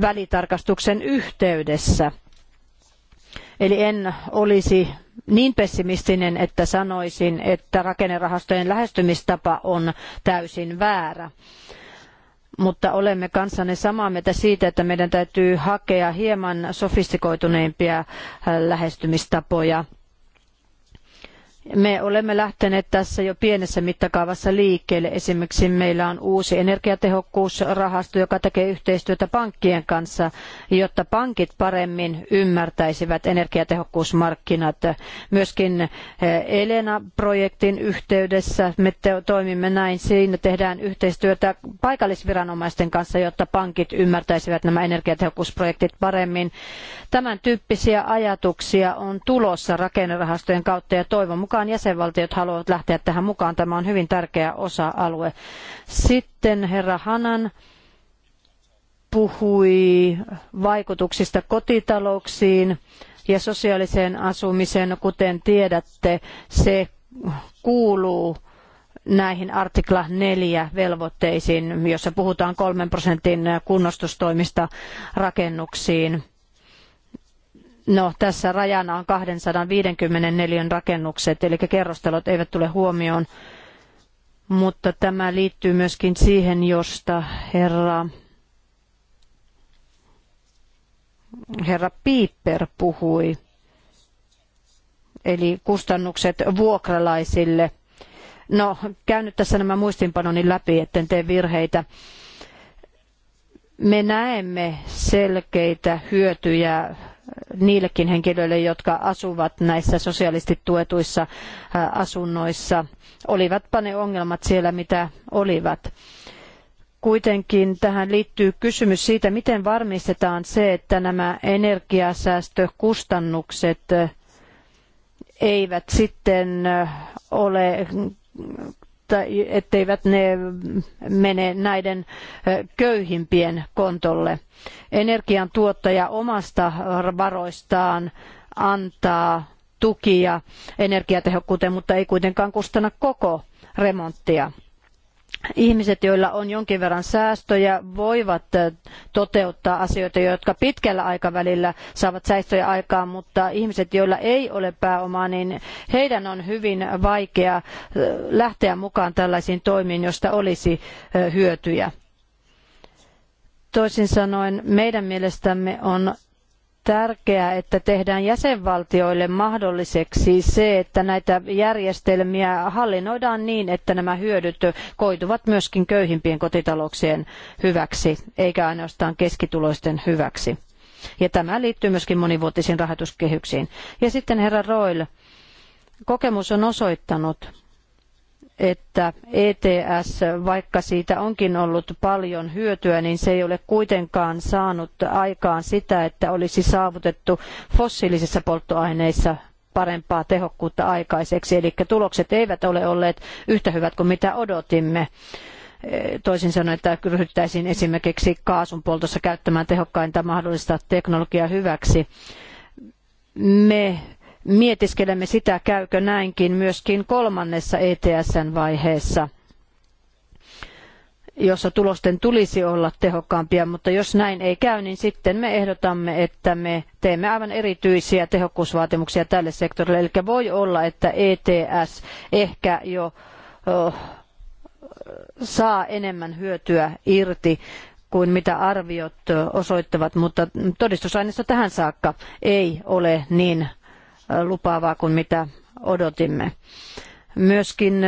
välitarkastuksen yhteydessä. Eli en olisi niin pessimistinen, että sanoisin, että rakennerahastojen lähestymistapa on täysin väärä mutta olemme kanssanne samaa mieltä siitä, että meidän täytyy hakea hieman sofistikoituneimpia äh, lähestymistapoja me olemme lähteneet tässä jo pienessä mittakaavassa liikkeelle. Esimerkiksi meillä on uusi energiatehokkuusrahasto, joka tekee yhteistyötä pankkien kanssa, jotta pankit paremmin ymmärtäisivät energiatehokkuusmarkkinat. Myöskin eh, Elena-projektin yhteydessä me toimimme näin. Siinä tehdään yhteistyötä paikallisviranomaisten kanssa, jotta pankit ymmärtäisivät nämä energiatehokkuusprojektit paremmin. Tämän tyyppisiä ajatuksia on tulossa rakennerahastojen kautta ja toivon mukaan mukaan jäsenvaltiot haluavat lähteä tähän mukaan. Tämä on hyvin tärkeä osa-alue. Sitten herra Hanan puhui vaikutuksista kotitalouksiin ja sosiaaliseen asumiseen. No, kuten tiedätte, se kuuluu näihin artikla 4 velvoitteisiin, jossa puhutaan kolmen prosentin kunnostustoimista rakennuksiin. No, tässä rajana on 254 rakennukset, eli kerrostalot eivät tule huomioon. Mutta tämä liittyy myöskin siihen, josta herra, herra Piipper puhui. Eli kustannukset vuokralaisille. No, käyn nyt tässä nämä muistinpanoni läpi, etten tee virheitä me näemme selkeitä hyötyjä niillekin henkilöille, jotka asuvat näissä sosiaalisesti tuetuissa asunnoissa, olivatpa ne ongelmat siellä mitä olivat kuitenkin tähän liittyy kysymys siitä, miten varmistetaan se, että nämä energiasäästökustannukset eivät sitten ole jotta, etteivät ne mene näiden köyhimpien kontolle. Energian tuottaja omasta varoistaan antaa tukia energiatehokkuuteen, mutta ei kuitenkaan kustanna koko remonttia ihmiset, joilla on jonkin verran säästöjä, voivat eh, toteuttaa asioita, jotka pitkällä aikavälillä saavat säästöjä aikaan, mutta ihmiset, joilla ei ole pääomaa, niin heidän on hyvin vaikea eh, lähteä mukaan tällaisiin toimiin, joista olisi eh, hyötyjä. Toisin sanoen meidän mielestämme on tärkeää, että tehdään jäsenvaltioille mahdolliseksi se, että näitä järjestelmiä hallinnoidaan niin, että nämä hyödyt koituvat myöskin köyhimpien kotitalouksien hyväksi, eikä ainoastaan keskituloisten hyväksi. Ja tämä liittyy myöskin monivuotisiin rahoituskehyksiin. Ja sitten herra Roil, kokemus on osoittanut, että ETS, vaikka siitä onkin ollut paljon hyötyä, niin se ei ole kuitenkaan saanut aikaan sitä, että olisi saavutettu fossiilisissa polttoaineissa parempaa tehokkuutta aikaiseksi. Eli tulokset eivät ole olleet yhtä hyvät kuin mitä odotimme e, toisin sanoen, että ryhdyttäisiin esimerkiksi kaasun poltossa käyttämään tehokkainta mahdollista teknologiaa hyväksi. Me mietiskelemme sitä, käykö näinkin myöskin kolmannessa ETSn vaiheessa jossa tulosten tulisi olla tehokkaampia, mutta jos näin ei käy, niin sitten me ehdotamme, että me teemme aivan erityisiä tehokkuusvaatimuksia tälle sektorille. Eli voi olla, että ETS ehkä jo oh, saa enemmän hyötyä irti kuin mitä arviot osoittavat, mutta todistusaineisto tähän saakka ei ole niin lupaavaa kuin mitä odotimme. Myöskin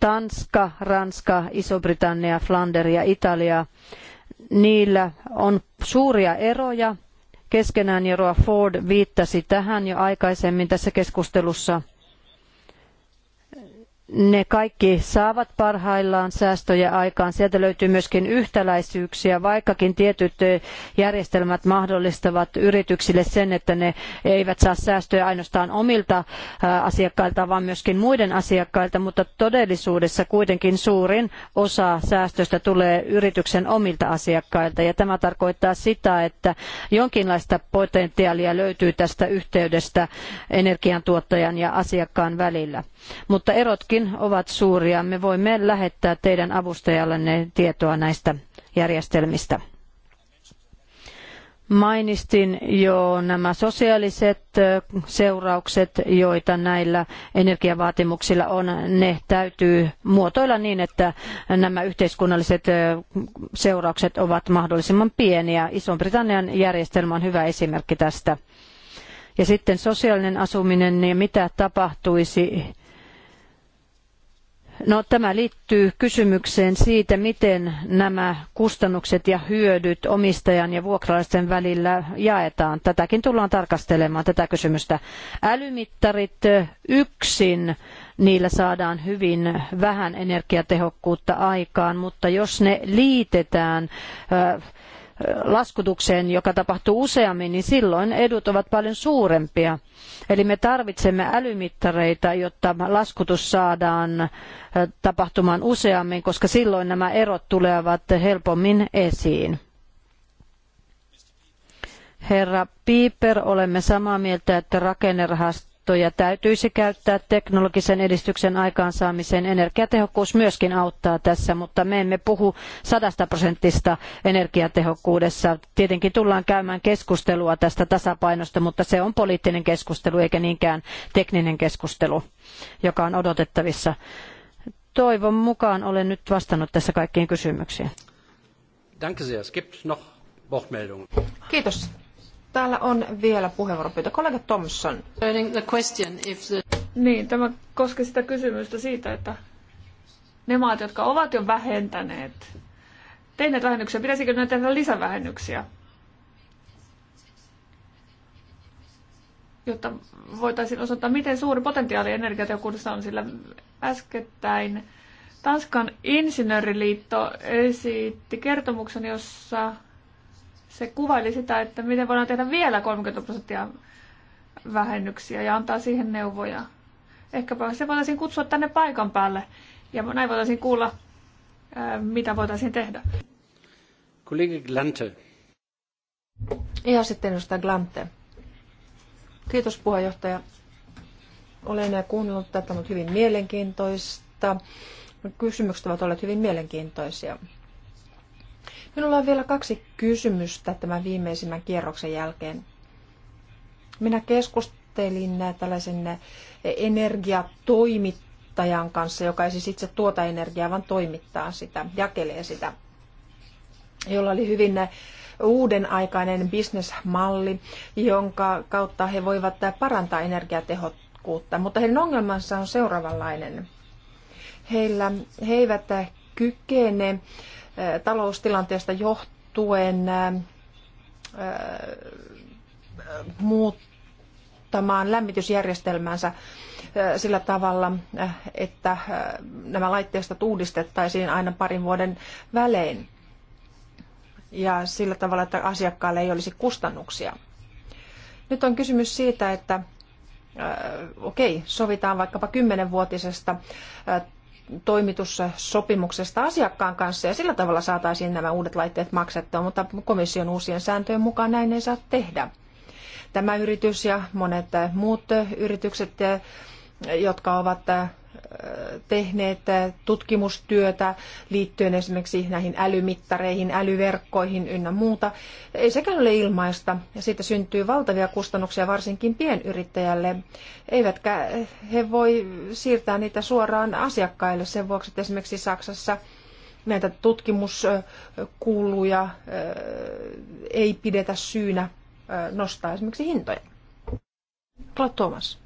Tanska, Ranska, Iso-Britannia, Flanderia, Italia, niillä on suuria eroja keskenään ja Ford viittasi tähän jo aikaisemmin tässä keskustelussa – ne kaikki saavat parhaillaan säästöjä aikaan. Sieltä löytyy myöskin yhtäläisyyksiä, vaikkakin tietyt eh, järjestelmät mahdollistavat yrityksille sen, että ne eivät saa säästöjä ainoastaan omilta eh, asiakkailta, vaan myöskin muiden asiakkailta, mutta todellisuudessa kuitenkin suurin osa säästöistä tulee yrityksen omilta asiakkailta. Ja tämä tarkoittaa sitä, että jonkinlaista potentiaalia löytyy tästä yhteydestä energiantuottajan ja asiakkaan välillä. Mutta erotkin todellakin ovat suuria. Me voimme lähettää teidän avustajallenne tietoa näistä järjestelmistä. Mainistin jo nämä sosiaaliset seuraukset, joita näillä energiavaatimuksilla on. Ne täytyy muotoilla niin, että nämä yhteiskunnalliset seuraukset ovat mahdollisimman pieniä. Ison-Britannian järjestelmä on hyvä esimerkki tästä. Ja sitten sosiaalinen asuminen, niin mitä tapahtuisi No, tämä liittyy kysymykseen siitä, miten nämä kustannukset ja hyödyt omistajan ja vuokralaisten välillä jaetaan. Tätäkin tullaan tarkastelemaan, tätä kysymystä. Älymittarit eh, yksin, niillä saadaan hyvin vähän energiatehokkuutta aikaan, mutta jos ne liitetään äh, laskutukseen, joka tapahtuu useammin, niin silloin edut ovat paljon suurempia. Eli me tarvitsemme älymittareita, jotta laskutus saadaan tapahtumaan useammin, koska silloin nämä erot tulevat helpommin esiin. Herra Piper, olemme samaa mieltä, että rakennerahasto vaihtoehtoja täytyisi käyttää teknologisen edistyksen aikaansaamiseen. Energiatehokkuus myöskin auttaa tässä, mutta me emme puhu sadasta prosentista energiatehokkuudessa. Tietenkin tullaan käymään keskustelua tästä tasapainosta, mutta se on poliittinen keskustelu eikä niinkään tekninen keskustelu, joka on odotettavissa. Toivon mukaan olen nyt vastannut tässä kaikkiin kysymyksiin. Kiitos. Täällä on vielä puheenvuoropyyntö. Kollega Thompson. Niin, tämä koski sitä kysymystä siitä, että ne maat, jotka ovat jo vähentäneet, tehneet vähennyksiä, pitäisikö ne tehdä lisävähennyksiä? jotta voitaisiin osoittaa, miten suuri potentiaali energiatehokkuudessa on, sillä äskettäin Tanskan insinööriliitto esitti kertomuksen, jossa se kuvaili sitä, että miten voidaan tehdä vielä 30 prosenttia vähennyksiä ja antaa siihen neuvoja. Ehkäpä se voitaisiin kutsua tänne paikan päälle ja näin voitaisiin kuulla, mitä voitaisiin tehdä. Kollega Glante. Ihan sitten edustaja Glante. Kiitos puheenjohtaja. Olen kuunnellut tätä, mutta hyvin mielenkiintoista. Kysymykset ovat olleet hyvin mielenkiintoisia. Minulla on vielä kaksi kysymystä tämän viimeisimmän kierroksen jälkeen. Minä keskustelin tällaisen energiatoimittajan kanssa, joka ei siis itse tuota energiaa, vaan toimittaa sitä, jakelee sitä, jolla oli hyvin uuden aikainen bisnesmalli, jonka kautta he voivat parantaa energiatehokkuutta. Mutta heidän ongelmansa on seuraavanlainen. Heillä, he eivät kykene taloustilanteesta johtuen muuttamaan lämmitysjärjestelmänsä sillä tavalla, että nämä laitteistot uudistettaisiin aina parin vuoden välein ja sillä tavalla, että asiakkaalle ei olisi kustannuksia. Nyt on kysymys siitä, että okei, sovitaan vaikkapa kymmenenvuotisesta toimitussopimuksesta asiakkaan kanssa ja sillä tavalla saataisiin nämä uudet laitteet maksettua, mutta komission uusien sääntöjen mukaan näin ei saa tehdä. Tämä yritys ja monet muut yritykset, jotka ovat tehneet äh, tutkimustyötä liittyen esimerkiksi näihin älymittareihin, älyverkkoihin ynnä muuta. Ei sekään ole ilmaista ja siitä syntyy valtavia kustannuksia varsinkin pienyrittäjälle. Eivätkä he voi siirtää niitä suoraan asiakkaille sen vuoksi, että esimerkiksi Saksassa näitä tutkimuskuluja äh, ei pidetä syynä äh, nostaa esimerkiksi hintoja. Klaus Thomas.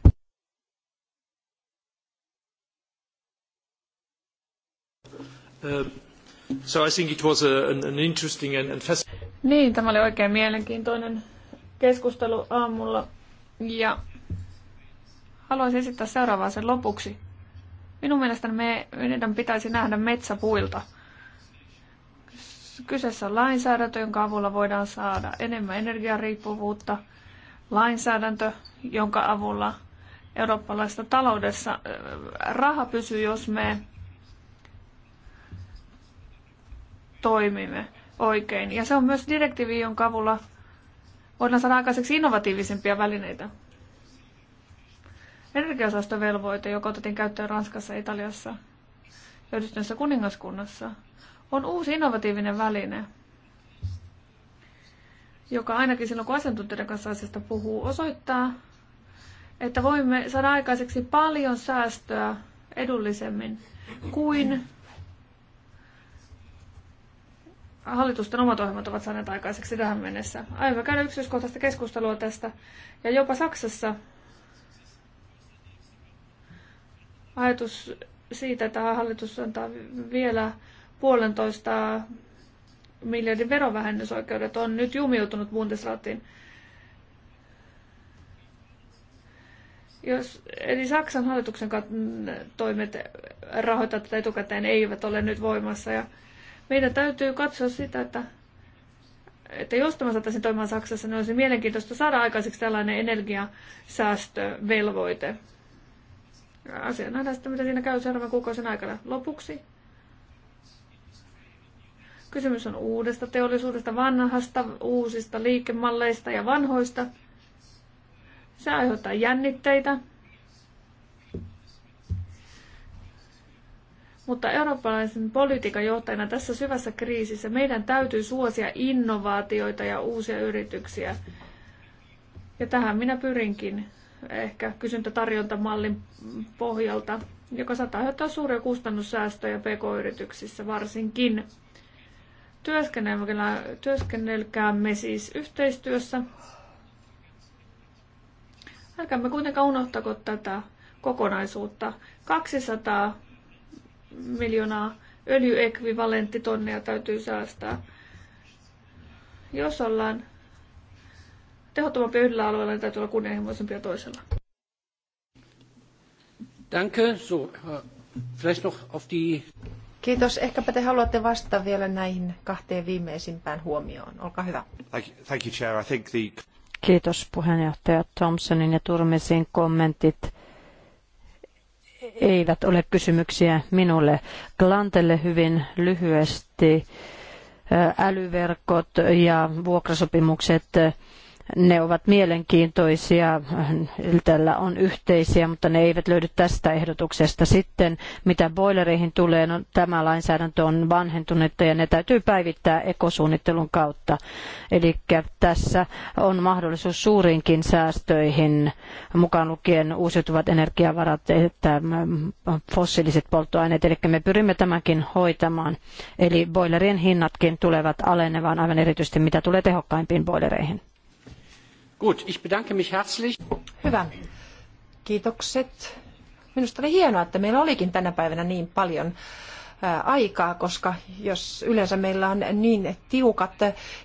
Um, so I think it was an, an interesting and, and Niin, tämä oli oikein mielenkiintoinen keskustelu aamulla. Ja haluaisin esittää seuraavaa sen lopuksi. Minun mielestäni me, meidän pitäisi nähdä metsäpuilta. Kyseessä on lainsäädäntö, jonka avulla voidaan saada enemmän energiariippuvuutta. Lainsäädäntö, jonka avulla eurooppalaisessa taloudessa äh, raha pysyy, jos me toimimme oikein. Ja se on myös direktiivi, jonka avulla voidaan saada aikaiseksi innovatiivisempia välineitä. Energiasastovelvoite, joka otettiin käyttöön Ranskassa, Italiassa ja yhdistyneessä kuningaskunnassa, on uusi innovatiivinen väline, joka ainakin silloin kun asiantuntijoiden kanssa asiasta puhuu, osoittaa, että voimme saada aikaiseksi paljon säästöä edullisemmin kuin hallitusten omat ohjelmat ovat saaneet aikaiseksi tähän mennessä. Aivan käydä yksityiskohtaista keskustelua tästä. Ja jopa Saksassa ajatus siitä, että hallitus antaa vielä puolentoista miljardin verovähennysoikeudet, on nyt jumiutunut Bundesratiin. Jos, eli Saksan hallituksen toimet rahoittaa tätä etukäteen eivät ole nyt voimassa. Ja meidän täytyy katsoa sitä, että, että jos tämä saataisiin toimimaan Saksassa, niin olisi mielenkiintoista saada aikaiseksi tällainen energiasäästövelvoite. Asia nähdään sitten, mitä siinä käy seuraavan kuukausien aikana. Lopuksi Kysymys on uudesta teollisuudesta, vanhasta, uusista liikemalleista ja vanhoista. Se aiheuttaa jännitteitä, Mutta eurooppalaisen politiikan johtajana tässä syvässä kriisissä meidän täytyy suosia innovaatioita ja uusia yrityksiä. Ja tähän minä pyrinkin ehkä kysyntätarjontamallin pohjalta, joka saattaa aiheuttaa suuria kustannussäästöjä pk-yrityksissä varsinkin. Työskennelkäämme siis yhteistyössä. Älkäämme kuitenkaan unohtako tätä kokonaisuutta. 200 miljoonaa öljyekvivalenttitonnia täytyy säästää. Jos ollaan tehottomampia yhdellä alueella, niin täytyy olla kunnianhimoisempia toisella. Danke. So, äh, vielleicht noch auf die... Kiitos. Ehkäpä te haluatte vastata vielä näihin kahteen viimeisimpään huomioon. Olkaa hyvä. Thank you, Chair. I think the... Kiitos puheenjohtaja Thompsonin ja Turmesin kommentit eivät ole kysymyksiä minulle. Glantelle hyvin lyhyesti älyverkot ja vuokrasopimukset ne ovat mielenkiintoisia, tällä on yhteisiä, mutta ne eivät löydy tästä ehdotuksesta. Sitten mitä boilereihin tulee, no, tämä lainsäädäntö on vanhentunutta ja ne täytyy päivittää ekosuunnittelun kautta. Eli tässä on mahdollisuus suuriinkin säästöihin, mukaan lukien uusiutuvat energiavarat, että ähm, fossiiliset polttoaineet, eli me pyrimme tämänkin hoitamaan. Eli boilerien hinnatkin tulevat alenemaan aivan erityisesti mitä tulee tehokkaimpiin boilereihin. Gut, ich bedanke mich herzlich. Hyvä. Kiitokset. Minusta oli hienoa, että meillä olikin tänä päivänä niin paljon aikaa, koska jos yleensä meillä on niin tiukat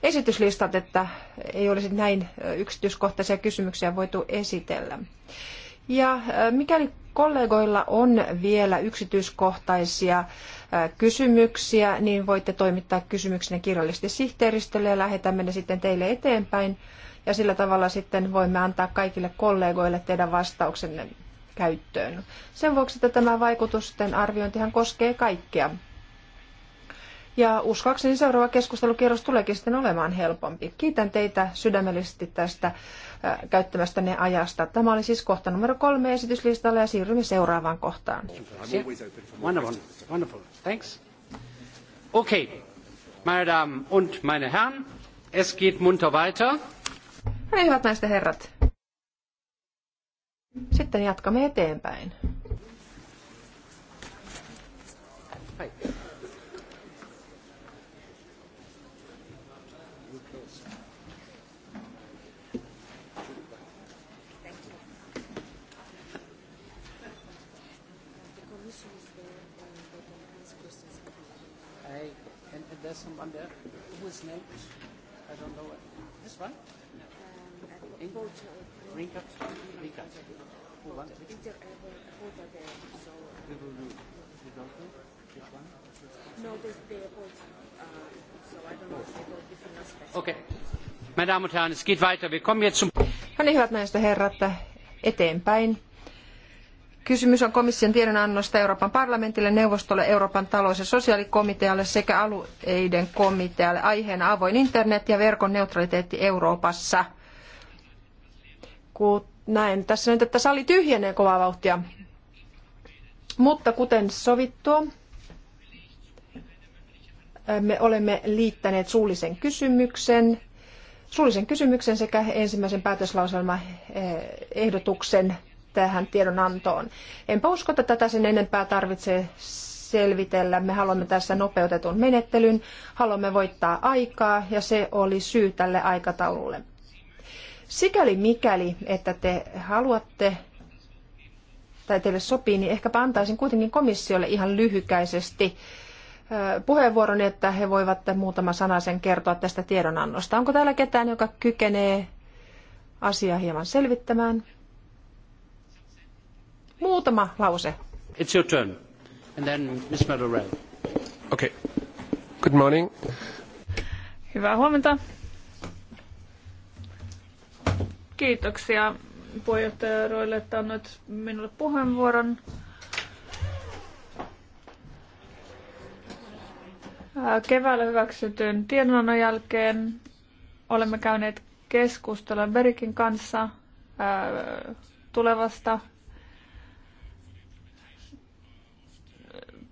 esityslistat, että ei olisi näin yksityiskohtaisia kysymyksiä voitu esitellä. Ja mikäli kollegoilla on vielä yksityiskohtaisia kysymyksiä, niin voitte toimittaa kysymyksenne kirjallisesti sihteeristölle ja lähetämme ne sitten teille eteenpäin ja sillä tavalla sitten voimme antaa kaikille kollegoille teidän vastauksenne käyttöön. Sen vuoksi, että tämä vaikutusten arviointihan koskee kaikkea. Ja uskoakseni seuraava keskustelukierros tuleekin sitten olemaan helpompi. Kiitän teitä sydämellisesti tästä äh, käyttämästäne ajasta. Tämä oli siis kohta numero kolme esityslistalla ja siirrymme seuraavaan kohtaan. Okei, Okay. Meine Damen und meine Herren, es geht munter weiter. No niin, hyvät naiset herrat. Sitten jatkamme eteenpäin. Hei. there's someone there. Who is named? I don't know. This one? Okay. es geht weiter. Wir kommen jetzt zum... No niin, hyvät naiset ja herrat, eteenpäin. Kysymys on komission tiedonannosta Euroopan parlamentille, neuvostolle, Euroopan talous- ja sosiaalikomitealle sekä alueiden komitealle. Aiheena avoin internet ja verkon neutraliteetti Euroopassa – vaikut, näen tässä nyt, että sali tyhjenee kovaa vauhtia. Mutta kuten sovittua, me olemme liittäneet suullisen kysymyksen, suullisen kysymyksen sekä ensimmäisen päätöslauselman eh, ehdotuksen tähän tiedonantoon. Enpä usko, että tätä sen enempää tarvitsee selvitellä. Me haluamme tässä nopeutetun menettelyn, haluamme voittaa aikaa ja se oli syy tälle aikataululle. Sikäli mikäli, että te haluatte tai teille sopii, niin ehkäpä antaisin kuitenkin komissiolle ihan lyhykäisesti puheenvuoron, että he voivat muutama sana sen kertoa tästä tiedonannosta. Onko täällä ketään, joka kykenee asiaa hieman selvittämään? Muutama lause. It's your turn. And then Ms. Okay. Good morning. Hyvää huomenta. Kiitoksia puheenjohtaja Roille, että annoit minulle puheenvuoron. Keväällä hyväksytyn tiedonannon jälkeen olemme käyneet keskustelua Berikin kanssa tulevasta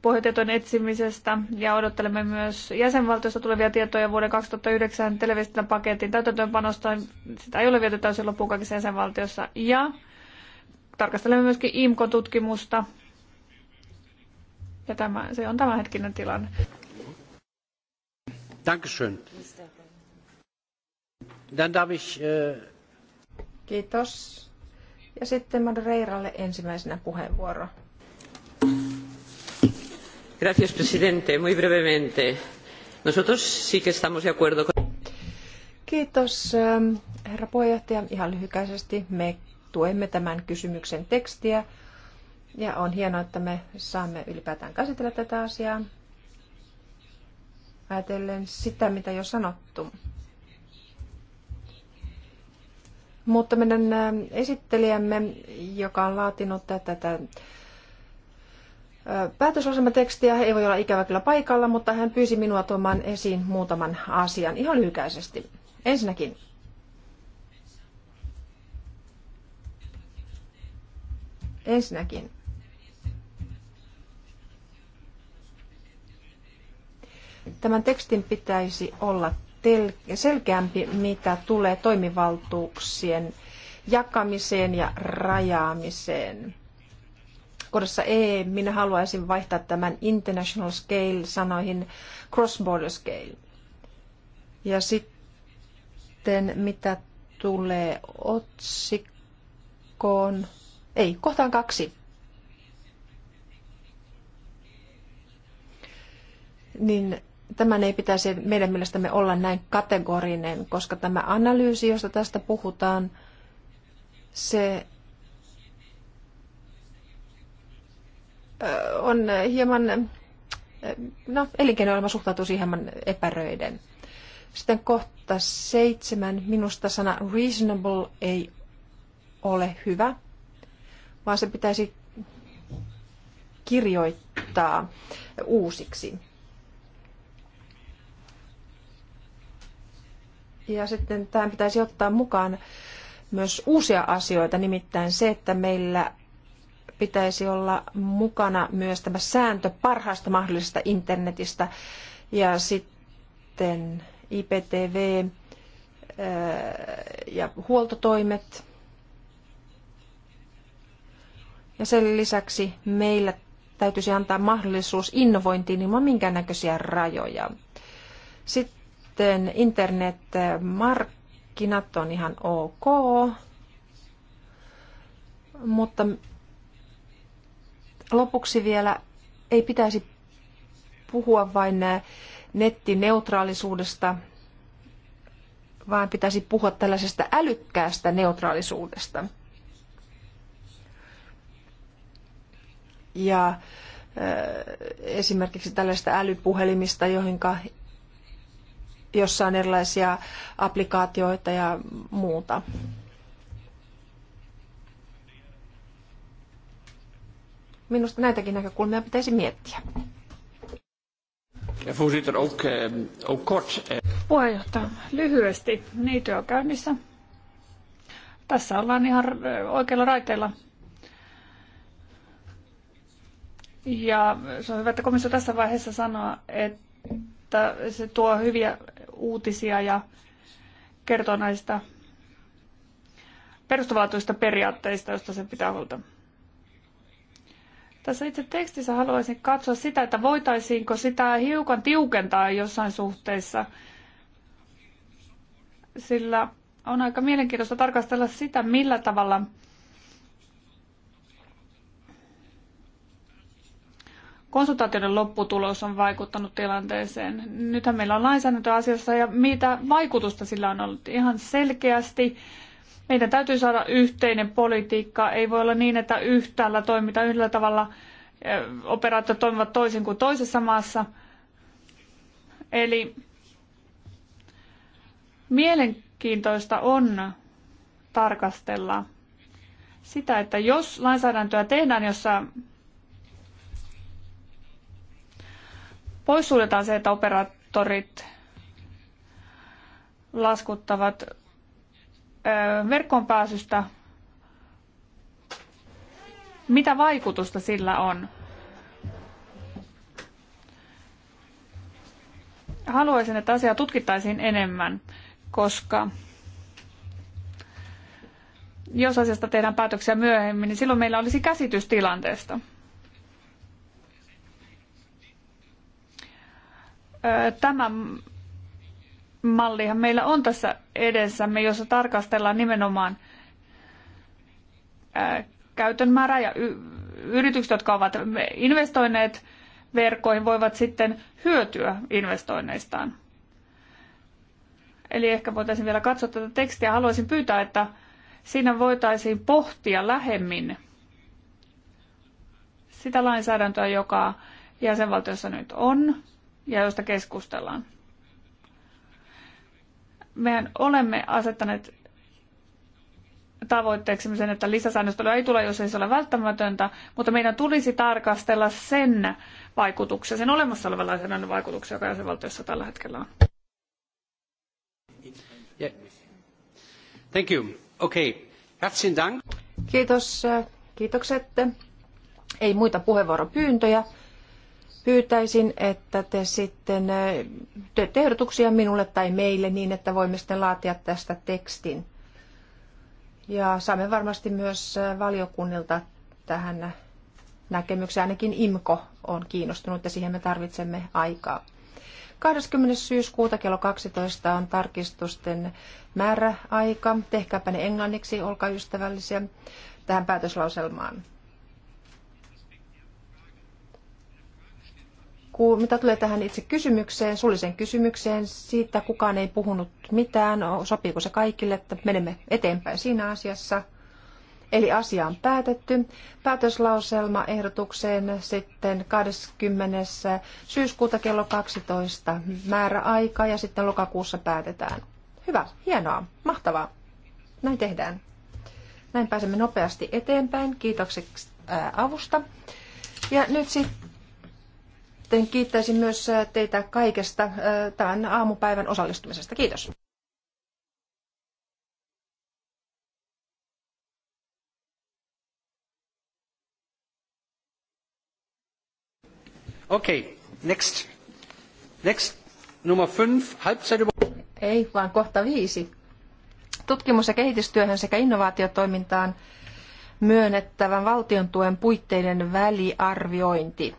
pohjatietojen etsimisestä ja odottelemme myös jäsenvaltiosta tulevia tietoja vuoden 2009 television paketin täytäntöönpanosta. Sitä ei ole viety täysin loppuun kaikissa jäsenvaltiossa. Ja tarkastelemme myöskin IMCO-tutkimusta. Ja tämä, se on tämänhetkinen tilanne. Dankeschön. Dann darf ich, äh, Kiitos. Ja sitten Madreiralle ensimmäisenä puheenvuoro señor presidente. Muy brevemente. Nosotros sí que estamos de acuerdo con... Kiitos, ähm, herra puheenjohtaja. Ihan lyhykäisesti me tuemme tämän kysymyksen tekstiä. Ja on hienoa, että me saamme ylipäätään käsitellä tätä asiaa. Ajatellen sitä, mitä jo sanottu. Mutta meidän ähm, esittelijämme, joka on laatinut tätä, tätä päätöslauselmatekstiä. He ei voi olla ikävä kyllä paikalla, mutta hän pyysi minua tuomaan esiin muutaman asian ihan lyhykäisesti. Ensinnäkin Ensinnäkin tämän tekstin pitäisi olla selkeämpi, mitä tulee toimivaltuuksien jakamiseen ja rajaamiseen kohdassa E minä haluaisin vaihtaa tämän international scale sanoihin cross-border scale. Ja sitten mitä tulee otsikkoon, ei, kohtaan kaksi. Niin tämän ei pitäisi meidän mielestämme olla näin kategorinen, koska tämä analyysi, josta tästä puhutaan, se on hieman, no elinkeinoelämä suhtautuu siihen hieman epäröiden. Sitten kohta seitsemän, minusta sana reasonable ei ole hyvä, vaan se pitäisi kirjoittaa uusiksi. Ja sitten tähän pitäisi ottaa mukaan myös uusia asioita, nimittäin se, että meillä pitäisi olla mukana myös tämä sääntö parhaasta mahdollisesta internetistä ja sitten IPTV eh, ja huoltotoimet. Ja sen lisäksi meillä täytyisi antaa mahdollisuus innovointiin ilman minkäännäköisiä rajoja. Sitten internetmarkkinat on ihan ok, mutta Lopuksi vielä ei pitäisi puhua vain äh, nettineutraalisuudesta, vaan pitäisi puhua tällaisesta älykkäästä neutraalisuudesta. Ja äh, esimerkiksi tällaista älypuhelimista, joihinka, jossa on erilaisia applikaatioita ja muuta. Minusta näitäkin näkökulmia pitäisi miettiä. Voorzitter, ook, eh, ook kort. Eh. Puheenjohtaja, lyhyesti. Niitä on käynnissä. Tässä ollaan ihan eh, oikeilla raiteella. Ja se on hyvä, että komissio tässä vaiheessa sanoo, että se tuo hyviä uutisia ja kertoo näistä perustavaltuista periaatteista, joista se pitää huolta. Tässä itse tekstissä haluaisin katsoa sitä, että voitaisiinko sitä hiukan tiukentaa jossain suhteessa, sillä on aika mielenkiintoista tarkastella sitä, millä tavalla konsultaatioiden lopputulos on vaikuttanut tilanteeseen. Nythän meillä on lainsäädäntöasiassa ja mitä vaikutusta sillä on ollut ihan selkeästi meidän täytyy saada yhteinen politiikka. Ei voi olla niin, että yhtäällä toimitaan yhdellä tavalla, operaattorit toimivat toisin kuin toisessa maassa. Eli mielenkiintoista on tarkastella sitä, että jos lainsäädäntöä tehdään, jossa poissuljetaan se, että operaattorit laskuttavat verkkoon pääsystä, mitä vaikutusta sillä on? Haluaisin, että asiaa tutkittaisiin enemmän, koska jos asiasta tehdään päätöksiä myöhemmin, niin silloin meillä olisi käsitys tilanteesta. Tämä mallihan meillä on tässä edessämme, jossa tarkastellaan nimenomaan käytön määrää ja yritykset, jotka ovat investoineet verkkoihin, voivat sitten hyötyä investoinneistaan. Eli ehkä voitaisiin vielä katsoa tätä tekstiä. Haluaisin pyytää, että siinä voitaisiin pohtia lähemmin sitä lainsäädäntöä, joka jäsenvaltiossa nyt on ja josta keskustellaan mehän olemme asettaneet tavoitteeksi sen, että lisäsäännöstelyä ei tule, jos ei se ole välttämätöntä, mutta meidän tulisi tarkastella sen vaikutuksia, sen olemassa olevan lainsäädännön vaikutuksia, joka jäsenvaltiossa tällä hetkellä on. Thank you. Okay. Dank. Kiitos. Kiitokset. Ei muita puheenvuoropyyntöjä pyytäisin, että te sitten teette ehdotuksia minulle tai meille niin, että voimme sitten laatia tästä tekstin. Ja saamme varmasti myös valiokunnilta tähän näkemykseen, ainakin IMKO on kiinnostunut ja siihen me tarvitsemme aikaa. 20. syyskuuta kello 12 on tarkistusten määräaika. Tehkääpä ne englanniksi, olkaa ystävällisiä tähän päätöslauselmaan. mitä tulee tähän itse kysymykseen, suulliseen kysymykseen, siitä kukaan ei puhunut mitään, sopiiko se kaikille, että menemme eteenpäin siinä asiassa. Eli asia on päätetty. Päätöslauselma ehdotukseen sitten 20. syyskuuta kello 12 määräaika ja sitten lokakuussa päätetään. Hyvä, hienoa, mahtavaa. Näin tehdään. Näin pääsemme nopeasti eteenpäin. Kiitokset avusta. Ja nyt sitten sitten kiittäisin myös äh, teitä kaikesta äh, tämän aamupäivän osallistumisesta. Kiitos. Okei, okay, next. Next, numero 5, halbzeit Ei, vaan kohta viisi. Tutkimus- ja kehitystyöhön sekä innovaatiotoimintaan myönnettävän valtion tuen puitteiden väliarviointi.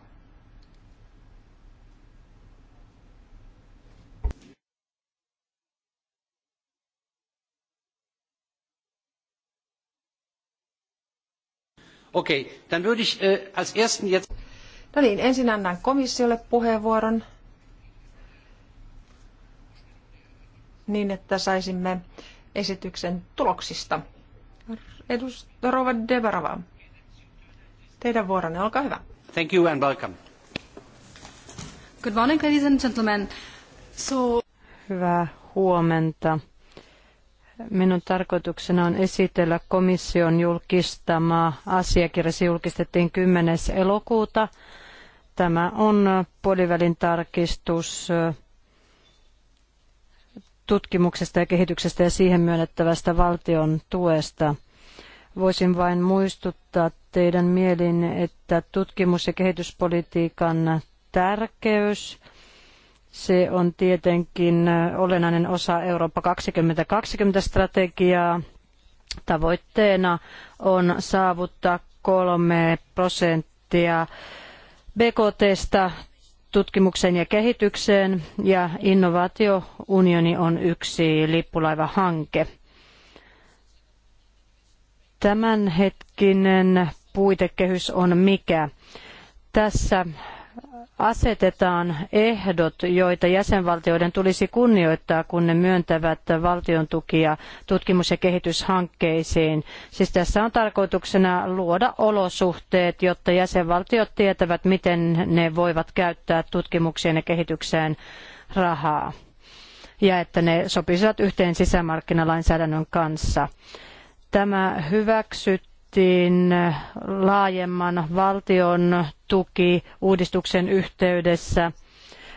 Okei, äh, No niin, ensin annan komissiolle puheenvuoron niin, että saisimme esityksen tuloksista. Edustaja Rova Debarava, teidän vuoronne, olkaa hyvä. Thank you and welcome. Good morning, ladies and gentlemen. So... Hyvää huomenta. Minun tarkoituksena on esitellä komission julkistama asiakirja. Se julkistettiin 10. elokuuta. Tämä on puolivälin tarkistus tutkimuksesta ja kehityksestä ja siihen myönnettävästä valtion tuesta. Voisin vain muistuttaa teidän mielin, että tutkimus- ja kehityspolitiikan tärkeys – se on tietenkin olennainen osa Eurooppa 2020-strategiaa. Tavoitteena on saavuttaa kolme prosenttia BKTstä tutkimukseen ja kehitykseen ja innovaatiounioni on yksi lippulaivahanke. Tämänhetkinen puitekehys on mikä? Tässä asetetaan ehdot, joita jäsenvaltioiden tulisi kunnioittaa, kun ne myöntävät valtion tukia tutkimus- ja kehityshankkeisiin. Siis tässä on tarkoituksena luoda olosuhteet, jotta jäsenvaltiot tietävät, miten ne voivat käyttää tutkimukseen ja kehitykseen rahaa ja että ne sopisivat yhteen sisämarkkinalainsäädännön kanssa. Tämä hyväksyt päätettiin laajemman valtion uudistuksen yhteydessä.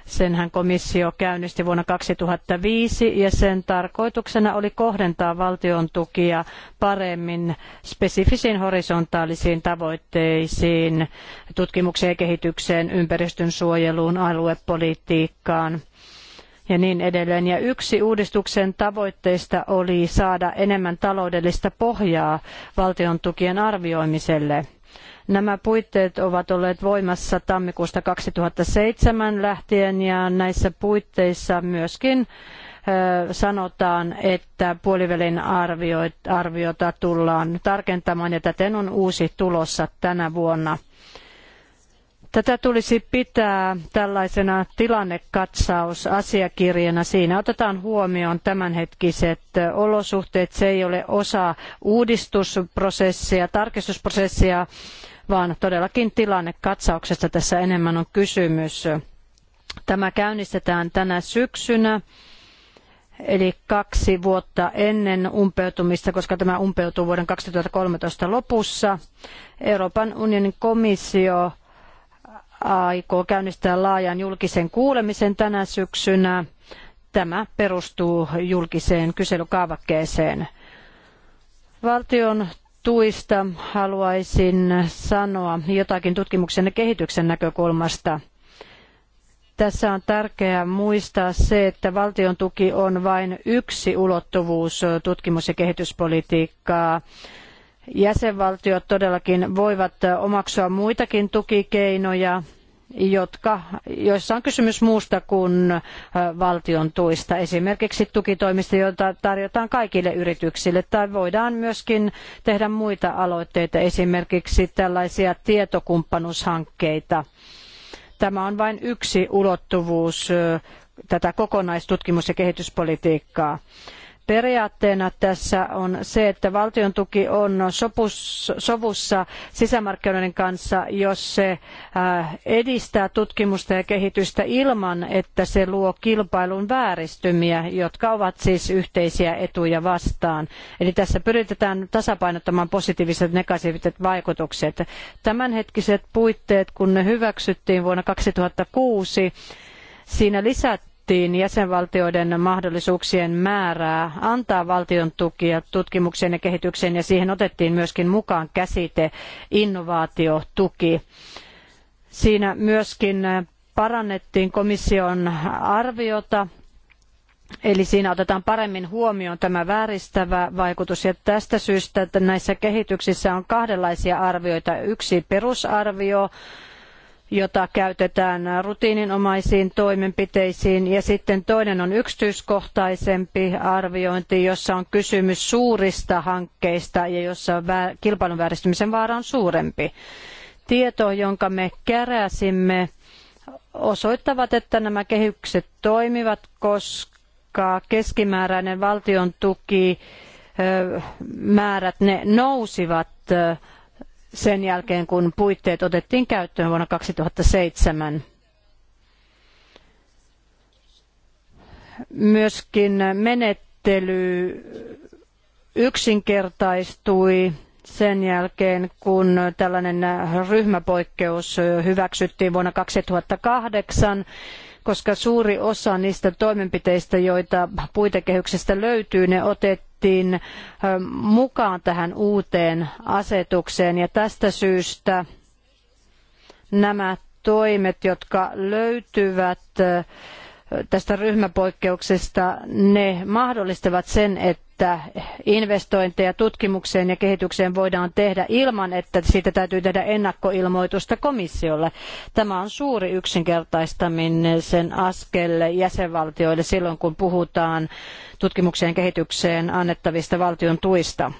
Senhän komissio käynnisti vuonna 2005 ja sen tarkoituksena oli kohdentaa valtion tukia paremmin spesifisiin horisontaalisiin tavoitteisiin, tutkimukseen ja kehitykseen, ympäristönsuojeluun, aluepolitiikkaan ja niin edelleen. Ja yksi uudistuksen tavoitteista oli saada enemmän taloudellista pohjaa valtion tukien arvioimiselle. Nämä puitteet ovat olleet voimassa tammikuusta 2007 lähtien ja näissä puitteissa myöskin sanotaan, että puolivälin arviota tullaan tarkentamaan ja täten on uusi tulossa tänä vuonna. Tätä tulisi pitää tällaisena tilannekatsausasiakirjana. Siinä otetaan huomioon tämänhetkiset olosuhteet. Se ei ole osa uudistusprosessia, tarkistusprosessia, vaan todellakin tilannekatsauksesta tässä enemmän on kysymys. Tämä käynnistetään tänä syksynä eli kaksi vuotta ennen umpeutumista, koska tämä umpeutuu vuoden 2013 lopussa. Euroopan unionin komissio aikoo käynnistää laajan julkisen kuulemisen tänä syksynä. Tämä perustuu julkiseen kyselykaavakkeeseen. Valtion tuista haluaisin sanoa jotakin tutkimuksen ja kehityksen näkökulmasta. Tässä on tärkeää muistaa se, että valtion tuki on vain yksi ulottuvuus tutkimus- ja kehityspolitiikkaa jäsenvaltiot todellakin voivat omaksua muitakin tukikeinoja, jotka, joissa on kysymys muusta kuin valtion tuista, esimerkiksi tukitoimista, joita tarjotaan kaikille yrityksille, tai voidaan myöskin tehdä muita aloitteita, esimerkiksi tällaisia tietokumppanuushankkeita. Tämä on vain yksi ulottuvuus tätä kokonaistutkimus- ja kehityspolitiikkaa. Periaatteena tässä on se, että valtion tuki on sopus, sovussa sisämarkkinoiden kanssa, jos se äh, edistää tutkimusta ja kehitystä ilman, että se luo kilpailun vääristymiä, jotka ovat siis yhteisiä etuja vastaan. Eli tässä pyritään tasapainottamaan positiiviset ja negatiiviset vaikutukset. Tämänhetkiset puitteet, kun ne hyväksyttiin vuonna 2006, siinä lisättiin pohdittiin jäsenvaltioiden mahdollisuuksien määrää antaa valtion tukia tutkimukseen ja kehitykseen ja siihen otettiin myöskin mukaan käsite innovaatiotuki. Siinä myöskin parannettiin komission arviota Eli siinä otetaan paremmin huomioon tämä vääristävä vaikutus ja tästä syystä että näissä kehityksissä on kahdenlaisia arvioita. Yksi perusarvio jota käytetään rutiininomaisiin toimenpiteisiin ja sitten toinen on yksityiskohtaisempi arviointi, jossa on kysymys suurista hankkeista ja jossa kilpailun vääristymisen vaara on suurempi. Tieto, jonka me keräsimme, osoittavat, että nämä kehykset toimivat, koska keskimääräinen valtion tuki määrät ne nousivat sen jälkeen, kun puitteet otettiin käyttöön vuonna 2007. Myöskin menettely yksinkertaistui sen jälkeen, kun tällainen ryhmäpoikkeus hyväksyttiin vuonna 2008, koska suuri osa niistä toimenpiteistä, joita puitekehyksestä löytyy, ne otettiin otettiin mukaan tähän uuteen asetukseen ja tästä syystä nämä toimet, jotka löytyvät tästä ryhmäpoikkeuksesta, ne mahdollistavat sen, että investointeja tutkimukseen ja kehitykseen voidaan tehdä ilman, että siitä täytyy tehdä ennakkoilmoitusta komissiolle. Tämä on suuri yksinkertaistaminen sen askel jäsenvaltioille silloin, kun puhutaan tutkimukseen kehitykseen annettavista valtion tuista.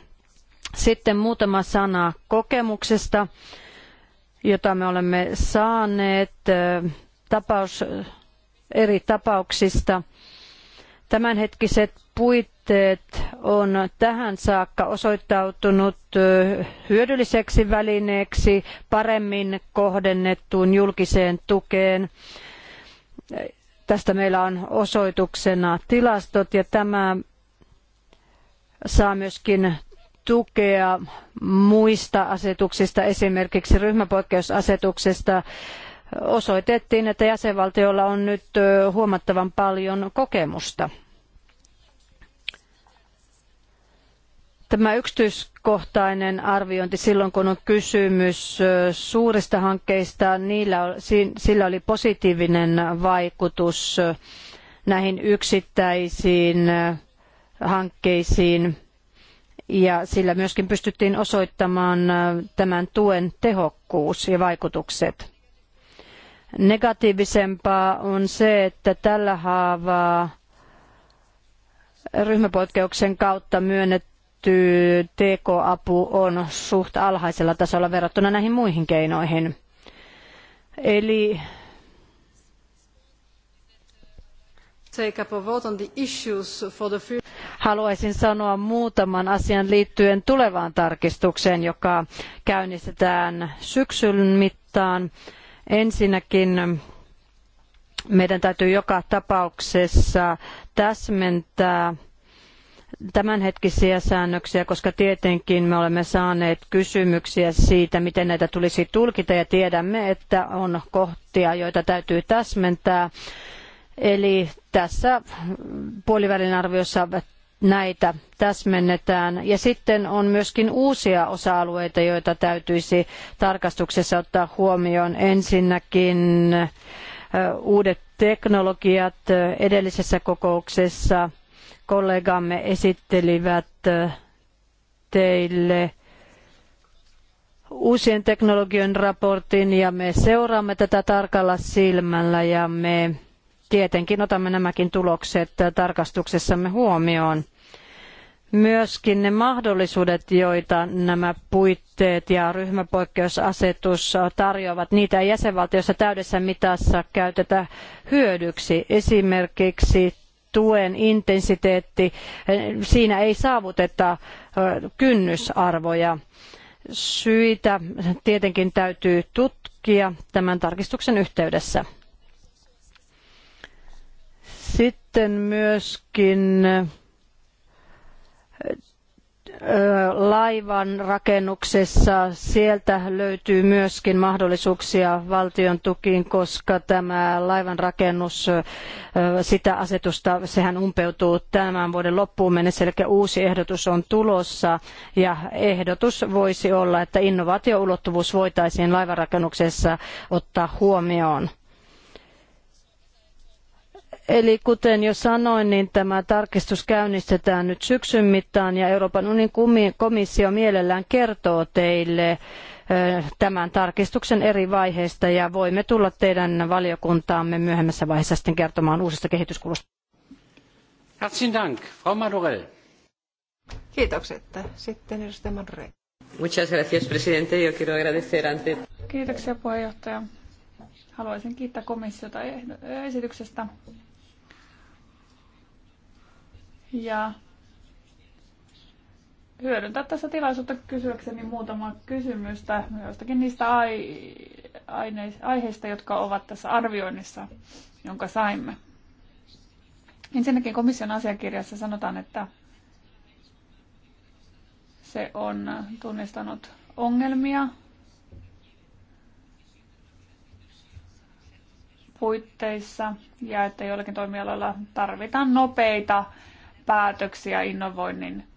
Sitten muutama sana kokemuksesta, jota me olemme saaneet tapaus eri tapauksista. Tämänhetkiset puitteet on tähän saakka osoittautunut hyödylliseksi välineeksi paremmin kohdennettuun julkiseen tukeen. Tästä meillä on osoituksena tilastot ja tämä saa myöskin tukea muista asetuksista, esimerkiksi ryhmäpoikkeusasetuksesta, osoitettiin, että jäsenvaltioilla on nyt huomattavan paljon kokemusta. Tämä yksityiskohtainen arviointi silloin, kun on kysymys suurista hankkeista, niillä, sillä oli positiivinen vaikutus näihin yksittäisiin hankkeisiin ja sillä myöskin pystyttiin osoittamaan tämän tuen tehokkuus ja vaikutukset. Negatiivisempaa on se, että tällä haavaa ryhmäpoikkeuksen kautta myönnetty TK-apu on suht alhaisella tasolla verrattuna näihin muihin keinoihin. Eli Haluaisin sanoa muutaman asian liittyen tulevaan tarkistukseen, joka käynnistetään syksyn mittaan. Ensinnäkin meidän täytyy joka tapauksessa täsmentää tämänhetkisiä säännöksiä, koska tietenkin me olemme saaneet kysymyksiä siitä, miten näitä tulisi tulkita ja tiedämme, että on kohtia, joita täytyy täsmentää. Eli tässä puolivälin arviossa näitä täsmennetään. Ja sitten on myöskin uusia osa-alueita, joita täytyisi tarkastuksessa ottaa huomioon. Ensinnäkin uudet teknologiat edellisessä kokouksessa kollegamme esittelivät teille uusien teknologioiden raportin ja me seuraamme tätä tarkalla silmällä ja me tietenkin otamme nämäkin tulokset tarkastuksessamme huomioon myöskin ne mahdollisuudet, joita nämä puitteet ja ryhmäpoikkeusasetus tarjoavat, niitä ei jäsenvaltiossa täydessä mitassa käytetä hyödyksi. Esimerkiksi tuen intensiteetti, siinä ei saavuteta kynnysarvoja. Syitä tietenkin täytyy tutkia tämän tarkistuksen yhteydessä. Sitten myöskin laivan rakennuksessa. Sieltä löytyy myöskin mahdollisuuksia valtion tukiin, koska tämä laivan rakennus, sitä asetusta, sehän umpeutuu tämän vuoden loppuun mennessä, eli uusi ehdotus on tulossa ja ehdotus voisi olla, että innovaatioulottuvuus voitaisiin rakennuksessa ottaa huomioon. Eli kuten jo sanoin, niin tämä tarkistus käynnistetään nyt syksyn mittaan ja Euroopan unionin komissio mielellään kertoo teille tämän tarkistuksen eri vaiheista ja voimme tulla teidän valiokuntaamme myöhemmässä vaiheessa sitten kertomaan uusista kehityskulusta. Herzlichen Dank, Frau Madurell. Kiitokset. Sitten edustaja Madurell. Muchas gracias, presidente. Yo quiero agradecer ante... Kiitoksia, puheenjohtaja. Haluaisin kiittää komissiota esityksestä ja hyödyntää tässä tilaisuutta kysyäkseni muutama kysymystä joistakin niistä ai, aine, aiheista, jotka ovat tässä arvioinnissa, jonka saimme. Ensinnäkin komission asiakirjassa sanotaan, että se on tunnistanut ongelmia puitteissa ja että joillakin toimialoilla tarvitaan nopeita päätöksiä innovoinnin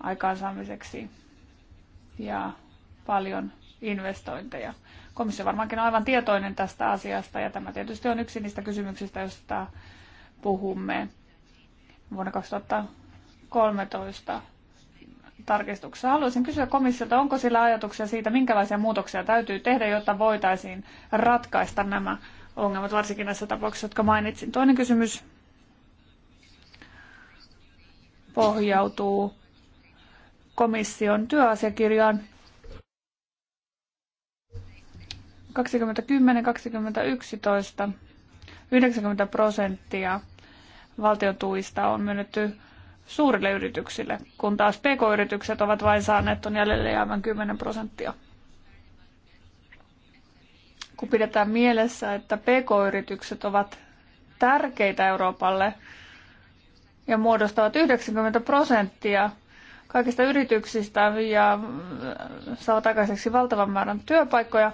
aikaansaamiseksi ja paljon investointeja. Komissio varmaankin on aivan tietoinen tästä asiasta ja tämä tietysti on yksi niistä kysymyksistä, joista puhumme vuonna 2013 tarkistuksessa. Haluaisin kysyä komissiolta, onko sillä ajatuksia siitä, minkälaisia muutoksia täytyy tehdä, jotta voitaisiin ratkaista nämä ongelmat, varsinkin näissä tapauksissa, jotka mainitsin. Toinen kysymys pohjautuu komission työasiakirjaan 2010-2011 90 prosenttia valtion tuista on myönnetty suurille yrityksille, kun taas pk-yritykset ovat vain saaneet tuon jäljelle jäävän 10 prosenttia. Kun pidetään mielessä, että pk-yritykset ovat tärkeitä Euroopalle, ja muodostavat 90 prosenttia kaikista yrityksistä ja saavat aikaiseksi valtavan määrän työpaikkoja,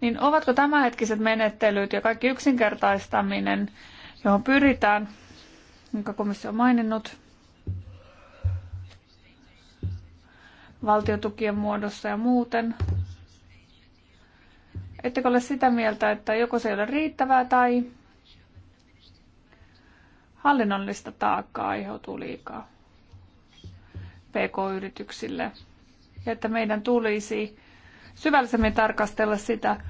niin ovatko tämänhetkiset menettelyt ja kaikki yksinkertaistaminen, johon pyritään, jonka komissio on maininnut, valtiotukien muodossa ja muuten, ettekö ole sitä mieltä, että joko se ei ole riittävää tai hallinnollista taakkaa aiheutuu liikaa pk-yrityksille. Ja että meidän tulisi syvällisemmin tarkastella sitä,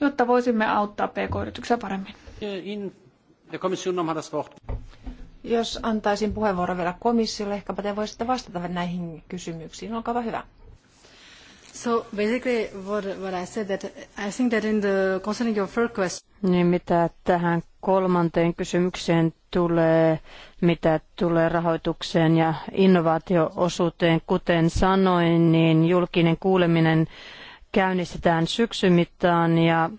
jotta voisimme auttaa pk-yrityksiä paremmin. In, Jos antaisin puheenvuoron vielä komissiolle, ehkäpä te voisitte vastata näihin kysymyksiin. Olkaa hyvä. So basically what, what I said that I think that in the concerning your first question niin mitä tähän kolmanteen kysymykseen tulee, mitä tulee rahoitukseen ja innovaatioosuuteen, kuten sanoin, niin julkinen kuuleminen käynnistetään syksyn mittaan ja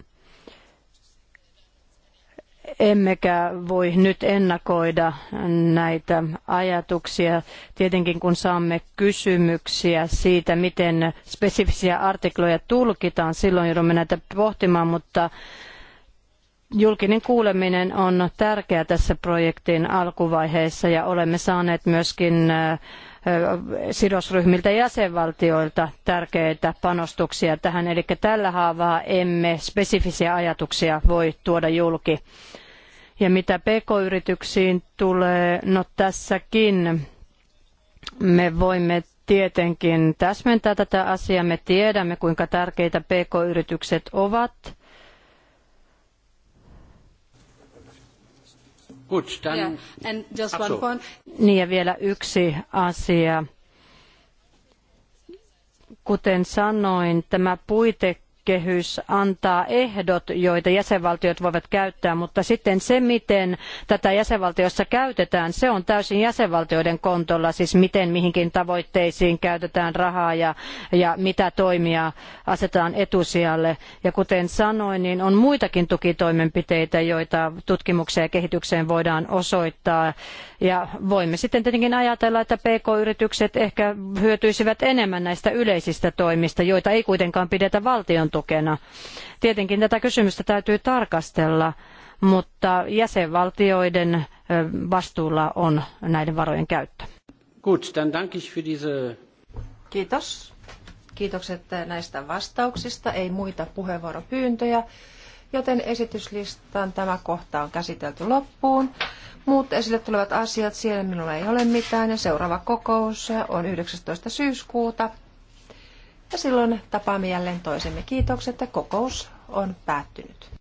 emmekä voi nyt ennakoida näitä ajatuksia. Tietenkin kun saamme kysymyksiä siitä, miten spesifisiä artikloja tulkitaan, silloin joudumme näitä pohtimaan, mutta Julkinen kuuleminen on tärkeä tässä projektin alkuvaiheessa ja olemme saaneet myöskin sidosryhmiltä ja jäsenvaltioilta tärkeitä panostuksia tähän. Eli tällä haavaa emme spesifisiä ajatuksia voi tuoda julki. Ja mitä pk-yrityksiin tulee, no tässäkin me voimme tietenkin täsmentää tätä asiaa. Me tiedämme, kuinka tärkeitä pk-yritykset ovat Good, yeah. And just one point. Niin ja vielä yksi asia. Kuten sanoin, tämä puite viitekehys antaa ehdot, joita jäsenvaltiot voivat käyttää, mutta sitten se, miten tätä jäsenvaltiossa käytetään, se on täysin jäsenvaltioiden kontolla, siis miten mihinkin tavoitteisiin käytetään rahaa ja, ja mitä toimia asetetaan etusijalle. Ja kuten sanoin, niin on muitakin tukitoimenpiteitä, joita tutkimukseen ja kehitykseen voidaan osoittaa. Ja voimme sitten tietenkin ajatella, että PK-yritykset ehkä hyötyisivät enemmän näistä yleisistä toimista, joita ei kuitenkaan pidetä valtion tukena. Tietenkin tätä kysymystä täytyy tarkastella, mutta jäsenvaltioiden vastuulla on näiden varojen käyttö. Gut, dann danke ich für diese... Kiitos. Kiitokset näistä vastauksista. Ei muita puheenvuoropyyntöjä, joten esityslistan tämä kohta on käsitelty loppuun. Muut esille tulevat asiat, siellä minulla ei ole mitään ja seuraava kokous on 19. syyskuuta ja silloin tapaamme jälleen toisemme. Kiitokset ja kokous on päättynyt.